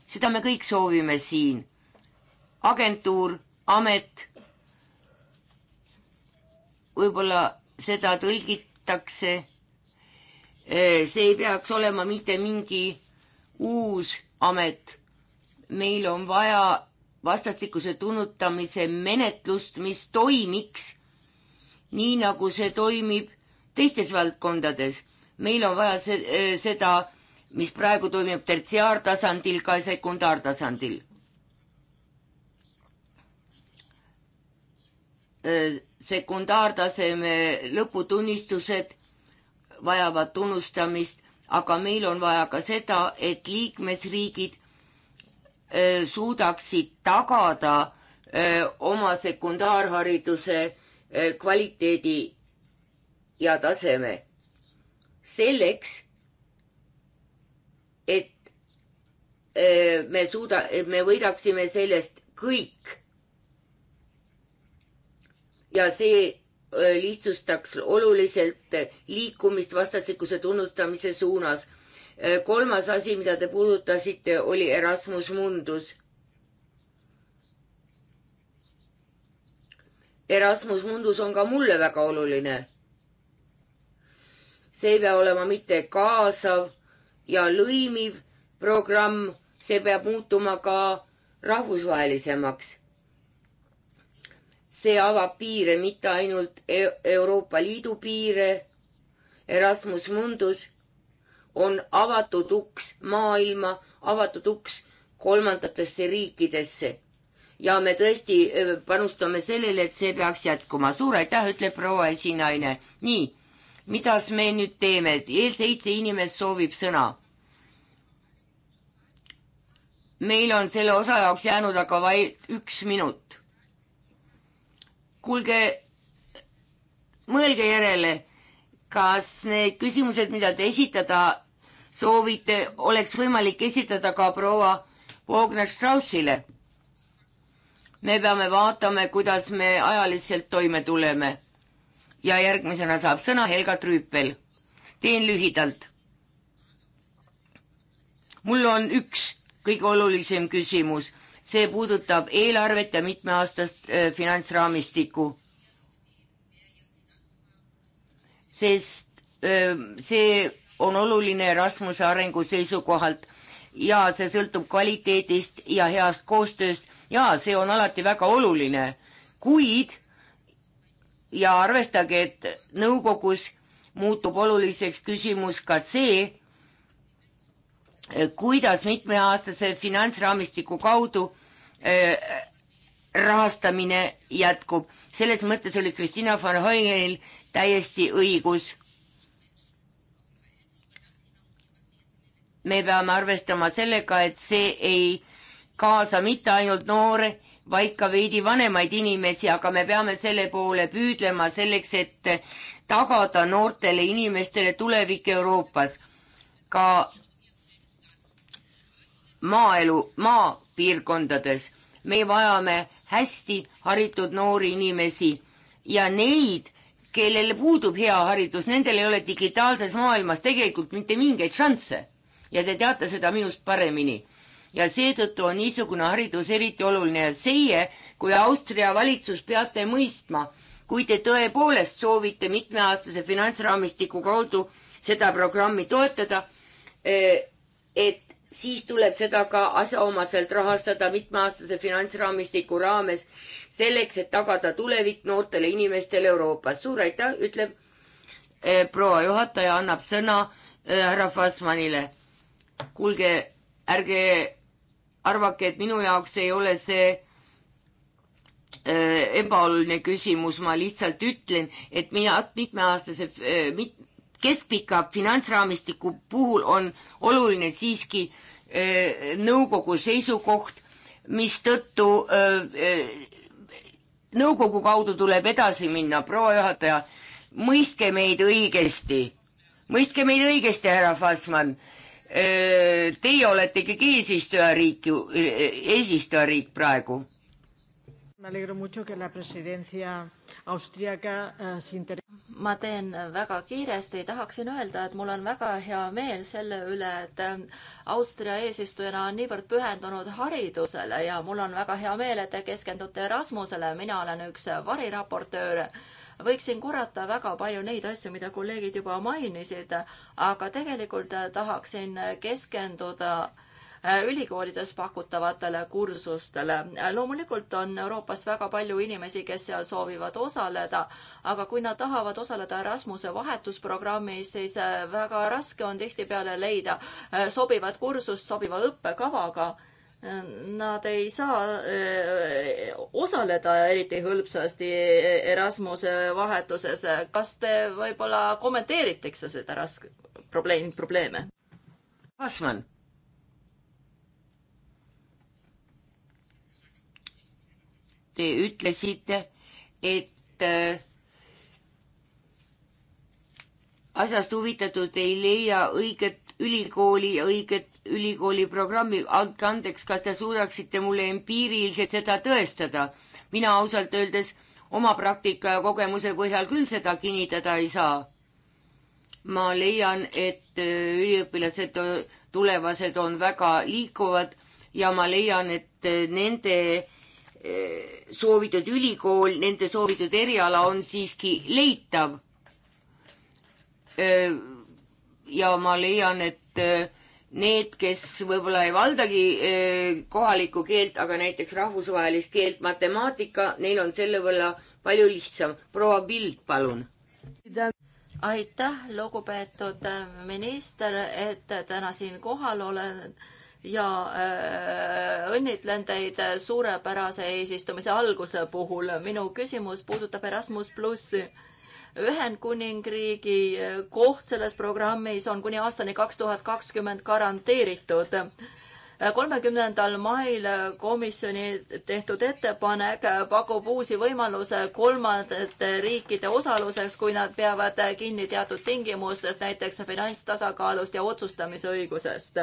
seda me kõik soovime siin. agentuur, amet võib-olla seda tõlgitakse, eh, see ei peaks olema mitte mingi uus amet. meil on vaja vastastikuse tunnutamise menetlust, mis toimiks nii, nagu see toimib teistes valdkondades. meil on vaja se eh, seda, mis praegu toimib tertsiaartasandil, ka sekundaartasandil eh, sekundaartaseme lõputunnistused vajavad tunnustamist, aga meil on vaja ka seda, et liikmesriigid äh, suudaksid tagada äh, oma sekundaarhariduse äh, kvaliteedi ja taseme. selleks, et me suuda, me võidaksime sellest kõik ja see äh, lihtsustaks oluliselt liikumist vastastikuse tunnustamise suunas. Äh, kolmas asi, mida te puudutasite, oli Erasmus Mundus. Erasmus Mundus on ka mulle väga oluline. see ei pea olema mitte kaasav ja lõimiv programm, see peab muutuma ka rahvusvahelisemaks see avab piire mitte ainult e-, Euroopa Liidu piire. Erasmus Mundus on avatud uks maailma, avatud uks kolmandatesse riikidesse. ja me tõesti äh, panustame sellele, et see peaks jätkuma. suur aitäh, ütleb proua esinaine. nii, mida me nüüd teeme? eelseitse inimest soovib sõna meil on selle osa jaoks jäänud aga vaid üks minut kuulge, mõelge järele, kas need küsimused, mida te esitada soovite, oleks võimalik esitada ka proua Wagner-Straussile. me peame vaatama, kuidas me ajaliselt toime tuleme. ja järgmisena saab sõna Helga Trüüpel. teen lühidalt. mul on üks kõige olulisem küsimus see puudutab eelarvet ja mitmeaastast äh, finantsraamistikku. sest ähm, see on oluline Erasmuse arengu seisukohalt ja see sõltub kvaliteedist ja heast koostööst ja see on alati väga oluline, kuid ja arvestage, et nõukogus muutub oluliseks küsimus ka see, äh, kuidas mitmeaastase finantsraamistiku kaudu Äh, rahastamine jätkub. selles mõttes oli Kristina von Heugenil täiesti õigus. me peame arvestama sellega, et see ei kaasa mitte ainult noore, vaid ka veidi vanemaid inimesi, aga me peame selle poole püüdlema selleks, et tagada noortele inimestele tulevik Euroopas. ka maaelu, maa piirkondades. me vajame hästi haritud noori inimesi ja neid, kellel puudub hea haridus, nendel ei ole digitaalses maailmas tegelikult mitte mingeid šansse. ja te teate seda minust paremini. ja seetõttu on niisugune haridus eriti oluline ja teie kui Austria valitsus peate mõistma, kui te tõepoolest soovite mitmeaastase finantsraamistiku kaudu seda programmi toetada, eh, et siis tuleb seda ka asjaomaselt rahastada mitmeaastase finantsraamistiku raames selleks, et tagada tulevik noortele inimestele Euroopas. suur aitäh, ütleb eh, proua juhataja, annab sõna eh, härra eh, Fassmanile. kuulge, ärge arvake, et minu jaoks ei ole see eh, ebaoluline küsimus, ma lihtsalt ütlen, et mina mitmeaastase eh, mit,, keskpika finantsraamistiku puhul on oluline siiski eh, nõukogu seisukoht, mistõttu eh, eh, nõukogu kaudu tuleb edasi minna, proua juhataja, mõistke meid õigesti, mõistke meid õigesti, härra Fassmann. Teie olete ikkagi eesistujariik ju, eesistujariik praegu. Me alegro mucho que la presidencia Äh, ma teen väga kiiresti, tahaksin öelda, et mul on väga hea meel selle üle, et äh, Austria eesistujana on niivõrd pühendunud haridusele ja mul on väga hea meel, et te keskendute Erasmusele, mina olen üks variraportöör võiksin korrata väga palju neid asju, mida kolleegid juba mainisid, aga tegelikult äh, tahaksin keskenduda Äh, ülikoolides pakutavatele kursustele. loomulikult on Euroopas väga palju inimesi, kes seal soovivad osaleda, aga kui nad tahavad osaleda Erasmuse vahetusprogrammis, siis äh, väga raske on tihtipeale leida äh, sobivat kursust sobiva õppekavaga nad ei saa osaleda eriti hõlpsasti Erasmuse vahetuses. kas te võib-olla kommenteeritakse seda raske probleemi, probleeme? Asman. te ütlesite, et äh, asjast huvitatud ei leia õiget ülikooli ja õiget ülikooli programmi. andke andeks, kas te suudaksite mulle empiiriliselt seda tõestada? mina ausalt öeldes oma praktika ja kogemuse põhjal küll seda kinnitada ei saa. ma leian, et äh, üliõpilased, äh, tulevased on väga liikuvad ja ma leian, et nende Eh, soovitud ülikool, nende soovitud eriala on siiski leitav. Eh, ja ma leian, et eh, need, kes võib-olla ei valdagi kohalikku keelt, aga näiteks rahvusvahelist keelt, matemaatika, neil on selle võrra palju lihtsam. proua Pild, palun. aitäh, lugupeetud minister, et täna siin kohal olen ja äh, õnnitlen teid suurepärase eesistumise alguse puhul. minu küsimus puudutab Erasmus plussi. Ühendkuningriigi koht selles programmis on kuni aastani kaks tuhat kakskümmend garanteeritud kolmekümnendal mail komisjoni tehtud ettepanek pakub uusi võimaluse kolmandate riikide osaluseks, kui nad peavad kinni teatud tingimustest, näiteks finantstasakaalust ja otsustamisõigusest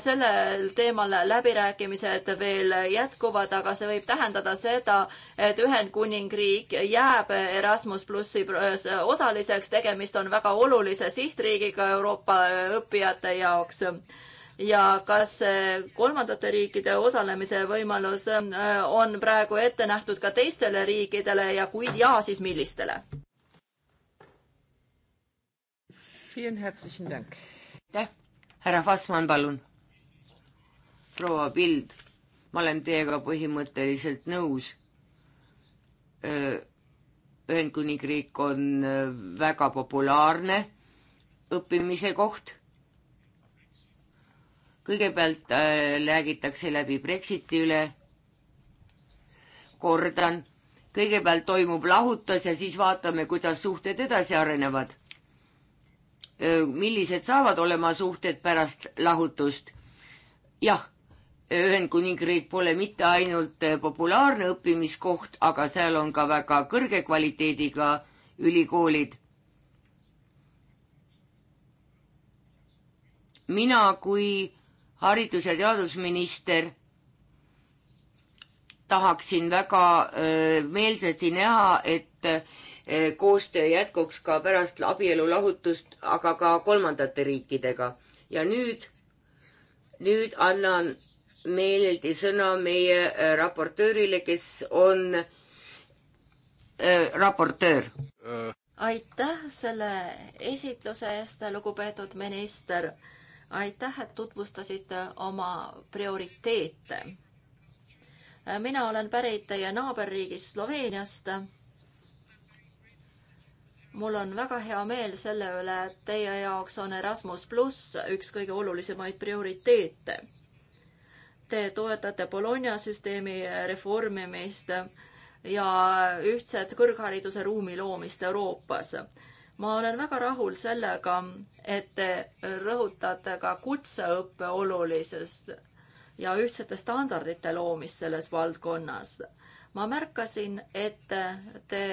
sellel teemal läbirääkimised veel jätkuvad, aga see võib tähendada seda, et Ühendkuningriik jääb Erasmus plussi osaliseks, tegemist on väga olulise sihtriigiga Euroopa õppijate jaoks ja kas kolmandate riikide osalemise võimalus äh, on praegu ette nähtud ka teistele riikidele ja kui jaa, siis millistele? aitäh, härra Fassmann, palun proua Pild, ma olen teiega põhimõtteliselt nõus. Ühendkuningriik on väga populaarne õppimise koht. kõigepealt räägitakse läbi Brexiti üle. kordan, kõigepealt toimub lahutus ja siis vaatame, kuidas suhted edasi arenevad. millised saavad olema suhted pärast lahutust? jah Ühendkuningriik pole mitte ainult eh, populaarne õppimiskoht, aga seal on ka väga kõrge kvaliteediga ülikoolid. mina kui haridus- ja teadusminister tahaksin väga eh, meelsasti näha, et eh, koostöö jätkuks ka pärast abielu lahutust, aga ka kolmandate riikidega. ja nüüd, nüüd annan meeleldi sõna meie äh, raportöörile, kes on äh, raportöör. aitäh selle esitluse eest, lugupeetud minister. aitäh, et tutvustasite oma prioriteete. Äh, mina olen pärit teie naaberriigist Sloveeniast mul on väga hea meel selle üle, et teie jaoks on Erasmus pluss üks kõige olulisemaid prioriteete te toetate Bologna süsteemi reformimist ja ühtset kõrghariduse ruumi loomist Euroopas. ma olen väga rahul sellega, et te rõhutate ka kutseõppe olulisust ja ühtsete standardite loomist selles valdkonnas. ma märkasin, et te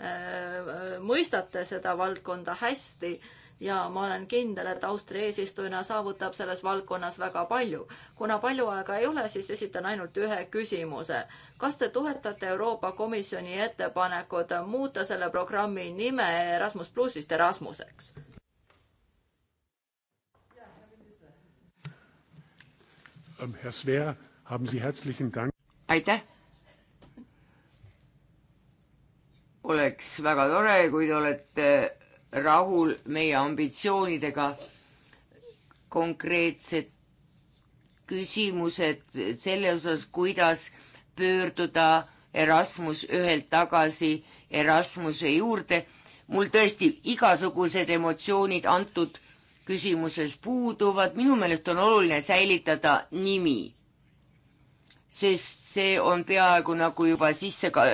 äh, mõistate seda valdkonda hästi ja ma olen kindel, et Austria eesistujana saavutab selles valdkonnas väga palju. kuna palju aega ei ole, siis esitan ainult ühe küsimuse. kas te toetate Euroopa Komisjoni ettepanekut muuta selle programmi nime Erasmus plussist Erasmuseks? Ähm, Herr Sveer, haben Sie herzlichen Dank. aitäh oleks väga tore, kui te olete rahul meie ambitsioonidega. konkreetsed küsimused selle osas, kuidas pöörduda Erasmus ühelt tagasi Erasmuse juurde. mul tõesti igasugused emotsioonid antud küsimuses puuduvad, minu meelest on oluline säilitada nimi. sest see on peaaegu nagu juba sisse ka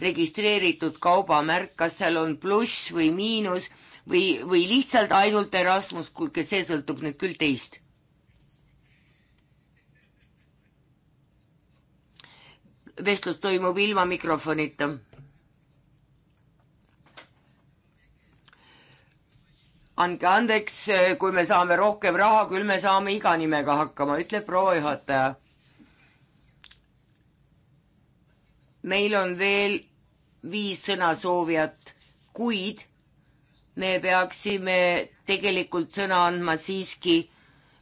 registreeritud kaubamärk, kas seal on pluss või miinus või, või lihtsalt ainult Erasmus, kuulge, see sõltub nüüd küll teist. vestlus toimub ilma mikrofonita. andke andeks, kui me saame rohkem raha, küll me saame iga nimega hakkama, ütleb proua juhataja. meil on veel viis sõnasoovijat, kuid me peaksime tegelikult sõna andma siiski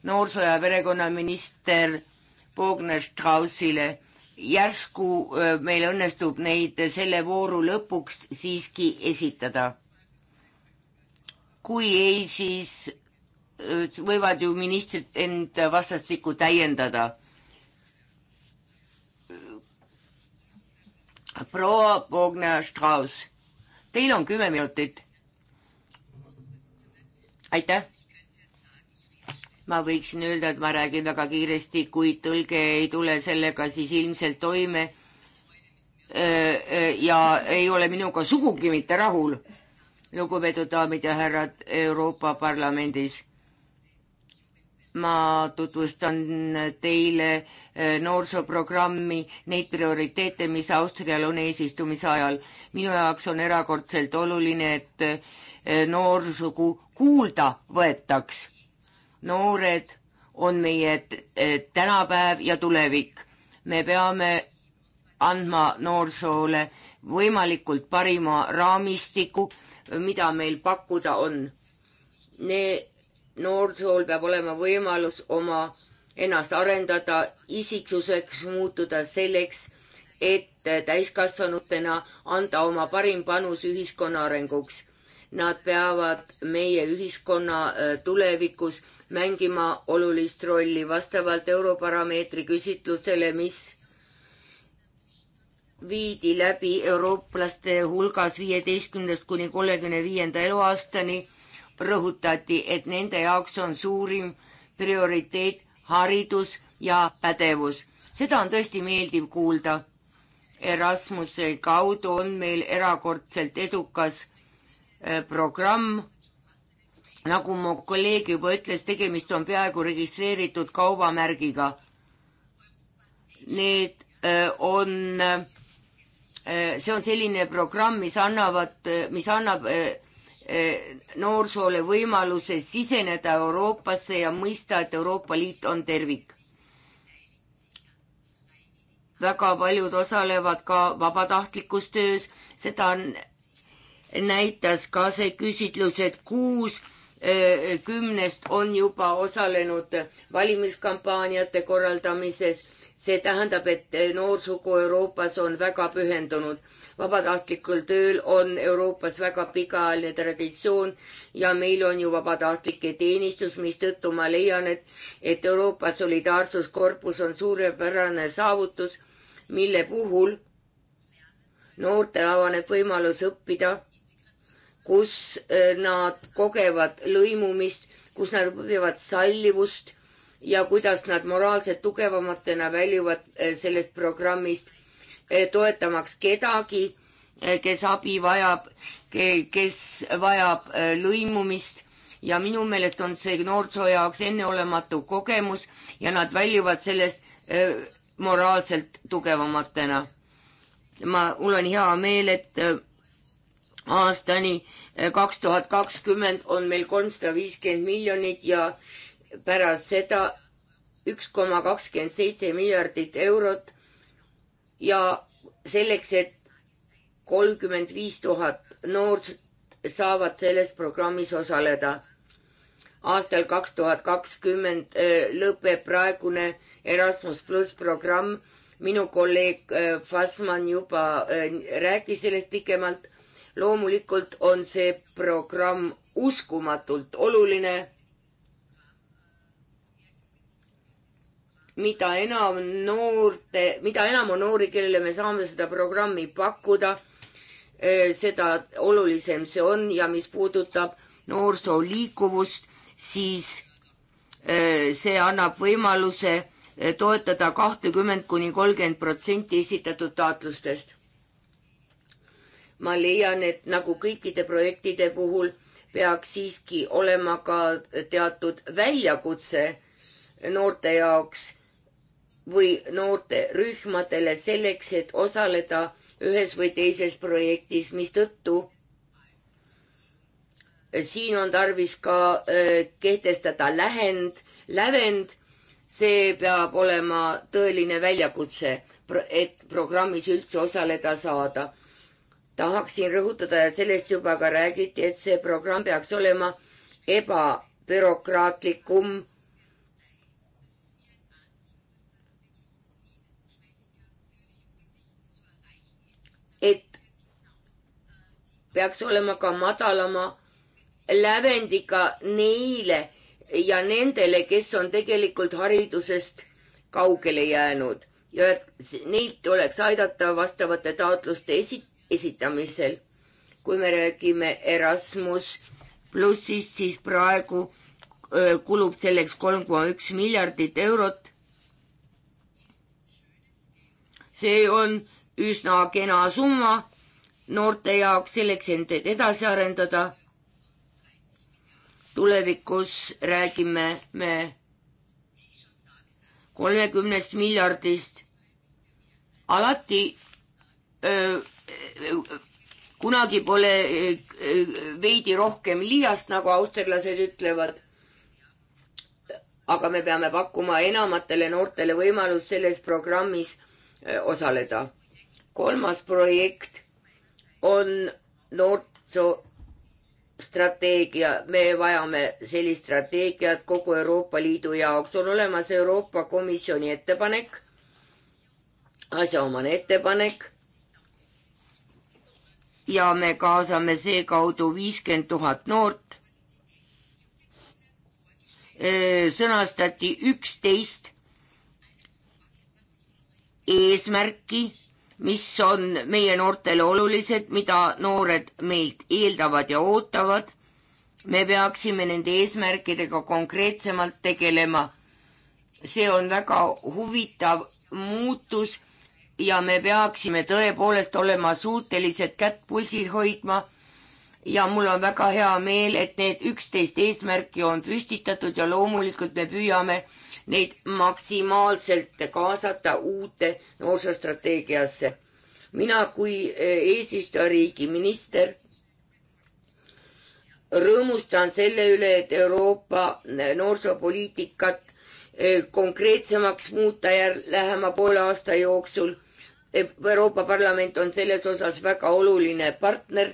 noorsoo- ja perekonnaminister Bogner Straussile. järsku meil õnnestub neid selle vooru lõpuks siiski esitada. kui ei, siis võivad ju ministrid end vastastikku täiendada. proua Bogner Strauss, teil on kümme minutit aitäh! ma võiksin öelda, et ma räägin väga kiiresti, kui tõlge ei tule sellega siis ilmselt toime ja ei ole minuga sugugi mitte rahul, lugupeetud daamid ja härrad Euroopa Parlamendis. ma tutvustan teile noorsooprogrammi, neid prioriteete, mis Austrial on eesistumise ajal. minu jaoks on erakordselt oluline, et noorsugu kuulda võetaks. noored on meie eh, tänapäev ja tulevik. me peame andma noorsoole võimalikult parima raamistiku, mida meil pakkuda on. Need, noorsool peab olema võimalus oma ennast arendada, isiksuseks muutuda selleks, et täiskasvanutena anda oma parim panus ühiskonna arenguks Nad peavad meie ühiskonna äh, tulevikus mängima olulist rolli vastavalt Europarameetri küsitlusele, mis viidi läbi eurooplaste hulgas viieteistkümnest kuni kolmekümne viienda eluaastani, rõhutati, et nende jaoks on suurim prioriteet haridus ja pädevus. seda on tõesti meeldiv kuulda. Erasmuse kaudu on meil erakordselt edukas Äh, programm, nagu mu kolleeg juba ütles, tegemist on peaaegu registreeritud kaubamärgiga. Need äh, on, äh, see on selline programm, mis annavad, mis annab noorsoole võimaluse siseneda Euroopasse ja mõista, et Euroopa Liit on tervik. väga paljud osalevad ka vabatahtlikus töös, seda on näitas ka see küsitlus, et kuus äh, kümnest on juba osalenud valimiskampaaniate korraldamises. see tähendab, et äh, noorsugu Euroopas on väga pühendunud. vabatahtlikul tööl on Euroopas väga pikaajaline traditsioon ja meil on ju vabatahtlike teenistus, mistõttu ma leian, et, et Euroopa Solidaarsuskorpus on suurepärane saavutus, mille puhul noortel avaneb võimalus õppida kus eh, nad kogevad lõimumist, kus nad õpivad sallivust ja kuidas nad moraalselt tugevamatena väljuvad eh, sellest programmist, eh, toetamaks kedagi, kes abi vajab, kes vajab lõimumist ja minu meelest on see noorsoo jaoks enneolematu kogemus ja nad väljuvad sellest moraalselt tugevamatena. ma, mul on hea meel, et aastani eh, kaks tuhat kakskümmend on meil kolmsada viiskümmend miljonit ja pärast seda üks koma kakskümmend seitse miljardit eurot ja selleks, et kolmkümmend viis tuhat noort saavad selles programmis osaleda. aastal kaks tuhat kakskümmend eh, lõpeb praegune Erasmus pluss programm. minu kolleeg eh, Fassmann juba rääkis sellest pikemalt loomulikult on see programm uskumatult oluline. mida enam noorte, mida enam on noori, kellele me saame seda programmi pakkuda, eh, seda olulisem see on ja mis puudutab noorsoo liikuvust, siis eh, see annab võimaluse eh, toetada kahtekümmend kuni kolmkümmend protsenti esitatud taotlustest ma leian, et nagu kõikide projektide puhul peaks siiski olema ka teatud väljakutse noorte jaoks või noorterühmadele selleks, et osaleda ühes või teises projektis, mistõttu siin on tarvis ka äh, kehtestada lähend, lävend. see peab olema tõeline väljakutse, et programmis üldse osaleda saada tahaksin rõhutada ja sellest juba ka räägiti, et see programm peaks olema ebabürokraatlikum. et peaks olema ka madalama lävendiga neile ja nendele, kes on tegelikult haridusest kaugele jäänud ja et neilt oleks aidata vastavate taotluste esit-, esitamisel. kui me räägime Erasmus plussist, siis praegu kulub selleks kolm koma üks miljardit eurot. see on üsna kena summa noorte jaoks selleks end edasi arendada. tulevikus räägime me kolmekümnest miljardist. alati kunagi pole eh, eh, veidi rohkem liiast, nagu austerlased ütlevad. aga me peame pakkuma enamatele noortele võimalust selles programmis eh, osaleda. kolmas projekt on noorsoostrateegia, me vajame sellist strateegiat kogu Euroopa Liidu jaoks, on olemas Euroopa Komisjoni ettepanek, asjaomane ettepanek ja me kaasame seekaudu viiskümmend tuhat noort. sõnastati üksteist eesmärki, mis on meie noortele olulised, mida noored meilt eeldavad ja ootavad. me peaksime nende eesmärkidega konkreetsemalt tegelema. see on väga huvitav muutus ja me peaksime tõepoolest olema suutelised kätt pulsil hoidma ja mul on väga hea meel, et need üksteist eesmärki on püstitatud ja loomulikult me püüame neid maksimaalselt kaasata uute noorsoostrateegiasse. mina kui eh, eesistujariigi minister rõõmustan selle üle, et Euroopa eh, noorsoopoliitikat eh, konkreetsemaks muuta lähema poole aasta jooksul Euroopa Parlament on selles osas väga oluline partner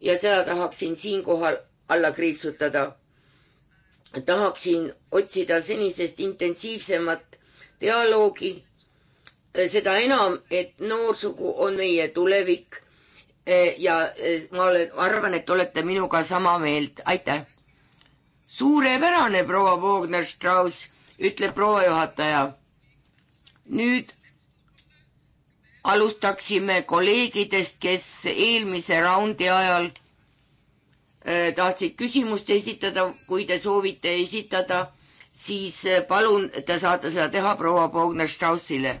ja seda tahaksin siinkohal alla kriipsutada. tahaksin otsida senisest intensiivsemat dialoogi, eh, seda enam, et noorsugu on meie tulevik. Eh, ja eh, ma olen, arvan, et olete minuga sama meelt, aitäh. suurepärane, proua Voogner-Strauss, ütleb proua juhataja. nüüd alustaksime kolleegidest, kes eelmise raundi ajal äh, tahtsid küsimust esitada, kui te soovite esitada, siis äh, palun, te saate seda teha proua Bogner-Straussile. Äh,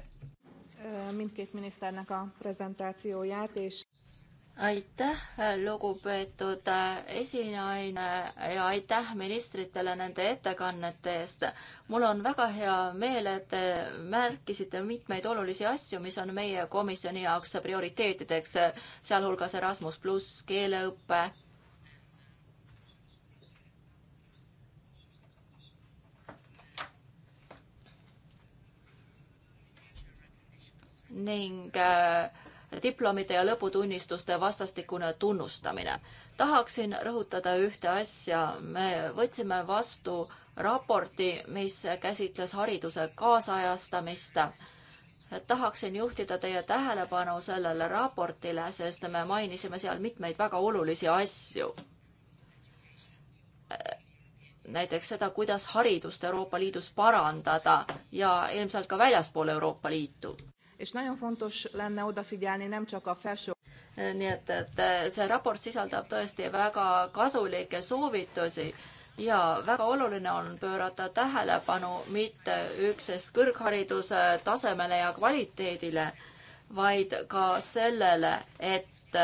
aitäh, lugupeetud äh, esinaine ja aitäh ministritele nende ettekannete eest. mul on väga hea meel, et te märkisite mitmeid olulisi asju, mis on meie komisjoni jaoks prioriteetideks, sealhulgas Erasmus pluss, keeleõpe. ning äh, diplomite ja lõputunnistuste vastastikune tunnustamine. tahaksin rõhutada ühte asja. me võtsime vastu raporti, mis käsitles hariduse kaasajastamist. tahaksin juhtida teie tähelepanu sellele raportile, sest me mainisime seal mitmeid väga olulisi asju. näiteks seda, kuidas haridust Euroopa Liidus parandada ja ilmselt ka väljaspool Euroopa Liitu és nagyon fontos lenne odafigyelni nem csak a felső nii et, et see raport sisaldab tõesti väga kasulikke soovitusi ja väga oluline on pöörata tähelepanu mitte üksnes kõrghariduse tasemele ja kvaliteedile, vaid ka sellele, et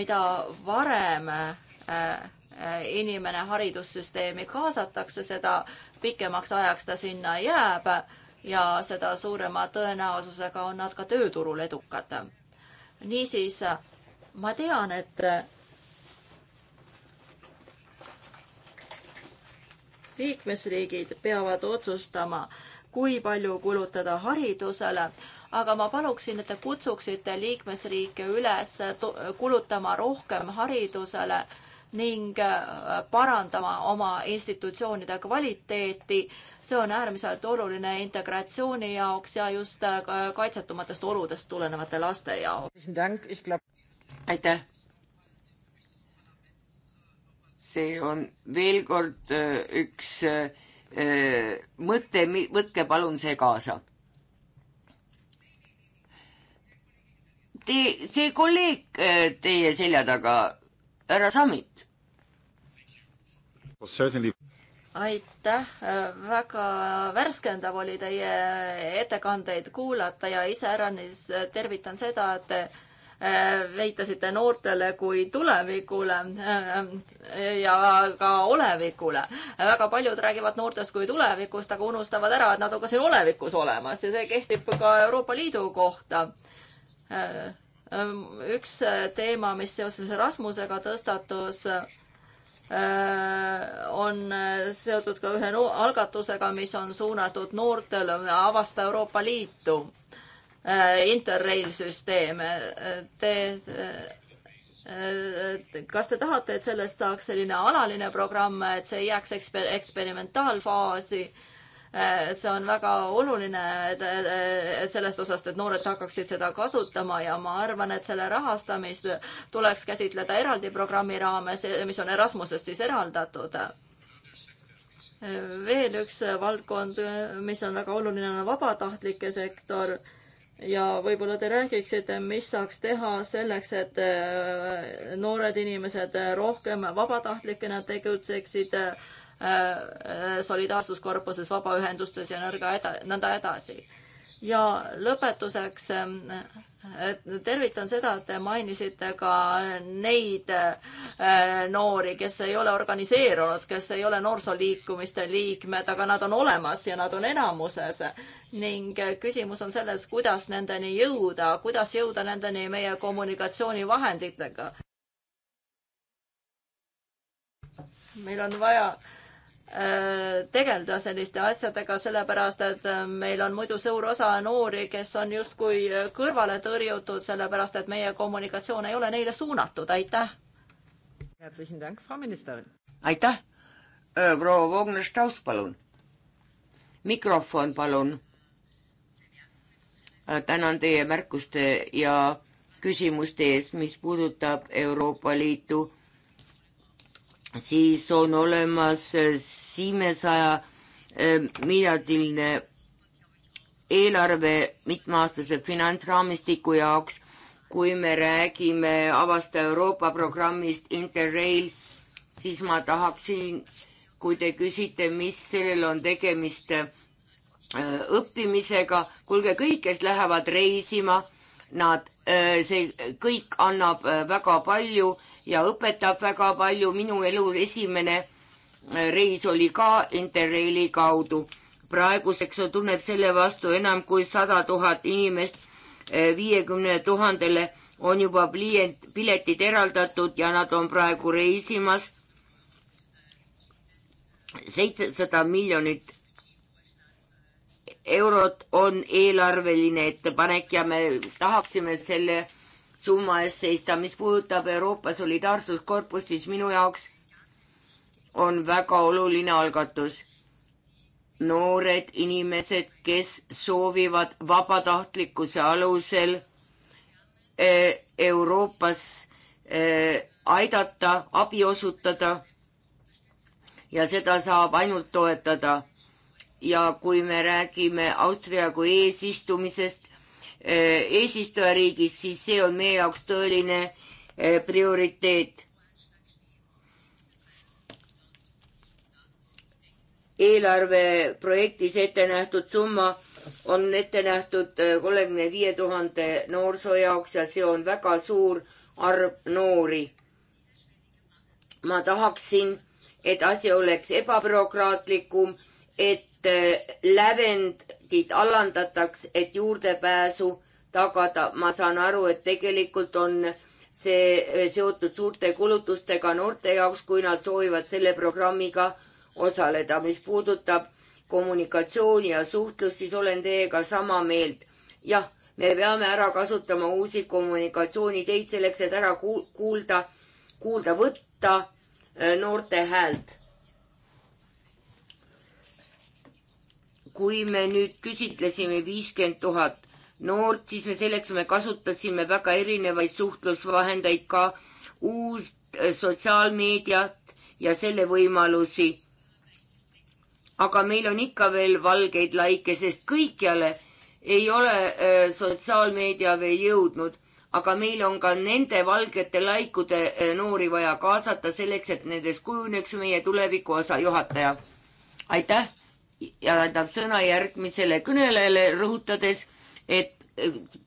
mida varem inimene haridussüsteemi kaasatakse, seda pikemaks ajaks ta sinna jääb ja seda suurema tõenäosusega on nad ka tööturul edukad. niisiis, ma tean, et liikmesriigid peavad otsustama, kui palju kulutada haridusele, aga ma paluksin, et te kutsuksite liikmesriike üles kulutama rohkem haridusele ning äh, parandama oma institutsioonide kvaliteeti. see on äärmiselt oluline integratsiooni jaoks ja just äh, kaitsetumatest oludest tulenevate laste jaoks. aitäh. see on veel kord äh, üks mõte, võtke palun see kaasa. Te, see kolleeg teie selja taga, härra Samit Certainly aitäh, väga värskendav oli teie ettekandeid kuulata ja iseäranis tervitan seda, et te eh, viitasite noortele kui tulevikule eh, ja ka olevikule. väga paljud räägivad noortest kui tulevikust, aga unustavad ära, et nad on ka siin olevikus olemas ja see kehtib ka Euroopa Liidu kohta eh, üks teema, mis seoses Rasmusega tõstatus Äh, on äh, seotud ka ühe algatusega, mis on suunatud noortele avasta Euroopa Liitu, äh, Interrail süsteem. Te, kas te tahate, et sellest saaks selline alaline programm, et see ei jääks eksper-, eksperimentaalfaasi? Äh, see on väga oluline sellest osast, et noored hakkaksid seda kasutama ja ma arvan, et selle rahastamist tuleks käsitleda eraldi programmi raames, mis on Erasmusest siis eraldatud. veel üks valdkond, mis on väga oluline, on vabatahtlike sektor ja võib-olla te räägiksite, mis saaks teha selleks, et äh, noored inimesed rohkem vabatahtlikena tegutseksid Äh, äh, solidaarsuskorpuses, vabaühendustes ja nõrga eda-, nõnda edasi. ja lõpetuseks ähm, tervitan seda, et te mainisite ka neid äh, noori, kes ei ole organiseerunud, kes ei ole noorsooliikumiste liikmed, aga nad on olemas ja nad on enamuses. ning küsimus on selles, kuidas nendeni jõuda, kuidas jõuda nendeni meie kommunikatsioonivahenditega meil on vaja Äh, tegeleda selliste asjadega, sellepärast et äh, meil on muidu suur osa noori, kes on justkui kõrvale tõrjutud, sellepärast et meie kommunikatsioon ei ole neile suunatud, aitäh. aitäh, äh, proua Vogner-Strauss, palun. mikrofon, palun. tänan teie märkuste ja küsimuste eest, mis puudutab Euroopa Liitu siis on olemas eh, siimesaja eh, miljardiline eelarve mitmeaastase finantsraamistiku jaoks, kui me räägime Avasta Euroopa programmist Interrail, siis ma tahaksin, kui te küsite, mis sellel on tegemist eh, õppimisega, kuulge, kõik, kes lähevad reisima, nad, see kõik annab väga palju ja õpetab väga palju. minu elu esimene äh, reis oli ka Interraili kaudu. praeguseks tunneb selle vastu enam kui sada tuhat inimest. Äh, viiekümne tuhandele on juba plient, piletid eraldatud ja nad on praegu reisimas. seitsesada miljonit eurot on eelarveline ettepanek ja me tahaksime selle summa eest seista. mis puudutab Euroopa Solidaarsuskorpust, siis minu jaoks on väga oluline algatus. noored inimesed, kes soovivad vabatahtlikkuse alusel eh, Euroopas eh, aidata, abi osutada. ja seda saab ainult toetada. ja kui me räägime Austria kui eesistumisest Eh, eesistujariigis, siis see on meie jaoks tõeline eh, prioriteet. eelarveprojektis ette nähtud summa on ette nähtud eh, kolmekümne viie tuhande noorsoo jaoks ja see on väga suur arv noori. ma tahaksin, et asi oleks ebabürokraatlikum, et lävend piirid alandataks, et juurdepääsu tagada. ma saan aru, et tegelikult on see eh, seotud suurte kulutustega noorte jaoks, kui nad soovivad selle programmiga osaleda. mis puudutab kommunikatsiooni ja suhtlust, siis olen teiega sama meelt. jah, me peame ära kasutama uusi kommunikatsiooniteid selleks, et ära kuulda, kuulda võtta eh, noorte häält kui me nüüd küsitlesime viiskümmend tuhat noort, siis me selleks me kasutasime väga erinevaid suhtlusvahendeid, ka uus äh, sotsiaalmeediat ja selle võimalusi. aga meil on ikka veel valgeid laike, sest kõikjale ei ole äh, sotsiaalmeedia veel jõudnud, aga meil on ka nende valgete laikude äh, noori vaja kaasata selleks, et nendest kujuneks meie tuleviku osa juhataja. aitäh ja annab sõna järgmisele kõnelejale, rõhutades, et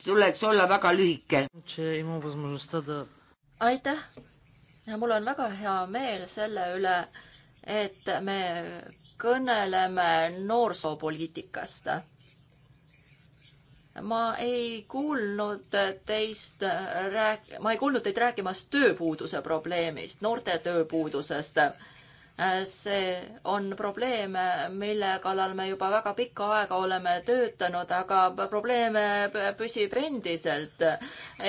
tuleks olla väga lühike. aitäh. mul on väga hea meel selle üle, et me kõneleme noorsoopoliitikast. ma ei kuulnud teist rääk-, ma ei kuulnud teid rääkimas tööpuuduse probleemist, noorte tööpuudusest Äh, see on probleem, mille kallal me juba väga pikka aega oleme töötanud, aga probleem püsib endiselt.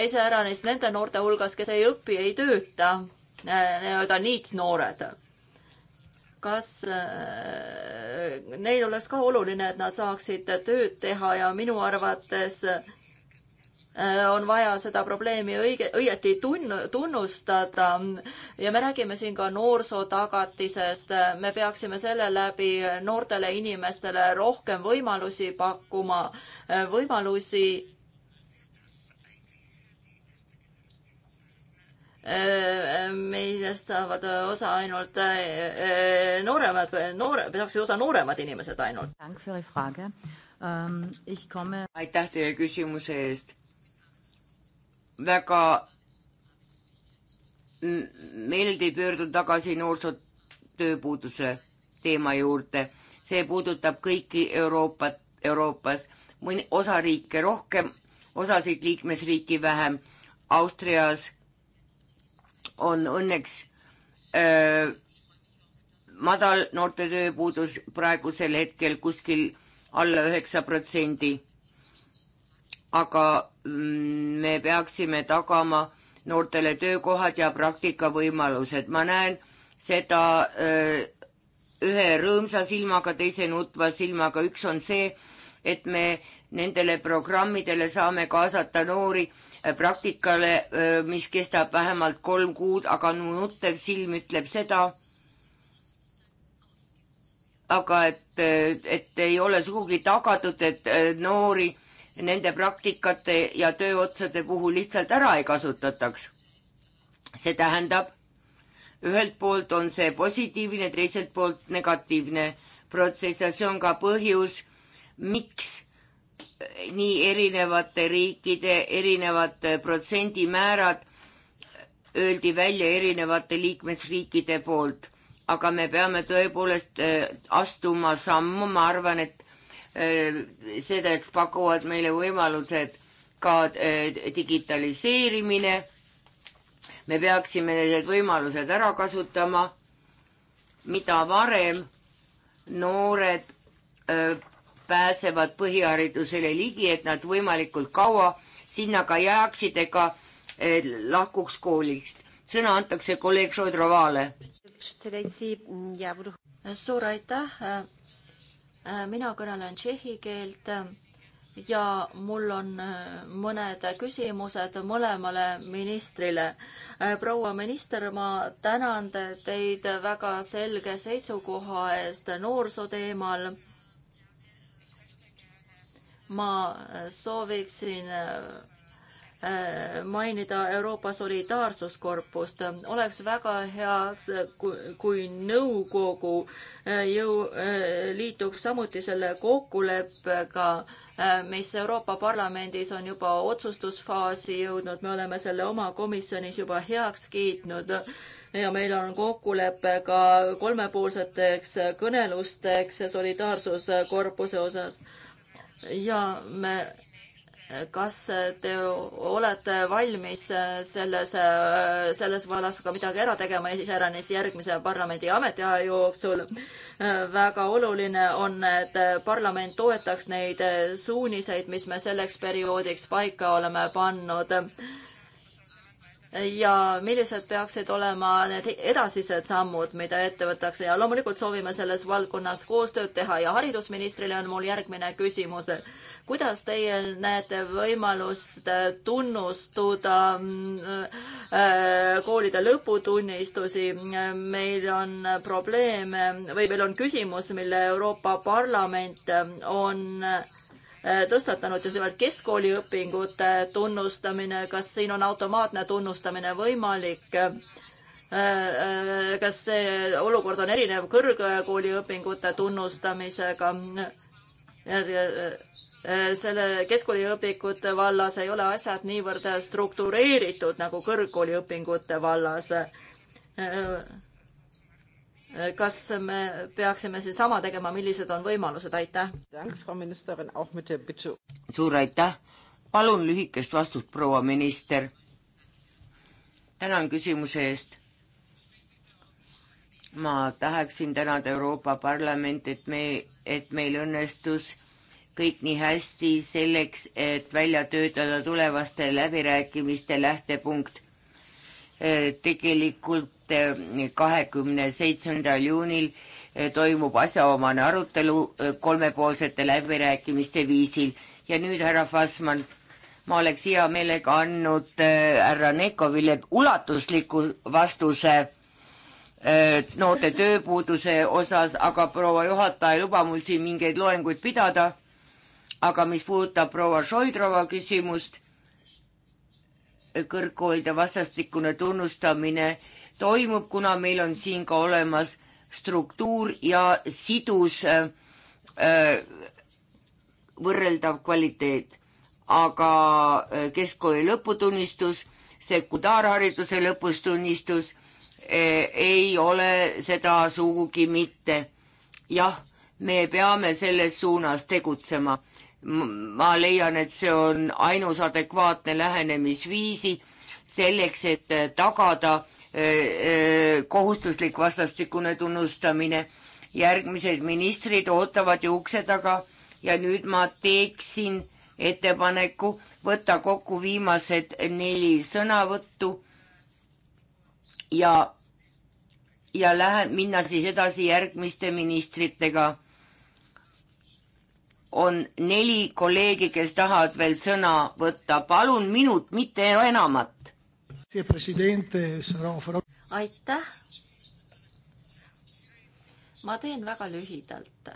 iseäranis nende noorte hulgas, kes ei õpi, ei tööta, nii-öelda äh, niitnoored. kas äh, neil oleks ka oluline, et nad saaksid tööd teha ja minu arvates Äh, on vaja seda probleemi õige, õieti tunn-, tunnustada ja me räägime siin ka noorsootagatisest, me peaksime selle läbi noortele inimestele rohkem võimalusi pakkuma, äh, võimalusi äh, meist saavad osa ainult nooremad, noore, saaksid osa nooremad inimesed ainult. Ähm, aitäh teile küsimuse eest väga meeldiv pöörduda tagasi noorsootööpuuduse teema juurde. see puudutab kõiki Euroopat, Euroopas, mõni, osa riike rohkem, osasid liikmesriiki vähem. Austrias on õnneks öö, madal noorte tööpuudus praegusel hetkel kuskil alla üheksa protsendi aga mm, me peaksime tagama noortele töökohad ja praktikavõimalused. ma näen seda öö, äh, ühe rõõmsa silmaga, teise nutva silmaga. üks on see, et me nendele programmidele saame kaasata noori äh, praktikale, äh, mis kestab vähemalt kolm kuud, aga nutev silm ütleb seda, aga et, et ei ole sugugi tagatud, et noori äh, nende praktikate ja tööotsade puhul lihtsalt ära ei kasutataks. see tähendab, ühelt poolt on see positiivne, teiselt poolt negatiivne protsess ja see on ka põhjus, miks nii erinevate riikide erinevad protsendimäärad öeldi välja erinevate liikmesriikide poolt. aga me peame tõepoolest äh, astuma sammu, ma arvan, et selleks pakuvad meile võimalused ka eh, digitaliseerimine. me peaksime need võimalused ära kasutama. mida varem noored eh, pääsevad põhiharidusele ligi, et nad võimalikult kaua sinna ka jääksid ega eh, lahkuks koolist. sõna antakse kolleeg Šodrovale. suur aitäh Äh, mina kõnelen tšehhi keelt äh, ja mul on äh, mõned küsimused mõlemale ministrile. proua minister, ma tänan teid väga selge seisukoha eest noorsooteemal. ma sooviksin Äh, mainida Euroopa Solidaarsuskorpust. oleks väga hea, kui nõukogu äh, ju äh, liituks samuti selle kokkuleppega, mis Euroopa Parlamendis on juba otsustusfaasi jõudnud, me oleme selle oma komisjonis juba heaks kiitnud ja meil on kokkulepe ka kolmepoolseteks kõnelusteks solidaarsuskorpuse osas. ja me kas te olete valmis selles, selles vallas ka midagi ära tegema, iseäranis järgmise parlamendi ametiaja jooksul? väga oluline on, et parlament toetaks neid suuniseid, mis me selleks perioodiks paika oleme pannud ja millised peaksid olema need edasised sammud, mida ette võtakse ja loomulikult soovime selles valdkonnas koostööd teha ja haridusministrile on mul järgmine küsimus. kuidas teie näete võimalust tunnustuda äh, koolide lõputunnistusi? meil on probleeme või meil on küsimus, mille Euroopa Parlament on Äh, tõstatanud just nimelt keskkooliõpingute tunnustamine, kas siin on automaatne tunnustamine võimalik? Äh, äh, kas see olukord on erinev kõrgkooliõpingute tunnustamisega? selle keskkooliõpingute vallas ei ole asjad niivõrd struktureeritud nagu kõrgkooliõpingute vallas kas me peaksime siinsama tegema, millised on võimalused, aitäh! suur aitäh! palun lühikest vastust, proua minister. tänan küsimuse eest. ma tahaksin tänada Euroopa Parlamenti, et me, et meil õnnestus kõik nii hästi selleks, et välja töötada tulevaste läbirääkimiste lähtepunkt. tegelikult et eh, kahekümne seitsmendal juunil eh, toimub asjaomane arutelu eh, kolmepoolsete läbirääkimiste viisil. ja nüüd, härra Fassmann, ma oleks hea meelega andnud härra Nekovile ulatusliku vastuse noorte tööpuuduse osas, aga proua juhataja ei luba mul siin mingeid loenguid pidada. aga mis puudutab proua Šoidrova küsimust, kõrgkoolide vastastikune tunnustamine äh, toimub, kuna meil on siin ka olemas struktuur ja sidus äh, äh võrreldav kvaliteet. aga äh, keskkooli lõputunnistus, sekundaarhariduse lõputunnistus äh, ei ole seda sugugi mitte. jah, me peame selles suunas tegutsema. ma leian, et see on ainus adekvaatne lähenemisviisi selleks, et tagada äh, Äh, äh, kohustuslik vastastikune tunnustamine. järgmised ministrid ootavad ju ukse taga ja nüüd ma teeksin ettepaneku võtta kokku viimased neli sõnavõttu ja, ja lähen, minna siis edasi järgmiste ministritega on neli kolleegi, kes tahavad veel sõna võtta, palun minut, mitte enamat aitäh. ma teen väga lühidalt.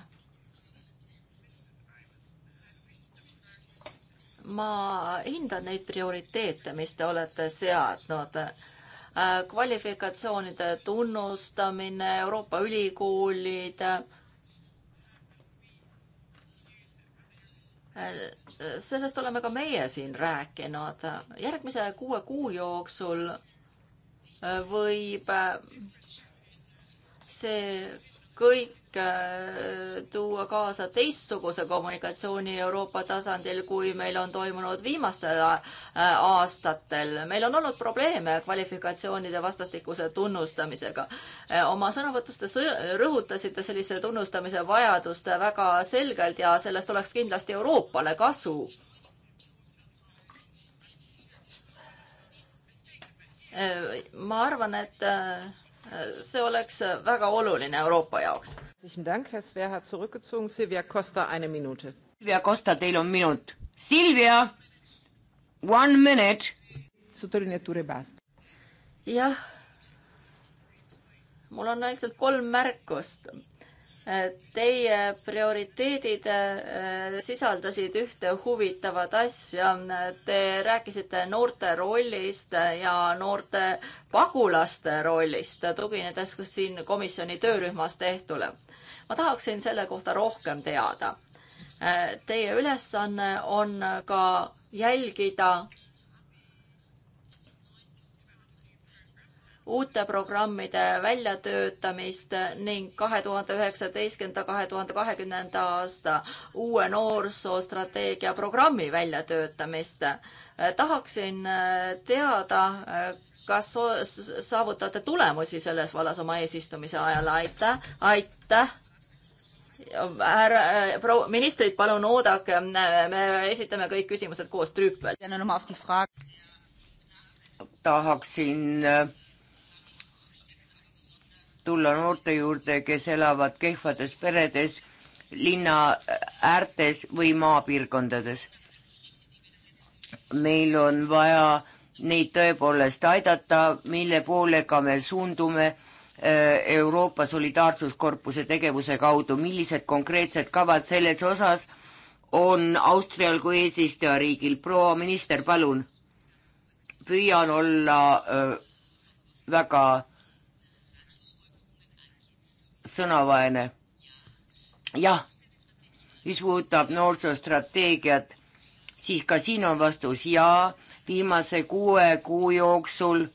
ma hindan neid prioriteete, mis te olete seadnud kvalifikatsioonide tunnustamine, Euroopa ülikoolid, sellest oleme ka meie siin rääkinud. järgmise kuue kuu jooksul võib see kõik äh, tuua kaasa teistsuguse kommunikatsiooni Euroopa tasandil, kui meil on toimunud viimastel äh, aastatel. meil on olnud probleeme kvalifikatsioonide vastastikuse tunnustamisega. Äh, oma sõnavõtus te rõhutasite sellise tunnustamise vajadust väga selgelt ja sellest oleks kindlasti Euroopale kasu ma arvan, et see oleks äh, väga oluline Euroopa jaoks. Silvia Costa, Costa, teil on minut. Silvia, one minute. jah, mul on lihtsalt kolm märkust. Teie prioriteedid äh, sisaldasid ühte huvitavat asja. Te rääkisite noorte rollist ja noorte pagulaste rollist, tuginedes siin komisjoni töörühmas tehtule. ma tahaksin selle kohta rohkem teada. Äh, teie ülesanne on ka jälgida uute programmide väljatöötamist ning kahe tuhande üheksateistkümnenda, kahe tuhande kahekümnenda aasta uue noorsoostrateegia programmi väljatöötamist. tahaksin äh, teada, äh, kas saavutate tulemusi selles vallas oma eesistumise ajal, aitäh, aitäh härra, äh, proua, ministrid, palun oodake, me esitame kõik küsimused koos trüüpvel. tahaksin äh, tulla noorte juurde, kes elavad kehvades peredes, linna äärtes või maapiirkondades. meil on vaja neid tõepoolest aidata, mille poole ka me suundume äh, Euroopa Solidaarsuskorpuse tegevuse kaudu, millised konkreetsed kavad selles osas on Austrial kui eesistujariigil. proua minister, palun, püüan olla öö, äh, väga sõnavaene. jah, mis puudutab noorsoostrateegiat, siis ka siin on vastus jaa, viimase kuue kuu jooksul,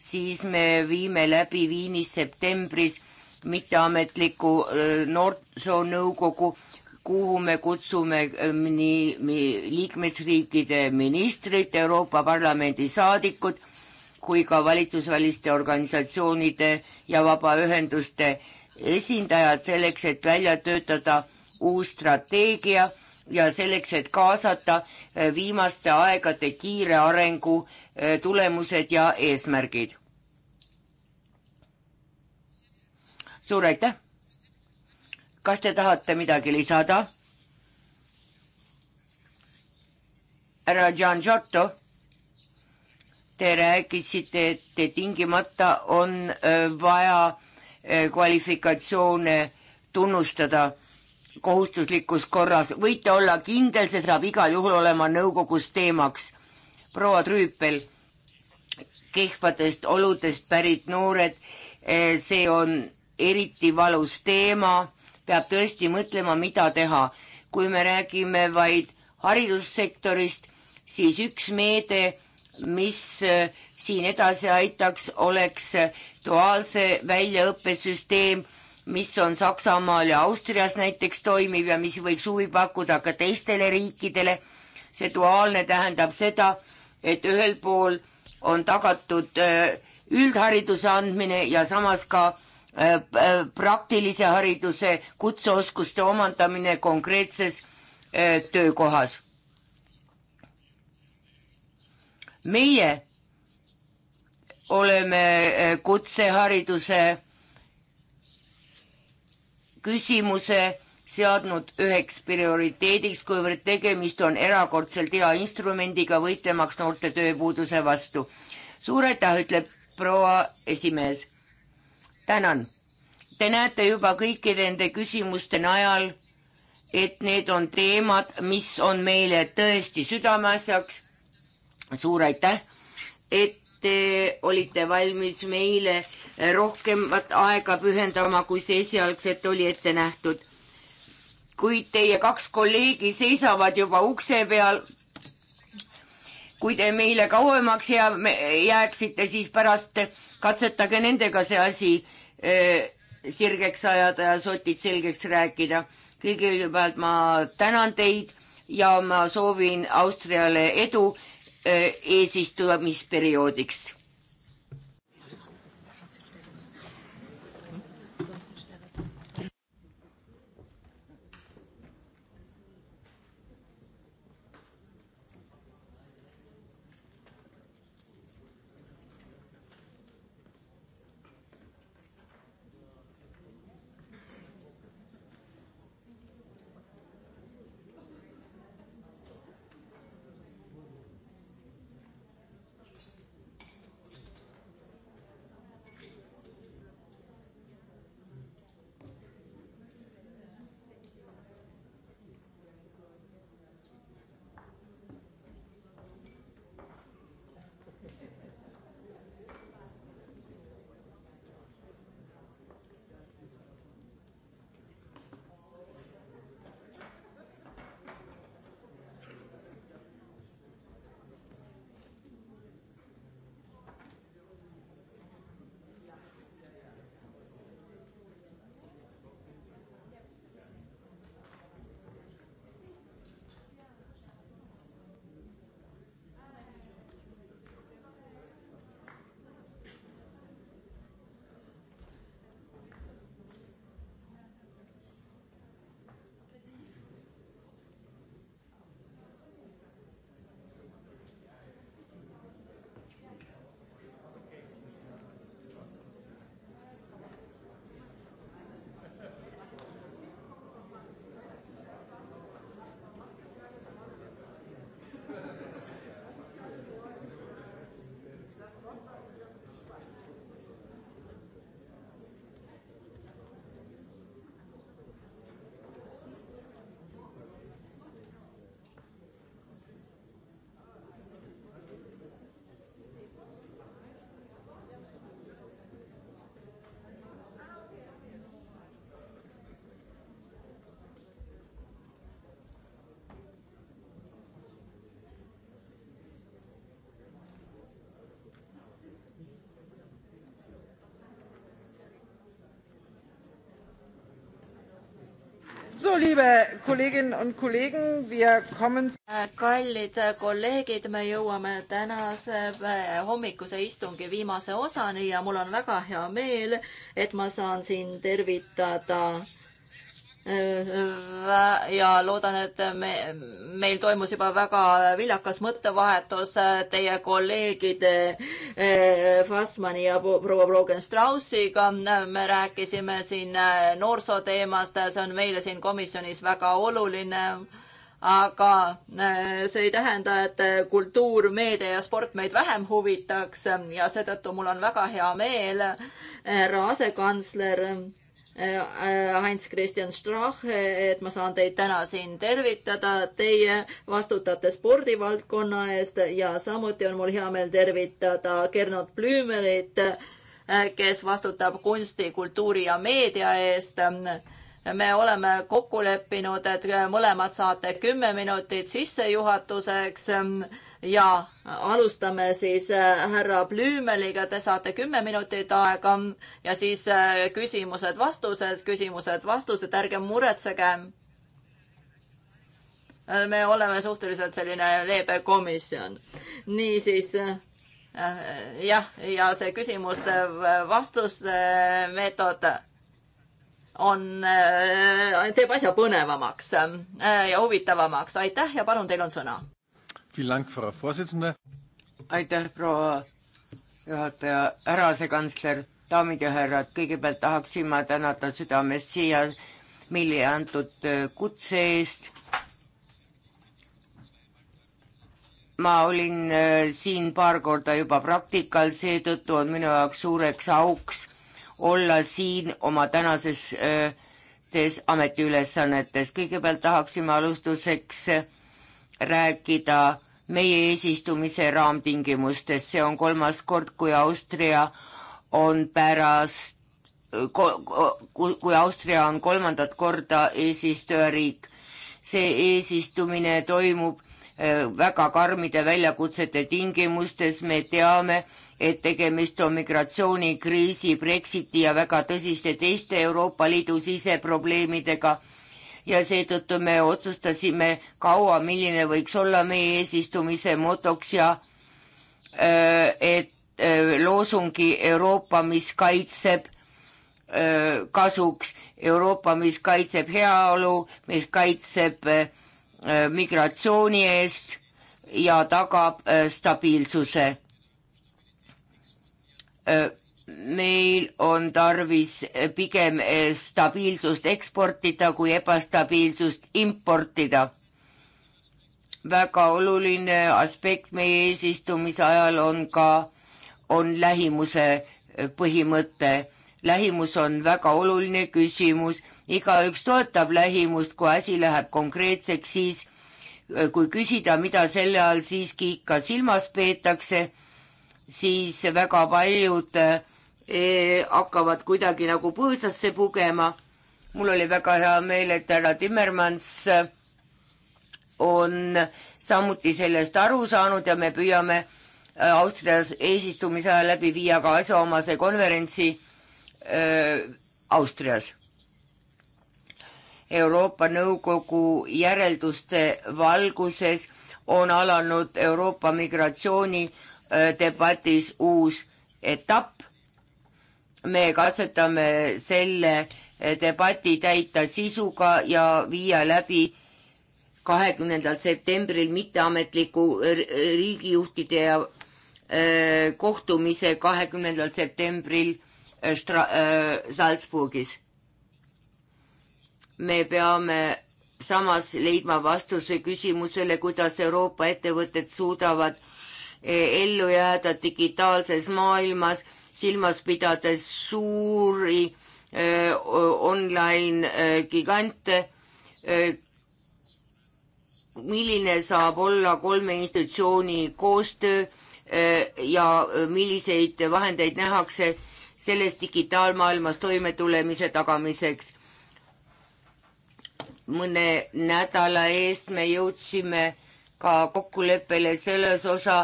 siis me viime läbi Viinis septembris mitteametliku noorsoonõukogu, kuhu me kutsume nii, nii liikmesriikide ministrid, Euroopa Parlamendi saadikud kui ka valitsusväliste organisatsioonide ja vabaühenduste esindajad selleks, et välja töötada uus strateegia ja selleks, et kaasata eh, viimaste aegade kiire arengu eh, tulemused ja eesmärgid. suur aitäh. kas te tahate midagi lisada? härra Gian Giotto, te rääkisite, et tingimata on eh, vaja Eh, kvalifikatsioone eh, tunnustada kohustuslikus korras. võite olla kindel, see saab igal juhul olema nõukogus teemaks. proua Trüüpel, kehvadest oludest pärit noored, eh, see on eriti valus teema, peab tõesti mõtlema, mida teha. kui me räägime vaid haridussektorist, siis üks meede, mis siin edasi aitaks, oleks duaalse väljaõppesüsteem, mis on Saksamaal ja Austrias näiteks toimiv ja mis võiks huvi pakkuda ka teistele riikidele. see duaalne tähendab seda, et ühel pool on tagatud äh, üldhariduse andmine ja samas ka äh, äh, praktilise hariduse kutseoskuste omandamine konkreetses töökohas. meie oleme eh, kutsehariduse küsimuse seadnud üheks prioriteediks, kuivõrd tegemist on erakordselt hea instrumendiga võitlemaks noorte tööpuuduse vastu. suur aitäh, ütleb proua esimees. tänan. Te näete juba kõikide nende küsimuste najal, et need on teemad, mis on meile tõesti südameasjaks. suur aitäh, et te olite valmis meile rohkemat aega pühendama, kui see esialgselt oli ette nähtud. kuid teie kaks kolleegi seisavad juba ukse peal. kui te meile kauemaks jää, jääksite, siis pärast katsetage nendega see asi eh, sirgeks ajada ja sotid selgeks rääkida. kõigepealt ma tänan teid ja ma soovin Austriale edu eesistumisperioodiks So, liebe Kolleginnen und Kollegen, wir kommen. Äh, kallid kolleegid, me jõuame tänase äh, hommikuse istungi viimase osani ja mul on väga hea meel, et ma saan siin tervitada Äh, äh, ja loodan, et me, meil toimus juba väga viljakas mõttevahetus äh, teie kolleegide Fassmani ja proua Brogen-Straussiga. me rääkisime siin noorsooteemast, see on meile siin komisjonis väga oluline aga see ei tähenda, et kultuur, meedia ja sport meid vähem huvitaks ja seetõttu mul on väga hea meel, härra asekantsler Äh, äh, Heinz Christian Strache, äh, et ma saan teid täna siin tervitada. Teie vastutate spordivaldkonna eest ja samuti on mul hea meel tervitada Gernot Blümerit, kes vastutab kunsti, kultuuri ja meedia eest me oleme kokku leppinud, et mõlemad saate kümme minutit sissejuhatuseks ja alustame siis äh, härra Blümeliga, te saate kümme minutit aega ja siis äh, küsimused-vastused, küsimused-vastused, ärge muretsege. Äh, me oleme suhteliselt selline leebe komisjon. niisiis jah, ja see küsimuste-vastuste meetod on, äh, teeb asja põnevamaks äh, ja huvitavamaks. aitäh ja palun, teil on sõna. aitäh, proua juhataja, härra asekantsler, daamid ja härrad, kõigepealt tahaksin ma tänada südamest siia meile antud äh, kutse eest. ma olin siin paar korda juba praktikal, seetõttu on minu jaoks suureks auks olla siin oma tänases tees äh, ametiülesannetes. kõigepealt tahaksime alustuseks äh, rääkida meie eesistumise raamtingimustest, see on kolmas kord, kui Austria on pärast kui Austria on kolmandat korda eesistujariik. see eesistumine toimub äh, väga karmide väljakutsete tingimustes, me teame, et tegemist on migratsioonikriisi, Brexiti ja väga tõsiste teiste Euroopa Liidu siseprobleemidega ja seetõttu me otsustasime kaua, milline võiks olla meie eesistumise motoks ja äh, et äh, loosungi Euroopa, mis kaitseb äh, kasuks, Euroopa, mis kaitseb heaolu, mis kaitseb migratsiooni eest ja tagab stabiilsuse meil on tarvis pigem stabiilsust eksportida kui ebastabiilsust importida. väga oluline aspekt meie eesistumise ajal on ka, on lähimuse põhimõte. lähimus on väga oluline küsimus, igaüks toetab lähimust, kui asi läheb konkreetseks, siis kui küsida, mida selle all siiski ikka silmas peetakse siis väga paljud eh, hakkavad kuidagi nagu põõsasse pugema. mul oli väga hea meel, et härra Timmermans eh, on samuti sellest aru saanud ja me püüame eh, Austrias eesistumise ajal läbi viia ka asjaomase konverentsi äh, Austrias. Euroopa Nõukogu järelduste valguses on alanud Euroopa migratsiooni Äh, debatis uus etapp. me katsetame selle äh, debati täita sisuga ja viia läbi kahekümnendal septembril mitteametliku riigijuhtide ja äh, kohtumise kahekümnendal septembril Stra-, Salzburgis. me peame samas leidma vastuse küsimusele, kuidas Euroopa ettevõtted suudavad Eh, ellu jääda digitaalses maailmas, silmas pidades suuri eh, online eh, gigante. milline saab olla kolme institutsiooni koostöö ja milliseid vahendeid nähakse selles digitaalmaailmas toimetulemise tagamiseks? mõne nädala eest me jõudsime ka kokkuleppele selles osa,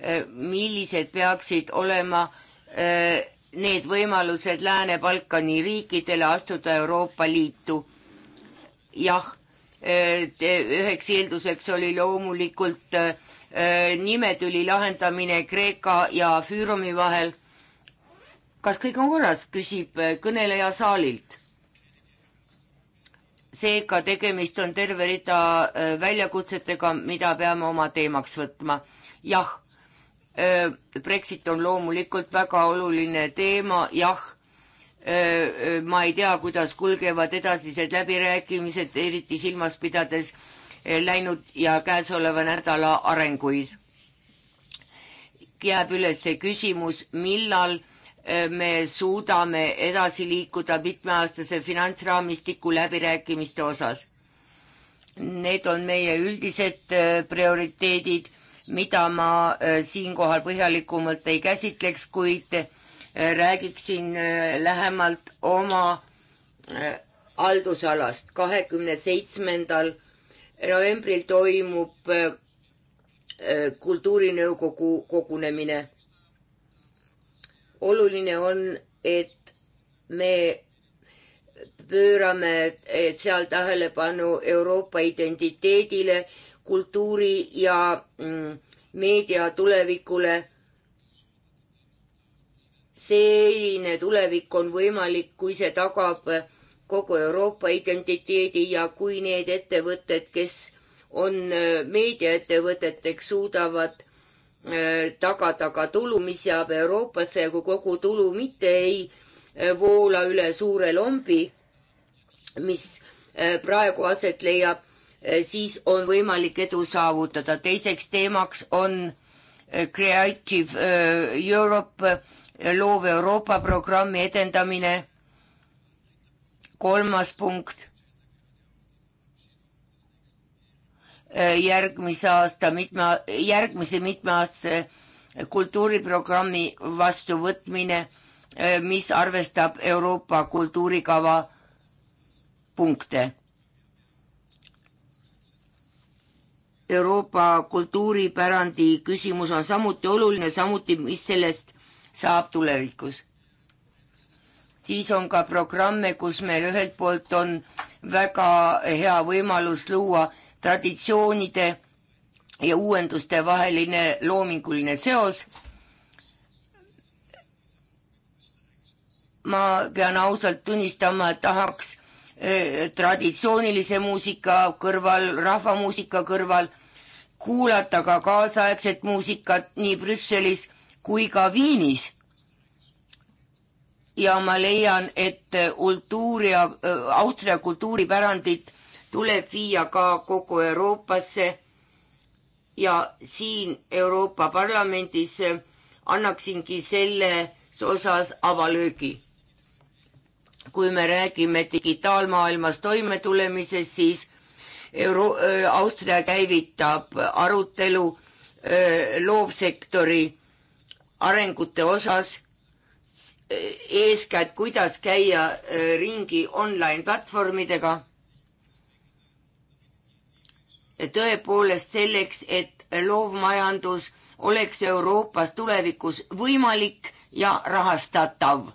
Äh, millised peaksid olema äh, need võimalused Lääne-Balkani riikidele astuda Euroopa Liitu. jah, äh, üheks eelduseks oli loomulikult nimetüli lahendamine Kreeka ja Füürumi vahel. kas kõik on korras, küsib kõneleja saalilt. seega tegemist on terve rida väljakutsetega, mida peame oma teemaks võtma. jah Äh, Brexit on loomulikult väga oluline teema, jah, äh, äh, ma ei tea, kuidas kulgevad edasised läbirääkimised, eriti silmas pidades läinud ja käesoleva nädala arenguid. jääb üles see küsimus, millal me suudame edasi liikuda mitmeaastase finantsraamistiku läbirääkimiste osas. Need on meie üldised prioriteedid mida ma äh, siinkohal põhjalikumalt ei käsitleks, kuid äh, räägiksin äh, lähemalt oma haldusalast. kahekümne seitsmendal novembril toimub kultuurinõukogu kogunemine. oluline on, et me pöörame seal tähelepanu Euroopa identiteedile kultuuri ja mm, meedia tulevikule. selline tulevik on võimalik, kui see tagab kogu Euroopa identiteedi ja kui need ettevõtted, kes on äh, meediaettevõteteks, suudavad äh, tagada ka tulu, mis jääb Euroopasse ja kui kogu tulu mitte ei äh, voola üle suure lombi, mis praegu aset leiab, Äh, siis on võimalik edu saavutada. teiseks teemaks on äh, Creative äh, Europe, loov Euroopa programmi edendamine. kolmas punkt. järgmise aasta mitme, järgmise mitmeaastase kultuuriprogrammi vastuvõtmine, mis arvestab Euroopa kultuurikava punkte Euroopa kultuuripärandi küsimus on samuti oluline, samuti mis sellest saab tulevikus. siis on ka programme, kus meil ühelt poolt on väga hea võimalus luua traditsioonide ja uuenduste vaheline loominguline seos. ma pean ausalt tunnistama, et tahaks eh, traditsioonilise muusika kõrval, rahvamuusika kõrval kuulata ka kaasaegset muusikat nii Brüsselis kui ka Viinis. ja ma leian, et kultuuri, äh, Austria kultuuripärandit tuleb viia ka kogu Euroopasse ja siin Euroopa Parlamendis annaksingi selles osas avalöögi. kui me räägime digitaalmaailmas toimetulemisest, siis Euro-, Austria käivitab arutelu loovsektori arengute osas, eeskätt kuidas käia ringi online platvormidega. tõepoolest selleks, et loovmajandus oleks Euroopas tulevikus võimalik ja rahastatav.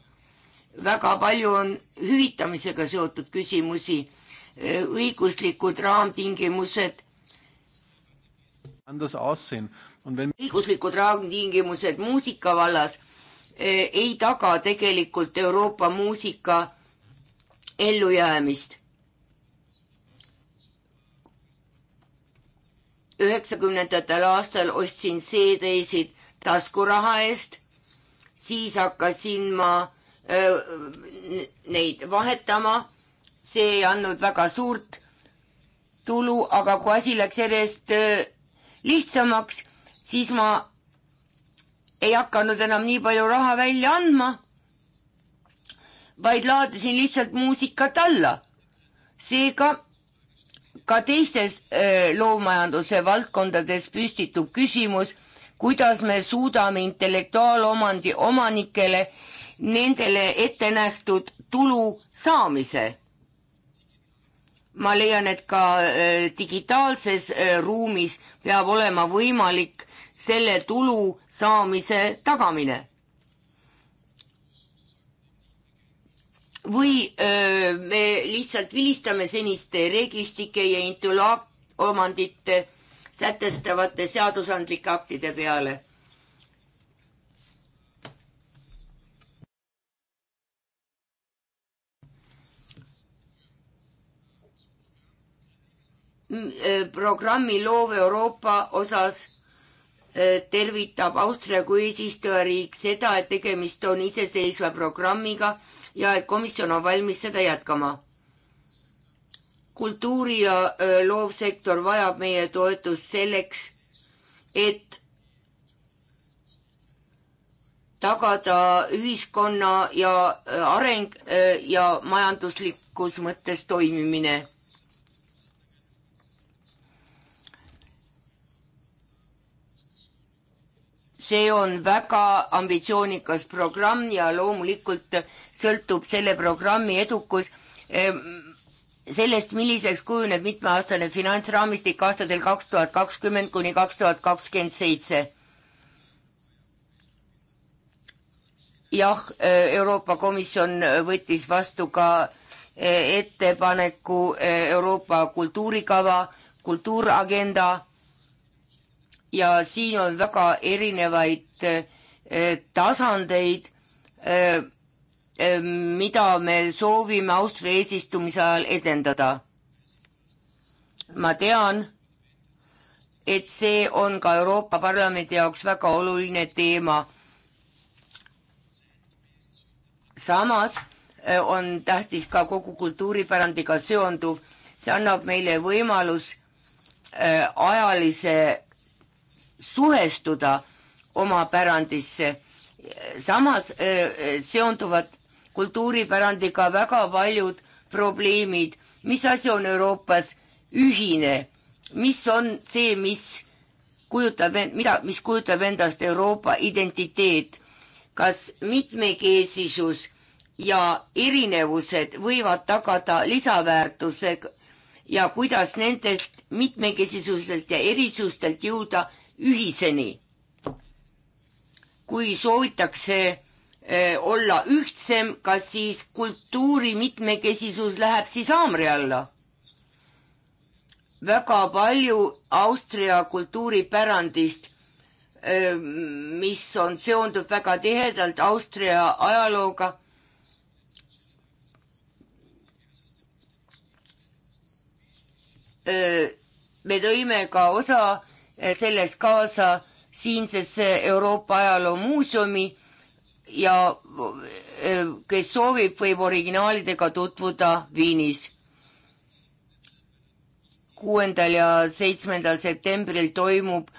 väga palju on hüvitamisega seotud küsimusi õiguslikud raamtingimused õiguslikud raamtingimused muusika vallas e, ei taga tegelikult Euroopa muusika ellujäämist. üheksakümnendatel aastal ostsin CD-sid taskuraha eest, siis hakkasin ma öö, e, neid vahetama see ei andnud väga suurt tulu, aga kui asi läks järjest äh, lihtsamaks, siis ma ei hakanud enam nii palju raha välja andma, vaid laadisin lihtsalt muusikat alla. seega ka teistes äh, loomajanduse valdkondades püstitub küsimus, kuidas me suudame intellektuaalomandi omanikele nendele ette nähtud tulu saamise ma leian, et ka äh, digitaalses äh, ruumis peab olema võimalik selle tulu saamise tagamine. või öö, äh, me lihtsalt vilistame seniste reeglistike ja intellektomandite sätestavate seadusandlike aktide peale Mm, eh, programmi Loov Euroopa osas eh, tervitab Austria kui eesistujariik seda, et tegemist on iseseisva programmiga ja et komisjon on valmis seda jätkama. kultuuri ja eh, loovsektor vajab meie toetust selleks, et tagada ühiskonna ja areng ja majanduslikus mõttes toimimine see on väga ambitsioonikas programm ja loomulikult sõltub selle programmi edukus ehm, sellest, milliseks kujuneb mitmeaastane finantsraamistik aastatel kaks tuhat kakskümmend kuni kaks tuhat kakskümmend seitse. jah, eh, Euroopa Komisjon võttis vastu ka eh, ettepaneku eh, Euroopa kultuurikava, kultuuragenda ja siin on väga erinevaid eh, tasandeid, eh, eh, mida me soovime Austria eesistumise ajal edendada. ma tean, et see on ka Euroopa Parlamendi jaoks väga oluline teema. samas on tähtis ka kogu kultuuripärandiga seonduv, see annab meile võimalus ajalise suhestuda oma pärandisse. samas äh, äh, seonduvad kultuuripärandiga väga paljud probleemid, mis asi on Euroopas ühine, mis on see, mis kujutab, mida, mis kujutab endast Euroopa identiteet, kas mitmekesisus ja erinevused võivad tagada lisaväärtuse ja kuidas nendest mitmekesisuselt ja erisustelt jõuda ühiseni. kui soovitakse eh, olla ühtsem, kas siis kultuuri mitmekesisus läheb siis haamri alla? väga palju Austria kultuuripärandist, eh, mis on, seondub väga tihedalt Austria ajalooga eh, me tõime ka osa Eh, sellest kaasa siinsesse Euroopa ajaloomuuseumi ja eh, kes soovib, võib originaalidega tutvuda Viinis. kuuendal ja seitsmendal septembril toimub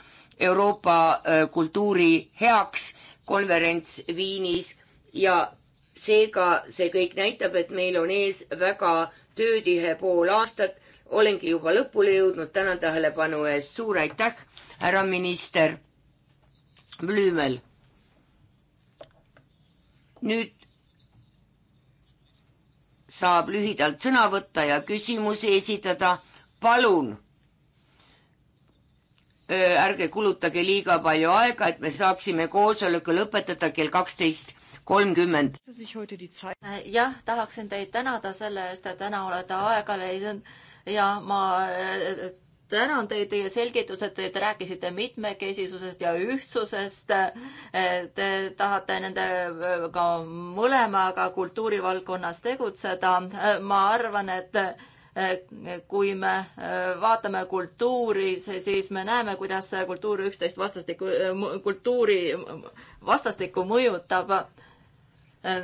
Euroopa eh, kultuuri heaks konverents Viinis ja seega see kõik näitab, et meil on ees väga töötihe pool aastat olengi juba lõpule jõudnud, tänan tähelepanu eest, suur aitäh, härra minister Blümel. nüüd saab lühidalt sõna võtta ja küsimusi esitada. palun ärge kulutage liiga palju aega, et me saaksime koosoleku lõpetada kell kaksteist kolmkümmend. Äh, jah, tahaksin teid tänada selle eest, et täna olete aega leidnud ja ma eh, eh, tänan teid teie selgitused, te rääkisite mitmekesisusest ja ühtsusest. Eh, te tahate nendega mõlemaga kultuurivaldkonnas tegutseda. ma arvan, et kui me vaatame kultuuri, siis me näeme, kuidas kultuur üksteist vastastikku, kultuuri vastastikku mõjutab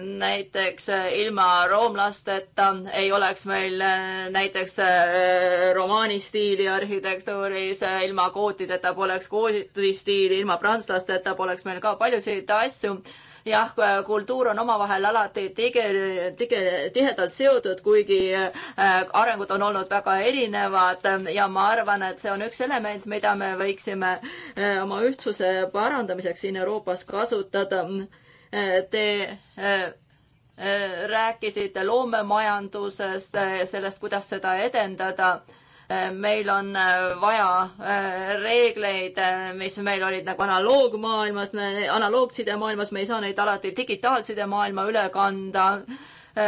näiteks äh, ilma roomlasteta ei oleks meil äh, näiteks äh, romaanistiili arhitektuuris, ilma kootideta poleks kootistiili, ilma prantslasteta poleks meil ka paljusid asju jah, kultuur on omavahel alati tige-, tige-, tihedalt seotud, kuigi arengud on olnud väga erinevad ja ma arvan, et see on üks element, mida me võiksime oma ühtsuse parandamiseks siin Euroopas kasutada Te eh, eh, rääkisite loomemajandusest, eh, sellest, kuidas seda edendada meil on vaja reegleid, mis meil olid nagu analoogmaailmas, analoogsidemaailmas, me ei saa neid alati digitaalsidemaailma üle kanda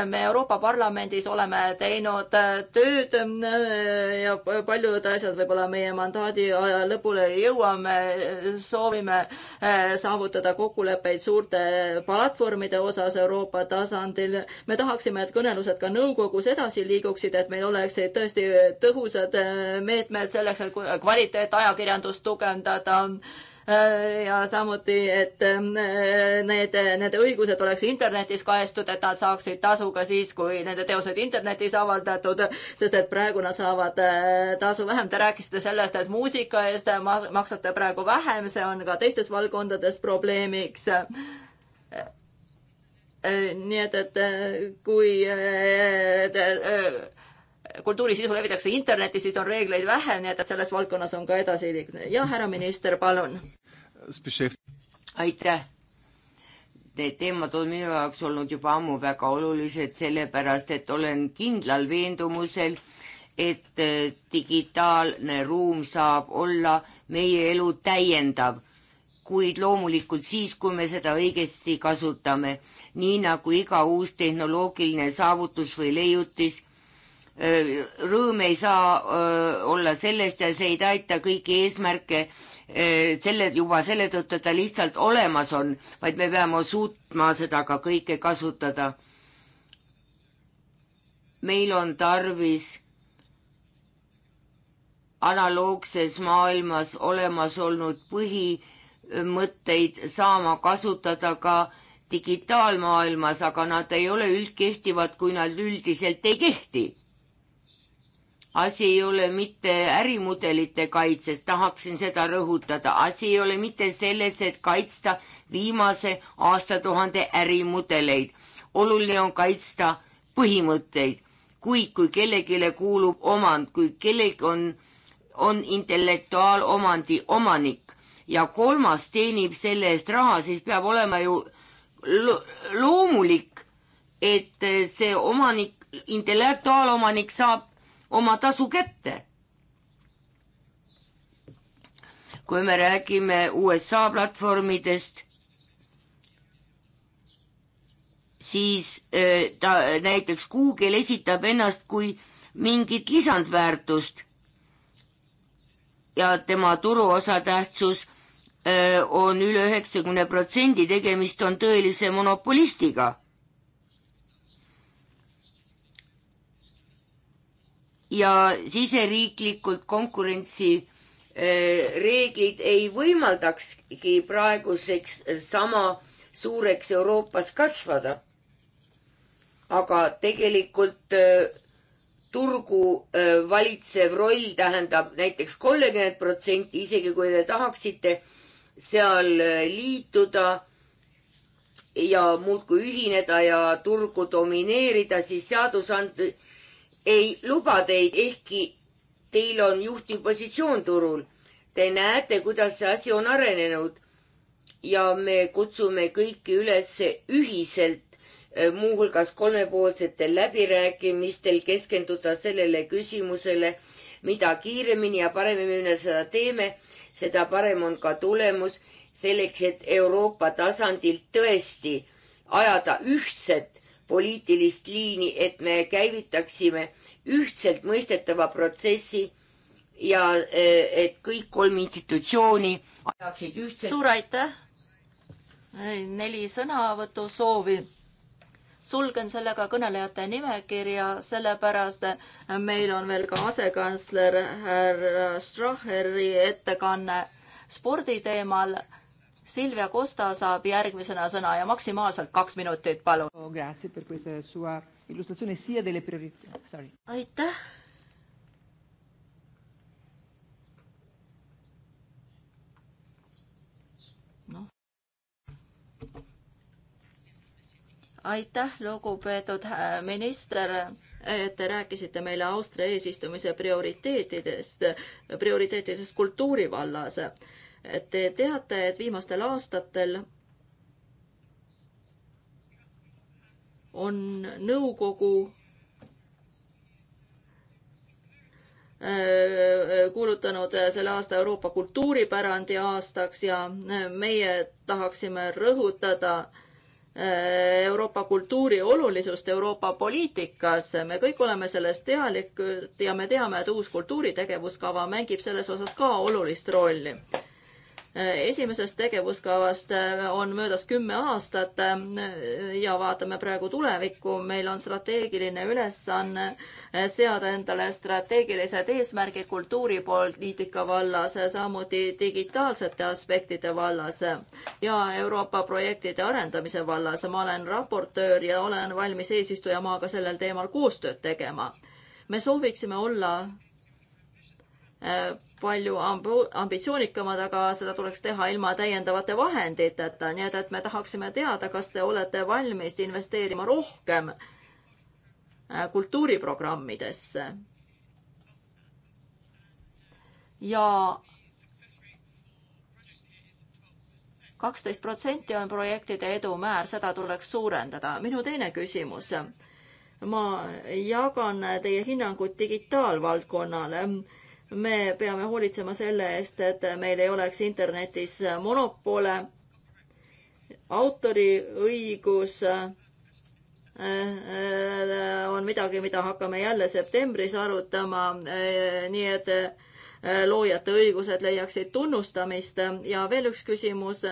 me Euroopa Parlamendis oleme teinud äh, tööd äh, ja paljud asjad võib-olla meie mandaadi lõpule jõuame, äh, soovime saavutada kokkuleppeid suurte platvormide osas Euroopa tasandil. me tahaksime, et kõnelused ka nõukogus edasi liiguksid, et meil oleksid tõesti tõhusad meetmed selleks, et kvaliteetajakirjandust tugevdada Äh, ja samuti, et ähm, need, nende õigused oleks internetis kaestud, et nad saaksid tasu ka siis, kui nende teosed internetis avaldatud, sest et praegu nad saavad äh, tasu vähem. Te rääkisite sellest, et muusika eest maksate praegu vähem, see on ka teistes valdkondades probleemiks äh, nii et, et kui te, kultuuri sisu levitakse internetis, siis on reegleid vähe, nii et, et selles valdkonnas on ka edasi liikunud. jah, härra minister, palun. aitäh. Need teemad on minu jaoks olnud juba ammu väga olulised, sellepärast et olen kindlal veendumusel, et äh, digitaalne ruum saab olla meie elu täiendav kuid loomulikult siis, kui me seda õigesti kasutame. nii nagu iga uus tehnoloogiline saavutus või leiutis, Äh, rõõm ei saa äh, olla sellest ja see ei täita kõiki eesmärke äh, selle, juba selle tõttu, et ta lihtsalt olemas on, vaid me peame suutma seda ka kõike kasutada. meil on tarvis analoogses maailmas olemas olnud põhimõtteid saama kasutada ka digitaalmaailmas, aga nad ei ole üldkehtivad, kui nad üldiselt ei kehti asi ei ole mitte ärimudelite kaitses, tahaksin seda rõhutada, asi ei ole mitte selles, et kaitsta viimase aastatuhande ärimudeleid. oluline on kaitsta põhimõtteid, kuid kui kellelegi kuulub omand, kui kellelgi on, on intellektuaalomandi omanik ja kolmas teenib selle eest raha, siis peab olema ju lo loomulik, et see omanik, intellektuaalomanik saab oma tasu kätte. kui me räägime USA platvormidest, siis eh, ta näiteks Google esitab ennast kui mingit lisandväärtust ja tema turuosa tähtsus eh, on üle üheksakümne protsendi, tegemist on tõelise monopolistiga. ja siseriiklikult konkurentsi eh, reeglid ei võimaldakski praeguseks sama suureks Euroopas kasvada. aga tegelikult eh, turgu eh, valitsev roll tähendab näiteks kolmkümmend protsenti, isegi kui te tahaksite seal liituda ja muudkui ühineda ja turgu domineerida, siis seadusand-, ei luba teid, ehkki teil on juhtiv positsioon turul. Te näete, kuidas see asi on arenenud ja me kutsume kõiki üles ühiselt eh, muuhulgas kolmepoolsetel läbirääkimistel keskenduda sellele küsimusele, mida kiiremini ja paremini me seda teeme, seda parem on ka tulemus selleks, et Euroopa tasandil tõesti ajada ühtset poliitilist liini, et me käivitaksime ühtselt mõistetava protsessi ja eh, et kõik kolm institutsiooni ajaksid ühtselt. suur aitäh. neli sõnavõtusoovi sulgen sellega kõnelejate nimekirja, sellepärast eh, meil on veel ka asekantsler härra Stracheri ettekanne spordi teemal Silvia Costa saab järgmisena sõna ja maksimaalselt kaks minutit, palun. Oh, aitäh. noh. aitäh, lugupeetud äh, minister et te rääkisite meile Austria eesistumise prioriteetidest, prioriteetidest kultuuri vallas. Te teate, et viimastel aastatel on nõukogu äh, kuulutanud selle aasta Euroopa kultuuripärandi aastaks ja äh, meie tahaksime rõhutada äh, Euroopa kultuuri olulisust Euroopa poliitikas. me kõik oleme sellest teadlikud ja me teame, et uus kultuuritegevuskava mängib selles osas ka olulist rolli. Äh, esimesest tegevuskavast äh, on möödas kümme aastat äh, ja vaatame praegu tulevikku. meil on strateegiline ülesanne seada endale strateegilised eesmärgid kultuuripoliitika vallas, samuti digitaalsete aspektide vallas ja Euroopa projektide arendamise vallas. ma olen raportöör ja olen valmis eesistujamaaga sellel teemal koostööd tegema. me sooviksime olla palju amb-, ambitsioonikamad, aga seda tuleks teha ilma täiendavate vahenditeta, nii et, et me tahaksime teada, kas te olete valmis investeerima rohkem äh, kultuuriprogrammidesse. ja kaksteist protsenti on projektide edumäär, seda tuleks suurendada. minu teine küsimus. ma jagan teie hinnangut digitaalvaldkonnale me peame hoolitsema selle eest, et meil ei oleks internetis monopole. autoriõigus äh, äh, on midagi, mida hakkame jälle septembris arutama, äh, nii et loojate õigused leiaksid tunnustamist. ja veel üks küsimus.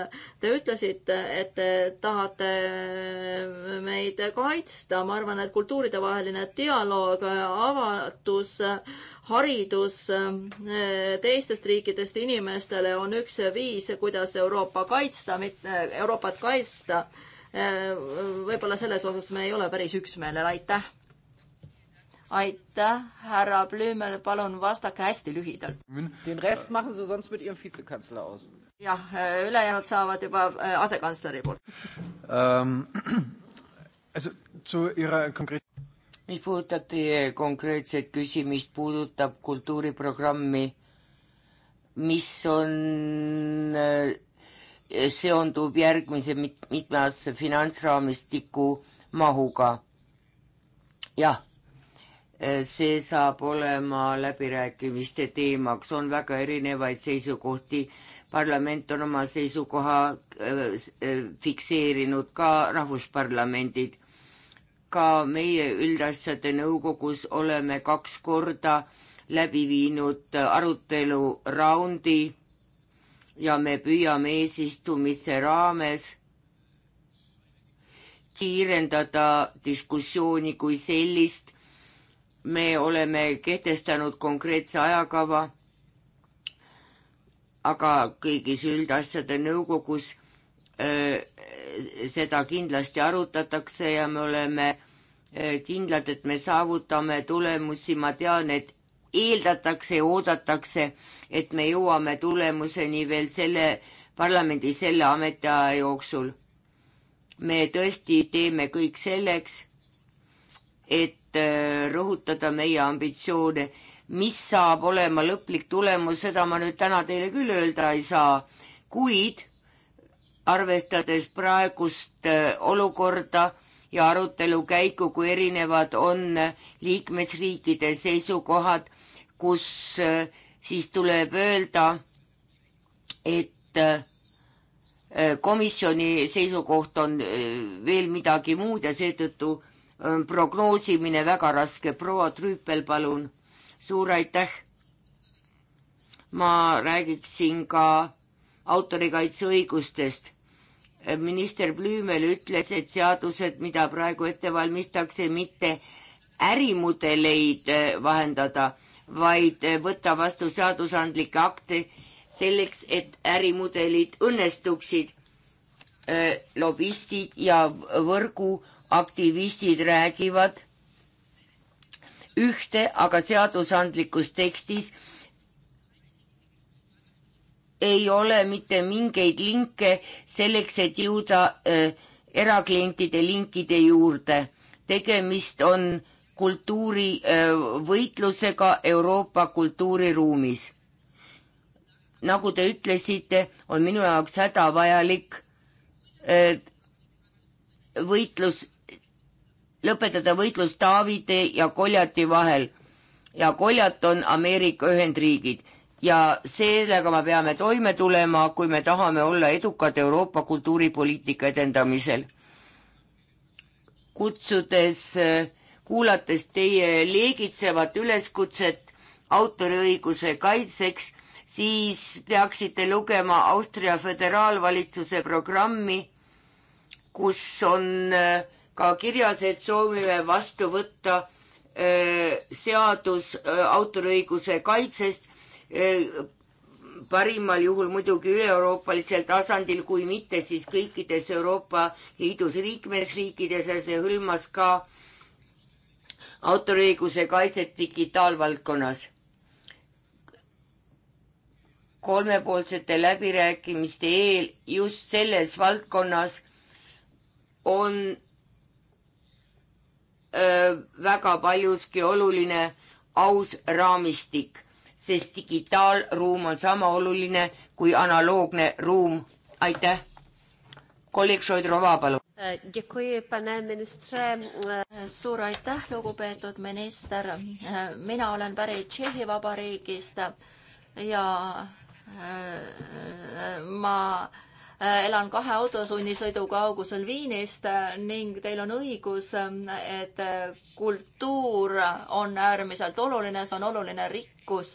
Te ütlesite, et te tahate meid kaitsta. ma arvan, et kultuuridevaheline dialoog, avatus, haridus eh, teistest riikidest inimestele on üks viis, kuidas Euroopa kaitsta, mitte Euroopat kaitsta eh, võib-olla selles osas me ei ole päris üksmeelel, aitäh aitäh, härra Blümel, palun vastake hästi lühidalt. jah, äh, ülejäänud saavad juba äh, asekantsleri poolt um,. [clears throat] Also zu Ihrer konkreet-. mis puudutab teie konkreetset küsimist, puudutab kultuuriprogrammi, mis on äh, seondub järgmise mit-, mitmeaastase finantsraamistiku mahuga. jah see saab olema läbirääkimiste teemaks, on väga erinevaid seisukohti. parlament on oma seisukoha äh, äh, fikseerinud, ka rahvusparlamendid. ka meie üldasjade nõukogus oleme kaks korda läbi viinud arutelu raundi ja me püüame eesistumise raames kiirendada diskussiooni kui sellist me oleme kehtestanud konkreetse ajakava, aga kõigis üldasjade nõukogus öö, seda kindlasti arutatakse ja me oleme öö, kindlad, et me saavutame tulemusi, ma tean, et eeldatakse ja oodatakse, et me jõuame tulemuseni veel selle parlamendi selle ametiaja jooksul. me tõesti teeme kõik selleks, et Äh, rõhutada meie ambitsioone. mis saab olema lõplik tulemus, seda ma nüüd täna teile küll öelda ei saa, kuid arvestades praegust äh, olukorda ja arutelu käiku, kui erinevad on äh, liikmesriikide seisukohad, kus siis tuleb öelda, et komisjoni seisukoht on veel midagi muud ja seetõttu prognoosimine väga raske. proua Trüüpel, palun. suur aitäh. ma räägiksin ka autorikaitseõigustest. minister Blümel ütles, et seadused, mida praegu ette valmistatakse, mitte ärimudeleid vahendada, vaid võtta vastu seadusandlikke akte selleks, et ärimudelid õnnestuksid. lobistid ja võrgu aktivistid räägivad ühte, aga seadusandlikus tekstis ei ole mitte mingeid linke selleks, et jõuda äh, eraklientide linkide juurde. tegemist on kultuurivõitlusega äh, Euroopa kultuuriruumis. nagu te ütlesite, on minu jaoks hädavajalik äh, võitlus lõpetada võitlus Taavide ja Koljati vahel ja Koljat on Ameerika Ühendriigid ja sellega me peame toime tulema, kui me tahame olla edukad Euroopa kultuuripoliitika edendamisel. kutsudes, kuulates teie leegitsevat üleskutset autoriõiguse kaitseks, siis peaksite lugema Austria föderaalvalitsuse programmi, kus on äh, ka kirjas, et soovime vastu võtta seadus autoriõiguse kaitsest, parimal juhul muidugi üle-euroopalisel tasandil, kui mitte, siis kõikides Euroopa Liidus liikmesriikides ja see hõlmas ka autoriõiguse kaitset digitaalvaldkonnas. kolmepoolsete läbirääkimiste eel just selles valdkonnas on väga paljuski oluline aus raamistik, sest digitaalruum on sama oluline kui analoogne ruum. aitäh. kolleeg Šoidrova, palun. Děkuji, pane ministře. Suur aitäh, lugupeetud minister. Mina olen pärit Tšehhi Vabariigist ja ma Äh, elan kahe autosunnisõidu kaugusel Viinist äh, ning teil on õigus, ähm, et äh, kultuur on äärmiselt oluline, see on oluline rikkus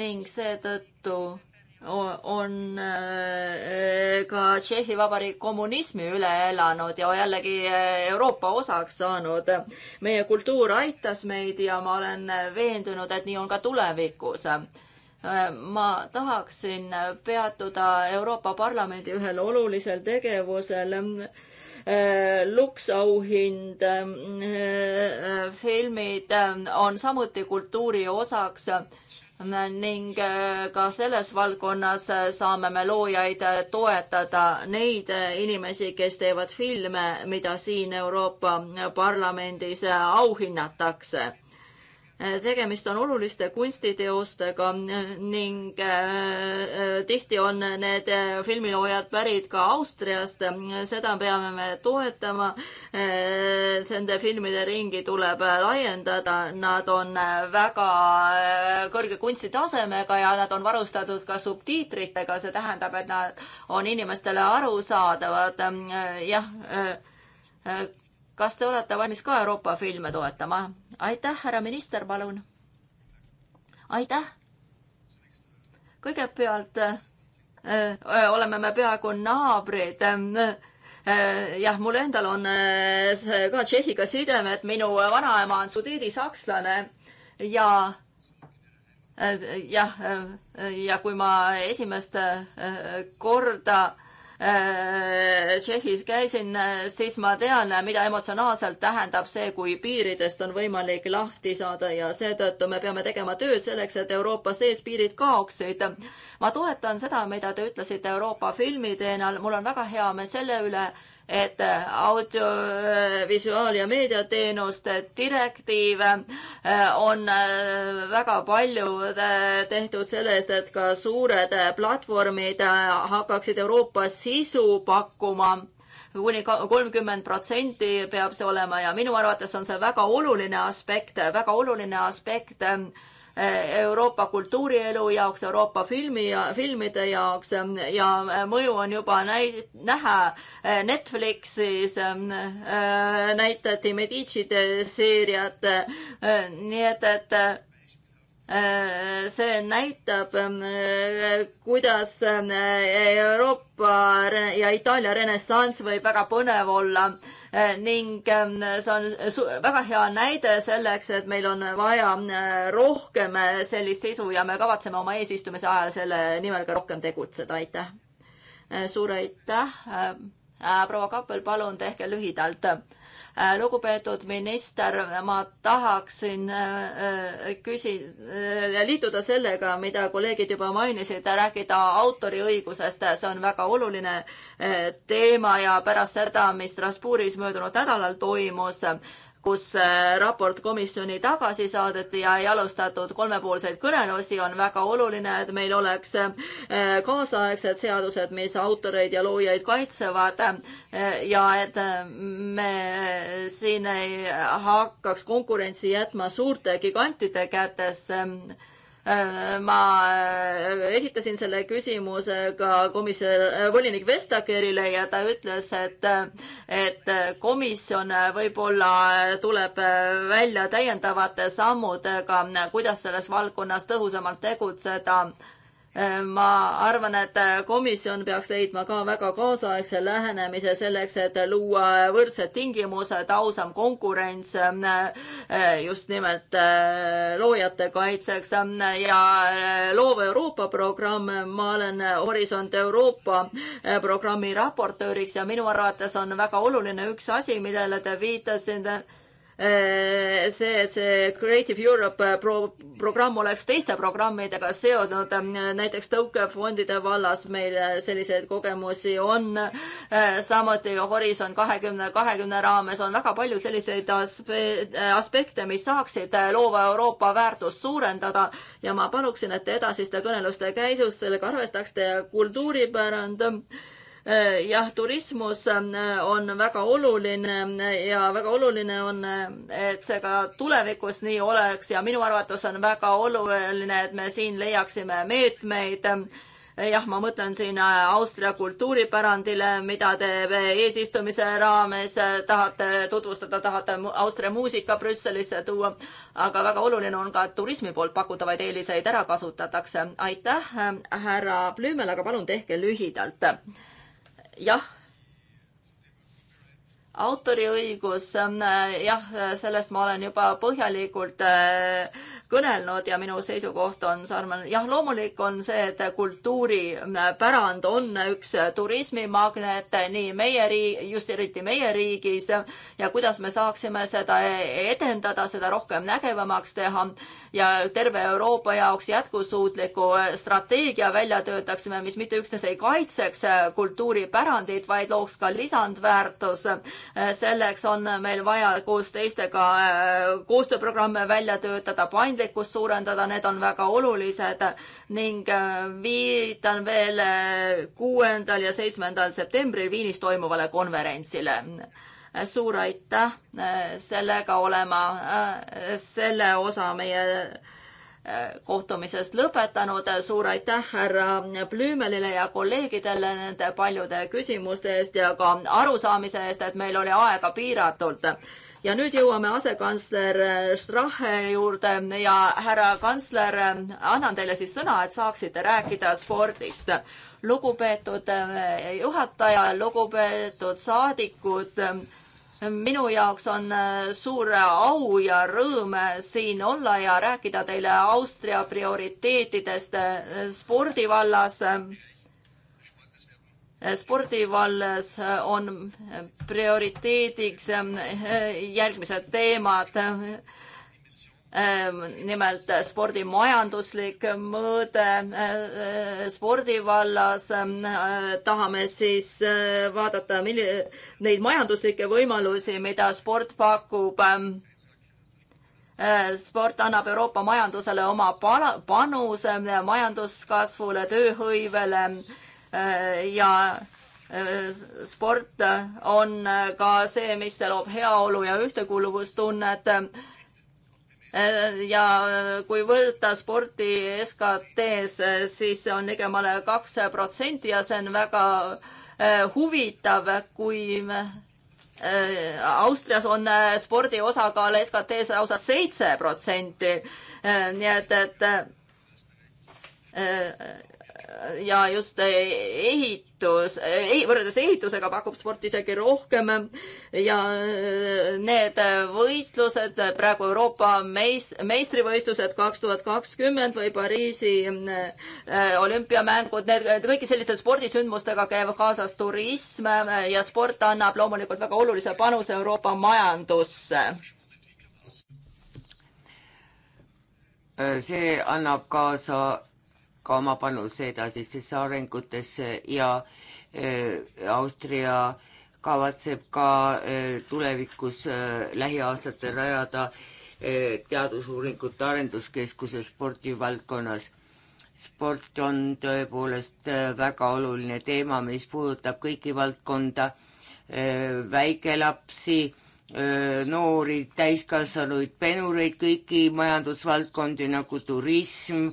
ning seetõttu on ka Tšehhi Vabariik kommunismi üle elanud ja jällegi Euroopa osaks saanud. meie kultuur aitas meid ja ma olen veendunud, et nii on ka tulevikus Äh, ma tahaksin peatuda Euroopa Parlamendi ühel olulisel tegevusel. Äh, Lux auhind, äh, filmid on samuti kultuuri osaks ning ka selles valdkonnas saame me loojaid toetada, neid inimesi, kes teevad filme, mida siin Euroopa Parlamendis auhinnatakse tegemist on oluliste kunstiteostega ning äh, äh, tihti on need äh, filmiloojad pärit ka Austriast. seda peame me toetama. Nende filmide ringi tuleb laiendada, nad on väga kõrge kunstitasemega ja nad on varustatud ka subtiitritega, see tähendab, et nad on inimestele arusaadavad. jah kas te olete valmis ka Euroopa filme toetama? aitäh, härra minister, palun. aitäh. kõigepealt öö, äh, äh, oleme me peaaegu naabrid äh, jah, mul endal on ka Tšehhiga sidemed, minu vanaema on sudeedi sakslane ja jah, ja kui ma esimest korda Äh, Tšehhis käisin, äh, siis ma tean, mida emotsionaalselt tähendab see, kui piiridest on võimalik lahti saada ja seetõttu me peame tegema tööd selleks, et Euroopa sees piirid kaoksid. ma toetan seda, mida te ütlesite Euroopa filmiteenal, mul on väga hea meel selle üle, et äh, audiovisuaal- ja meediateenuste direktiiv äh, on äh, väga palju tehtud selle eest, et ka suured platvormid hakkaksid Euroopas sisu pakkuma kuni kolmkümmend protsenti peab see olema ja minu arvates on see väga oluline aspekt, väga oluline aspekt Euroopa kultuurielu jaoks, Euroopa filmi ja filmide jaoks ja mõju on juba näi-, näha. Netflixis ähm, äh, näitati Medici'de seeriat, nii et, et äh, see näitab, ähm, kuidas äh, Euroopa ja Itaalia renessanss võib väga põnev olla ning ähm, see on väga hea näide selleks, et meil on vaja äh, rohkem äh, sellist sisu ja me kavatseme oma eesistumise ajal selle nimel ka rohkem tegutseda, aitäh. Äh, suur aitäh. proua Kappel, palun tehke lühidalt Äh, lugupeetud minister, ma tahaksin äh, äh, küsi-, liituda sellega, mida kolleegid juba mainisid, rääkida autoriõigusest, see on väga oluline teema ja pärast seda, mis Strasbourgis möödunud nädalal toimus, kus äh, raport komisjoni tagasi saadeti ja ei alustatud kolmepoolseid kõnelusi, on väga oluline, et meil oleks äh, kaasaegsed seadused, mis autoreid ja loojaid kaitsevad äh, ja et me siin ei hakkaks konkurentsi jätma suurte gigantide kätesse Äh, ma äh, esitasin selle küsimuse ka komisjon, äh, volinik Vestagerile ja ta ütles, et, et komisjon võib-olla tuleb välja täiendavate sammudega, kuidas selles valdkonnas tõhusamalt tegutseda ma arvan, et komisjon peaks leidma ka väga kaasaegse lähenemise selleks, et luua võrdsed tingimused, ausam konkurents just nimelt äh, loojate kaitseks ja äh, Loov Euroopa programm, ma olen Horisont Euroopa äh, programmi raportööriks ja minu arvates on väga oluline üks asi, millele te viitasite Äh, see, see Creative Europe äh, pro-, programm oleks teiste programmidega seotud, äh, näiteks tõukefondide vallas meil selliseid kogemusi on, samuti Horisont kahekümne, kahekümne raames on väga palju selliseid aspe-, aspekte, mis saaksid loova Euroopa väärtust suurendada ja ma paluksin, et edasiste kõneluste käisus sellega arvestaksite ja kultuuripärand Äh, jah, turismus ähm, on väga oluline äh, ja väga oluline on, äh, et see ka tulevikus nii oleks ja minu arvates on väga oluline, et me siin leiaksime meetmeid ähm, jah, ma mõtlen siin Austria kultuuripärandile, mida te eesistumise raames tahate tutvustada, tahate Austria muusika Brüsselisse tuua, aga väga oluline on ka, et turismi poolt pakutavaid eeliseid ära kasutatakse. aitäh, härra Plüümel, aga palun tehke lühidalt jah, autoriõigus, ähm, jah, sellest ma olen juba põhjalikult äh, kõnelnud ja minu seisukoht on sarnane. jah, loomulik on see, et kultuuripärand on üks turismimagnet nii meie riigi, just eriti meie riigis ja kuidas me saaksime seda edendada, seda rohkem nägevamaks teha ja terve Euroopa jaoks jätkusuutliku strateegia välja töötaksime, mis mitte üksnes ei kaitseks kultuuripärandit, vaid looks ka lisandväärtus Äh, selleks on meil vaja koos teistega äh, koostööprogramme välja töötada, paindlikkust suurendada, need on väga olulised ning äh, viitan veel kuuendal ja seitsmendal septembril Viinis toimuvale konverentsile suur aitäh, sellega olema selle osa meie kohtumisest lõpetanud. suur aitäh härra Plüümelile ja kolleegidele nende paljude küsimuste eest ja ka arusaamise eest, et meil oli aega piiratult. ja nüüd jõuame asekantsler Strache juurde ja härra kantsler, annan teile siis sõna, et saaksite rääkida spordist. lugupeetud eh, juhataja, lugupeetud saadikud minu jaoks on äh, suur äh, au ja rõõm äh, siin olla ja rääkida teile Austria prioriteetidest spordivallas. spordivallas on prioriteediks järgmised teemad Ehm, nimelt eh, spordi majanduslik mõõde eh, eh, spordivallas. Ehm, tahame siis vaadata, milli-, neid majanduslikke võimalusi, mida sport pakub ehm, sport annab Euroopa majandusele oma panuse majanduskasvule, tööhõivele ja sport on ka see, mis loob heaolu ja ühtekuuluvustunnet ja kui võtta sporti SKT-s, siis on ligemale kaks protsenti ja see on väga eh, huvitav, kui eh, Austrias on eh, spordi osakaal SKT-s lausa seitse protsenti. nii et, et ja just ehitus eh,, võrreldes ehitusega pakub sport isegi rohkem ja äh, need äh, võistlused, äh, praegu Euroopa meis-, meistrivõistlused kaks tuhat kakskümmend või Pariisi olümpiamängud, need, kõigi selliste spordisündmustega käib kaasas turism ja sport annab loomulikult väga olulise panuse Euroopa majandusse see annab kaasa ka oma panuse edasistesse arengutesse ja äh, Austria kavatseb ka äh, tulevikus äh, lähiaastatel rajada teadusuuringute arenduskeskuse spordivaldkonnas. sport on tõepoolest väga oluline teema, mis puudutab kõiki valdkonda, väikelapsi, noori, täiskasvanuid, penureid, kõiki majandusvaldkondi nagu turism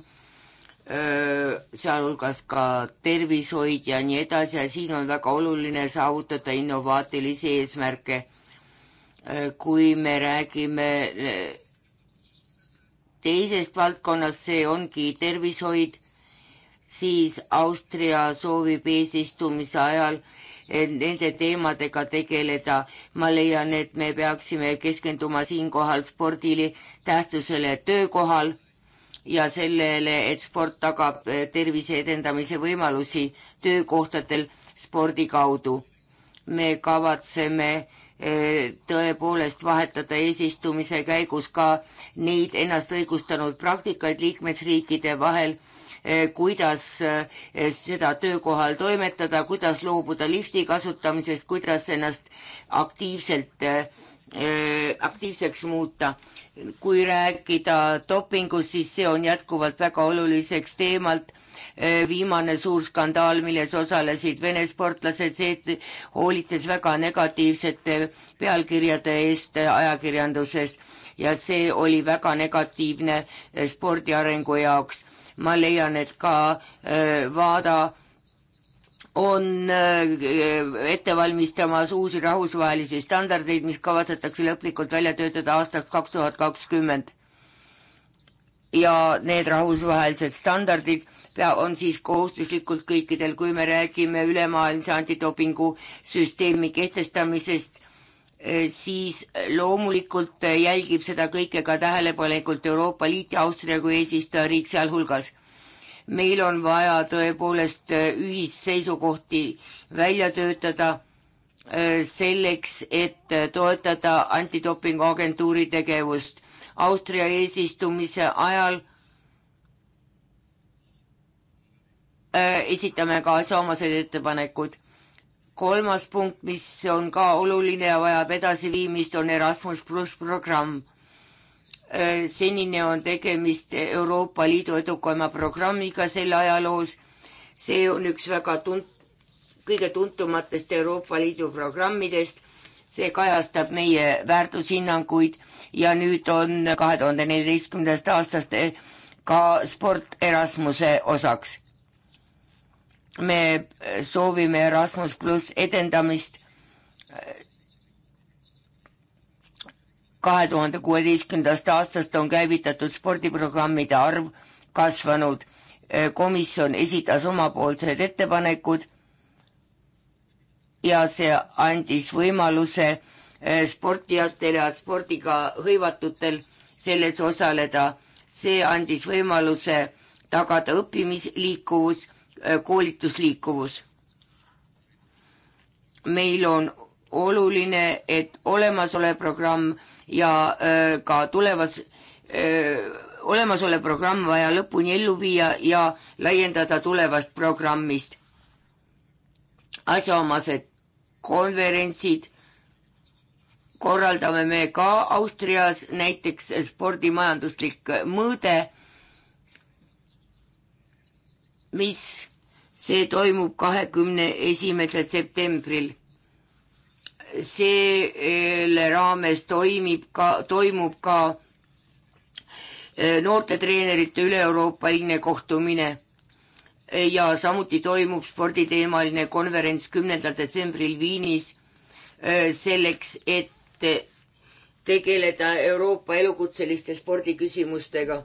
sealhulgas ka tervishoid ja nii edasi ja siin on väga oluline saavutada innovaatilisi eesmärke. kui me räägime teisest valdkonnast, see ongi tervishoid, siis Austria soovib eesistumise ajal e, nende teemadega tegeleda. ma leian, et me peaksime keskenduma siinkohal spordile, tähtsusele töökohal ja sellele, et sport tagab eh, tervise edendamise võimalusi töökohtadel spordi kaudu. me kavatseme eh, tõepoolest vahetada eesistumise käigus ka neid ennast õigustanud praktikaid liikmesriikide vahel, eh, kuidas seda töökohal toimetada, kuidas loobuda lifti kasutamisest, kuidas ennast aktiivselt Eh, aktiivseks muuta. kui rääkida dopingust, siis see on jätkuvalt väga oluliseks teemalt. Eh, viimane suur skandaal, milles osalesid Vene sportlased, see hoolitses väga negatiivsete pealkirjade eest eh, ajakirjanduses ja see oli väga negatiivne spordi arengu jaoks. ma leian, et ka vaada on äh, ette valmistamas uusi rahvusvahelisi standardeid, mis kavatsetakse lõplikult välja töötada aastaks kaks tuhat kakskümmend. ja need rahvusvahelised standardid pea, on siis kohustuslikult kõikidel, kui me räägime ülemaailmse antidopingu süsteemi kehtestamisest, äh, siis loomulikult jälgib seda kõike ka tähelepanelikult Euroopa Liit ja Austria kui eesistujariik sealhulgas meil on vaja tõepoolest äh, ühisseisukohti välja töötada äh, selleks, et äh, toetada antidopinguagentuuri tegevust. Austria eesistumise ajal esitame ka asjaomased ettepanekud. kolmas punkt, mis on ka oluline ja vajab edasiviimist, on Erasmus pluss programm senini on tegemist Euroopa Liidu edukaima programmiga selle ajaloos. see on üks väga tunt-, kõige tuntumatest Euroopa Liidu programmidest. see kajastab meie väärtushinnanguid ja nüüd on kahe tuhande neljateistkümnendast aastast ka sport Erasmuse osaks. me soovime Erasmus pluss edendamist kahe tuhande kuueteistkümnendast aastast on käivitatud spordiprogrammide arv kasvanud. komisjon esitas omapoolsed ettepanekud ja see andis võimaluse eh, sportijatel ja spordiga hõivatutel selles osaleda. see andis võimaluse tagada õppimisliikuvus, eh, koolitusliikuvus. meil on oluline, et olemasolev programm ja äh, ka tulevas äh, olemasolev programm vaja lõpuni ellu viia ja laiendada tulevast programmist. asjaomased konverentsid korraldame me ka Austrias, näiteks spordimajanduslik mõõde, mis, see toimub kahekümne esimesel septembril selle raames toimib ka, toimub ka e, noortetreenerite üle-euroopaline kohtumine e, ja samuti toimub sporditeemaline konverents kümnendal detsembril Viinis e, selleks, et tegeleda Euroopa elukutseliste spordiküsimustega.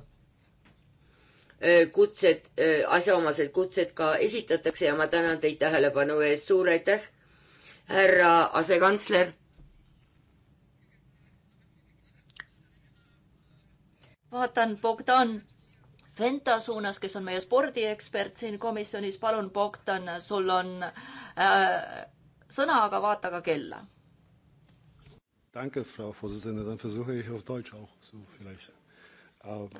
kutsed, asjaomased kutsed ka esitatakse ja ma tänan teid tähelepanu eest, suur aitäh härra asekantsler. vaatan Bogdan Venta suunas, kes on meie spordiekspert siin komisjonis. palun, Bogdan, sul on äh, sõna, aga vaata ka kella. Danke, Frau Vorsitzende, dann versuche ich auf Deutsch auch so vielleicht äh,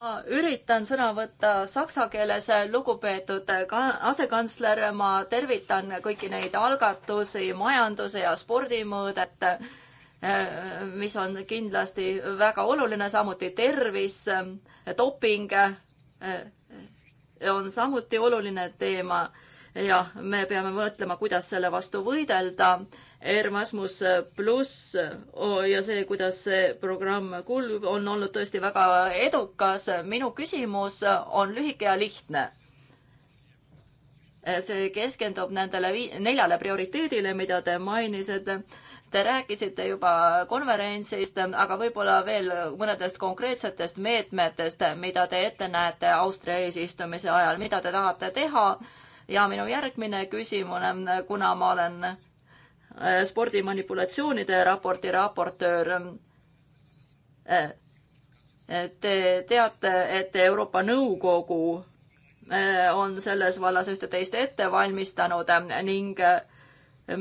ma üritan sõna võtta saksa keeles, lugupeetud asekantsler, ma tervitan kõiki neid algatusi majanduse ja spordimõõdet, eh, mis on kindlasti väga oluline, samuti tervis, doping eh, on samuti oluline teema ja me peame mõtlema, kuidas selle vastu võidelda Erasmus pluss ja see, kuidas see programm kulgeb, on olnud tõesti väga edukas. minu küsimus on lühike ja lihtne. see keskendub nendele neljale prioriteedile, mida te mainisite. Te rääkisite juba konverentsist, aga võib-olla veel mõnedest konkreetsetest meetmetest, mida te ette näete Austria eesistumise ajal, mida te tahate teha ja minu järgmine küsimus, kuna ma olen Äh, spordimanipulatsioonide raporti raportöör. Äh, äh, te teate, et Euroopa Nõukogu on selles vallas ühte-teist ette valmistanud ning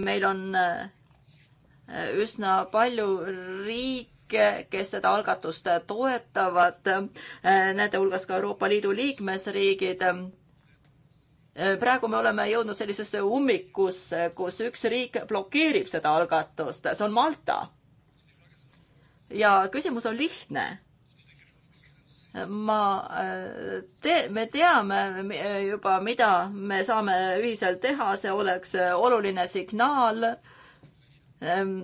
meil on üsna palju riike, kes seda algatust toetavad, nende hulgas ka Euroopa Liidu liikmesriigid praegu me oleme jõudnud sellisesse ummikusse, kus üks riik blokeerib seda algatust, see on Malta. ja küsimus on lihtne. ma te-, me teame juba, mida me saame ühiselt teha, see oleks oluline signaal ehm,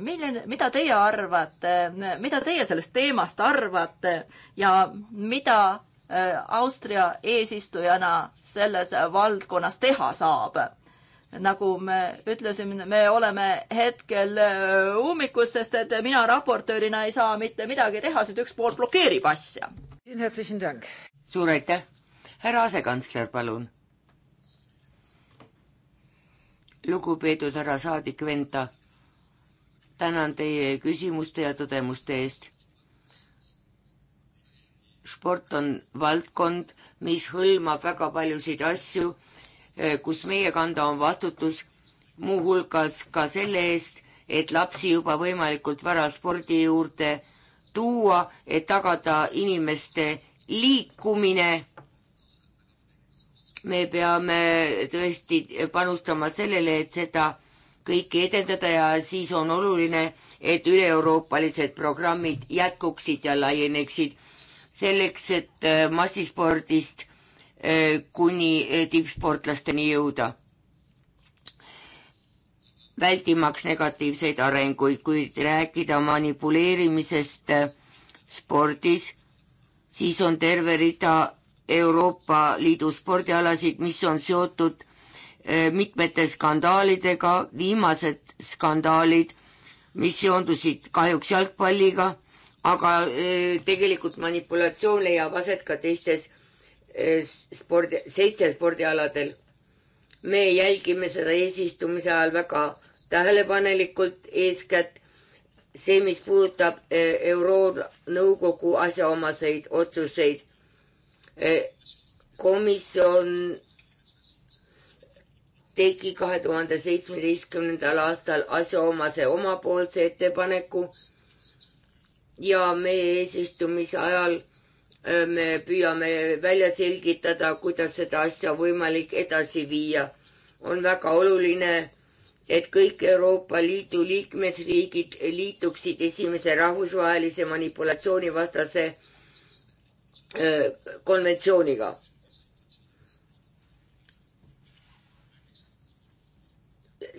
milline, mida teie arvate, mida teie sellest teemast arvate ja mida Äh, Austria eesistujana selles valdkonnas teha saab. nagu me ütlesime, me oleme hetkel äh, ummikus, sest et mina raportöörina ei saa mitte midagi teha, sest üks pool blokeerib asja. suur aitäh. härra asekantsler, palun. lugupeetud härra saadik Venta, tänan teie küsimuste ja tõdemuste eest sport on valdkond, mis hõlmab väga paljusid asju, eh, kus meie kanda on vastutus, muuhulgas ka selle eest, et lapsi juba võimalikult vara spordi juurde tuua, et tagada inimeste liikumine. me peame tõesti panustama sellele, et seda kõike edendada ja siis on oluline, et üle-euroopalised programmid jätkuksid ja laieneksid selleks, et äh, massispordist äh, kuni äh, tippsportlasteni jõuda. vältimaks negatiivseid arenguid, kuid rääkida manipuleerimisest spordis, siis on terve rida Euroopa Liidu spordialasid, mis on seotud mitmete skandaalidega, viimased skandaalid, mis seondusid kahjuks jalgpalliga aga e, tegelikult manipulatsioon leiab aset ka teistes e, spordi, teistel spordialadel. me jälgime seda eesistumise ajal väga tähelepanelikult, eeskätt see, mis puudutab e, Euronõukogu asjaomaseid otsuseid. komisjon tegi kahe tuhande seitsmeteistkümnendal aastal asjaomase omapoolse ettepaneku ja meie eesistumise ajal äh, me püüame välja selgitada, kuidas seda asja võimalik edasi viia. on väga oluline, et kõik Euroopa Liidu liikmesriigid liituksid esimese rahvusvahelise manipulatsioonivastase äh, konventsiooniga.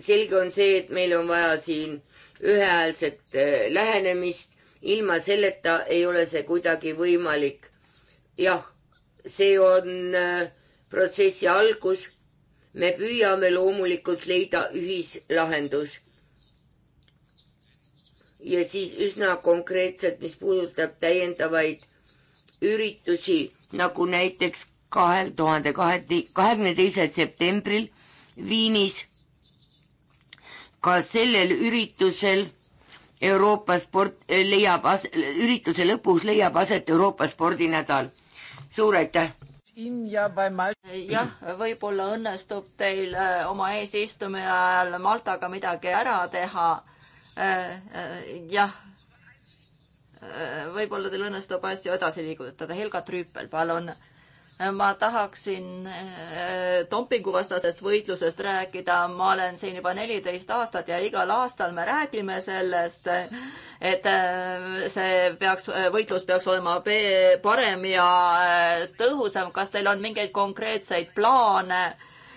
selge on see, et meil on vaja siin ühehäälset äh, lähenemist ilma selleta ei ole see kuidagi võimalik. jah, see on äh, protsessi algus. me püüame loomulikult leida ühislahendus. ja siis üsna konkreetselt, mis puudutab täiendavaid üritusi, nagu näiteks kahel tuhande kahekümne teisel septembril Viinis. ka sellel üritusel Euroopa sport leiab, ürituse lõpus leiab aset Euroopa spordinädal. suur aitäh! jah, võib-olla õnnestub teil äh, oma eesistumise ajal Maltaga midagi ära teha. Äh, äh, jah, võib-olla teil õnnestub asju edasi liigutada. Helga Trüüpel, palun ma tahaksin äh, dopinguvastasest võitlusest rääkida, ma olen siin juba neliteist aastat ja igal aastal me räägime sellest, et äh, see peaks, äh, võitlus peaks olema parem ja tõhusam. kas teil on mingeid konkreetseid plaane?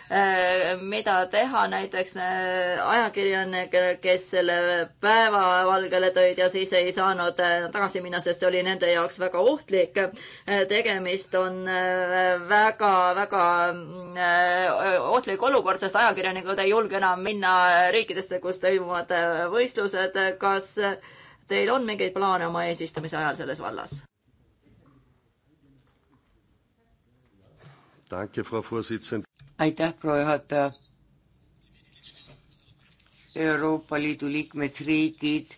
Äh, mida teha näiteks äh, ajakirjanik, kes selle päevavalgele tõid ja siis ei saanud äh, tagasi minna, sest see oli nende jaoks väga ohtlik. tegemist on väga-väga ohtlik olukord, sest ajakirjanikud ei julge enam minna riikidesse, kus toimuvad võistlused. kas teil on mingeid plaane oma eesistumise ajal selles vallas? aitäh, proua juhataja. Euroopa Liidu liikmesriigid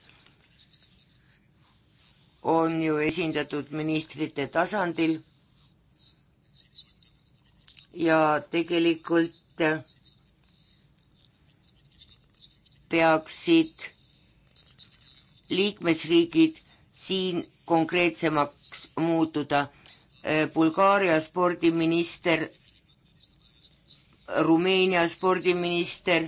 on ju esindatud ministrite tasandil ja tegelikult peaksid liikmesriigid siin konkreetsemaks muutuda Eh, Bulgaaria spordiminister, Rumeenia spordiminister,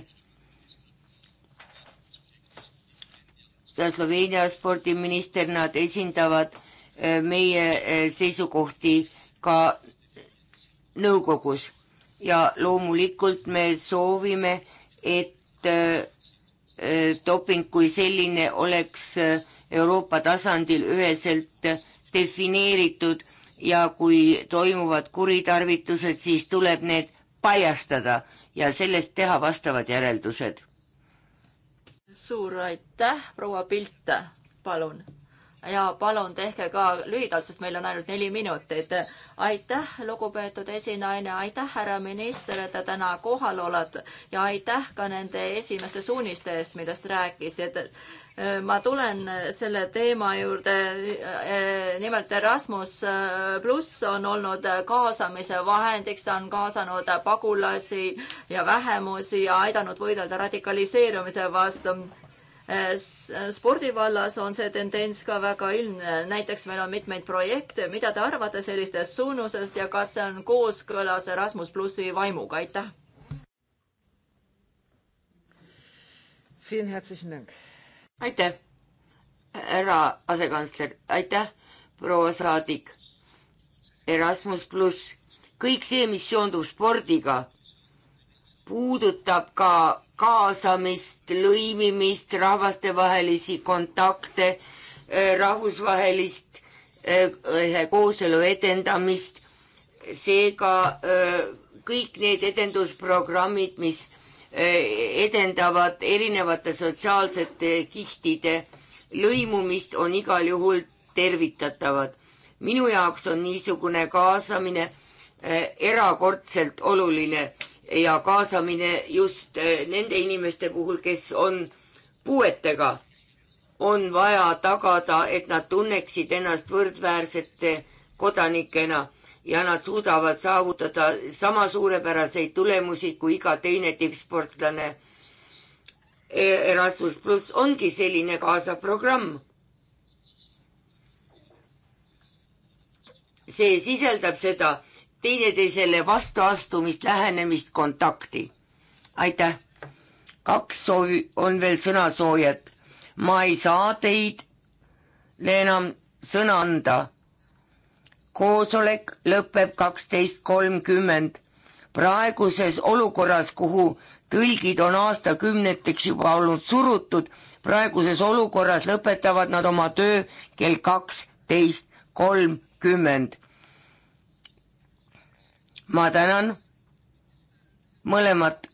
Sloveenia spordiminister, nad esindavad eh, meie eh, seisukohti ka nõukogus ja loomulikult me soovime, et doping kui selline oleks Euroopa tasandil üheselt defineeritud ja kui toimuvad kuritarvitused, siis tuleb need paljastada ja sellest teha vastavad järeldused. suur aitäh, proua Pilt, palun ja palun tehke ka lühidalt, sest meil on ainult neli minutit. aitäh, lugupeetud esinaine, aitäh, härra minister, et te täna kohal olete ja aitäh ka nende esimeste suuniste eest, millest rääkisid. ma tulen selle teema juurde. nimelt Erasmus pluss on olnud kaasamise vahendiks, on kaasanud pagulasi ja vähemusi ja aidanud võidelda radikaliseerumise vastu spordivallas on see tendents ka väga ilmne, näiteks meil on mitmeid projekte, mida te arvate sellistest suunusest ja kas see on kooskõlas Erasmus plussi vaimuga, aitäh! aitäh, härra asekantsler, aitäh, proua saadik. Erasmus pluss, kõik see, mis seondub spordiga, puudutab ka kaasamist, lõimimist, rahvastevahelisi kontakte, äh, rahvusvahelist äh, kooselu edendamist, seega äh, kõik need edendusprogrammid, mis edendavad erinevate sotsiaalsete kihtide lõimumist, on igal juhul tervitatavad. minu jaoks on niisugune kaasamine erakordselt oluline ja kaasamine just eh, nende inimeste puhul, kes on puuetega, on vaja tagada, et nad tunneksid ennast võrdväärsete kodanikena ja nad suudavad saavutada sama suurepäraseid tulemusi kui iga teine tippsportlane. E, Erasmus pluss ongi selline kaasav programm. see sisaldab seda teineteisele vastuastumist, lähenemist, kontakti. aitäh! kaks soovi, on veel sõnasoojat. ma ei saa teid enam sõna anda. koosolek lõpeb kaksteist kolmkümmend. praeguses olukorras, kuhu tõlgid on aastakümneteks juba olnud surutud, praeguses olukorras lõpetavad nad oma töö kell kaksteist kolmkümmend ma tänan mõlemat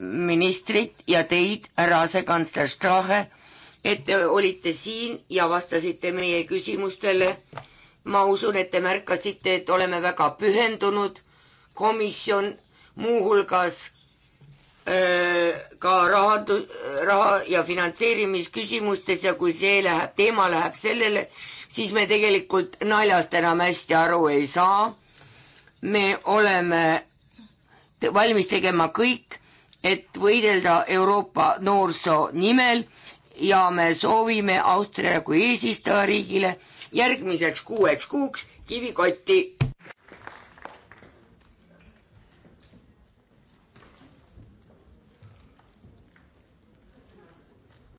ministrit ja teid, härra asekantsler Strahe, et te olite siin ja vastasite meie küsimustele. ma usun, et te märkasite, et oleme väga pühendunud. komisjon muuhulgas öö, äh, ka rahandus, raha ja finantseerimisküsimustes ja kui see läheb, teema läheb sellele, siis me tegelikult naljast enam hästi aru ei saa me oleme valmis tegema kõik, et võidelda Euroopa noorsoo nimel ja me soovime Austriale kui eesistujariigile järgmiseks kuueks kuuks kivikotti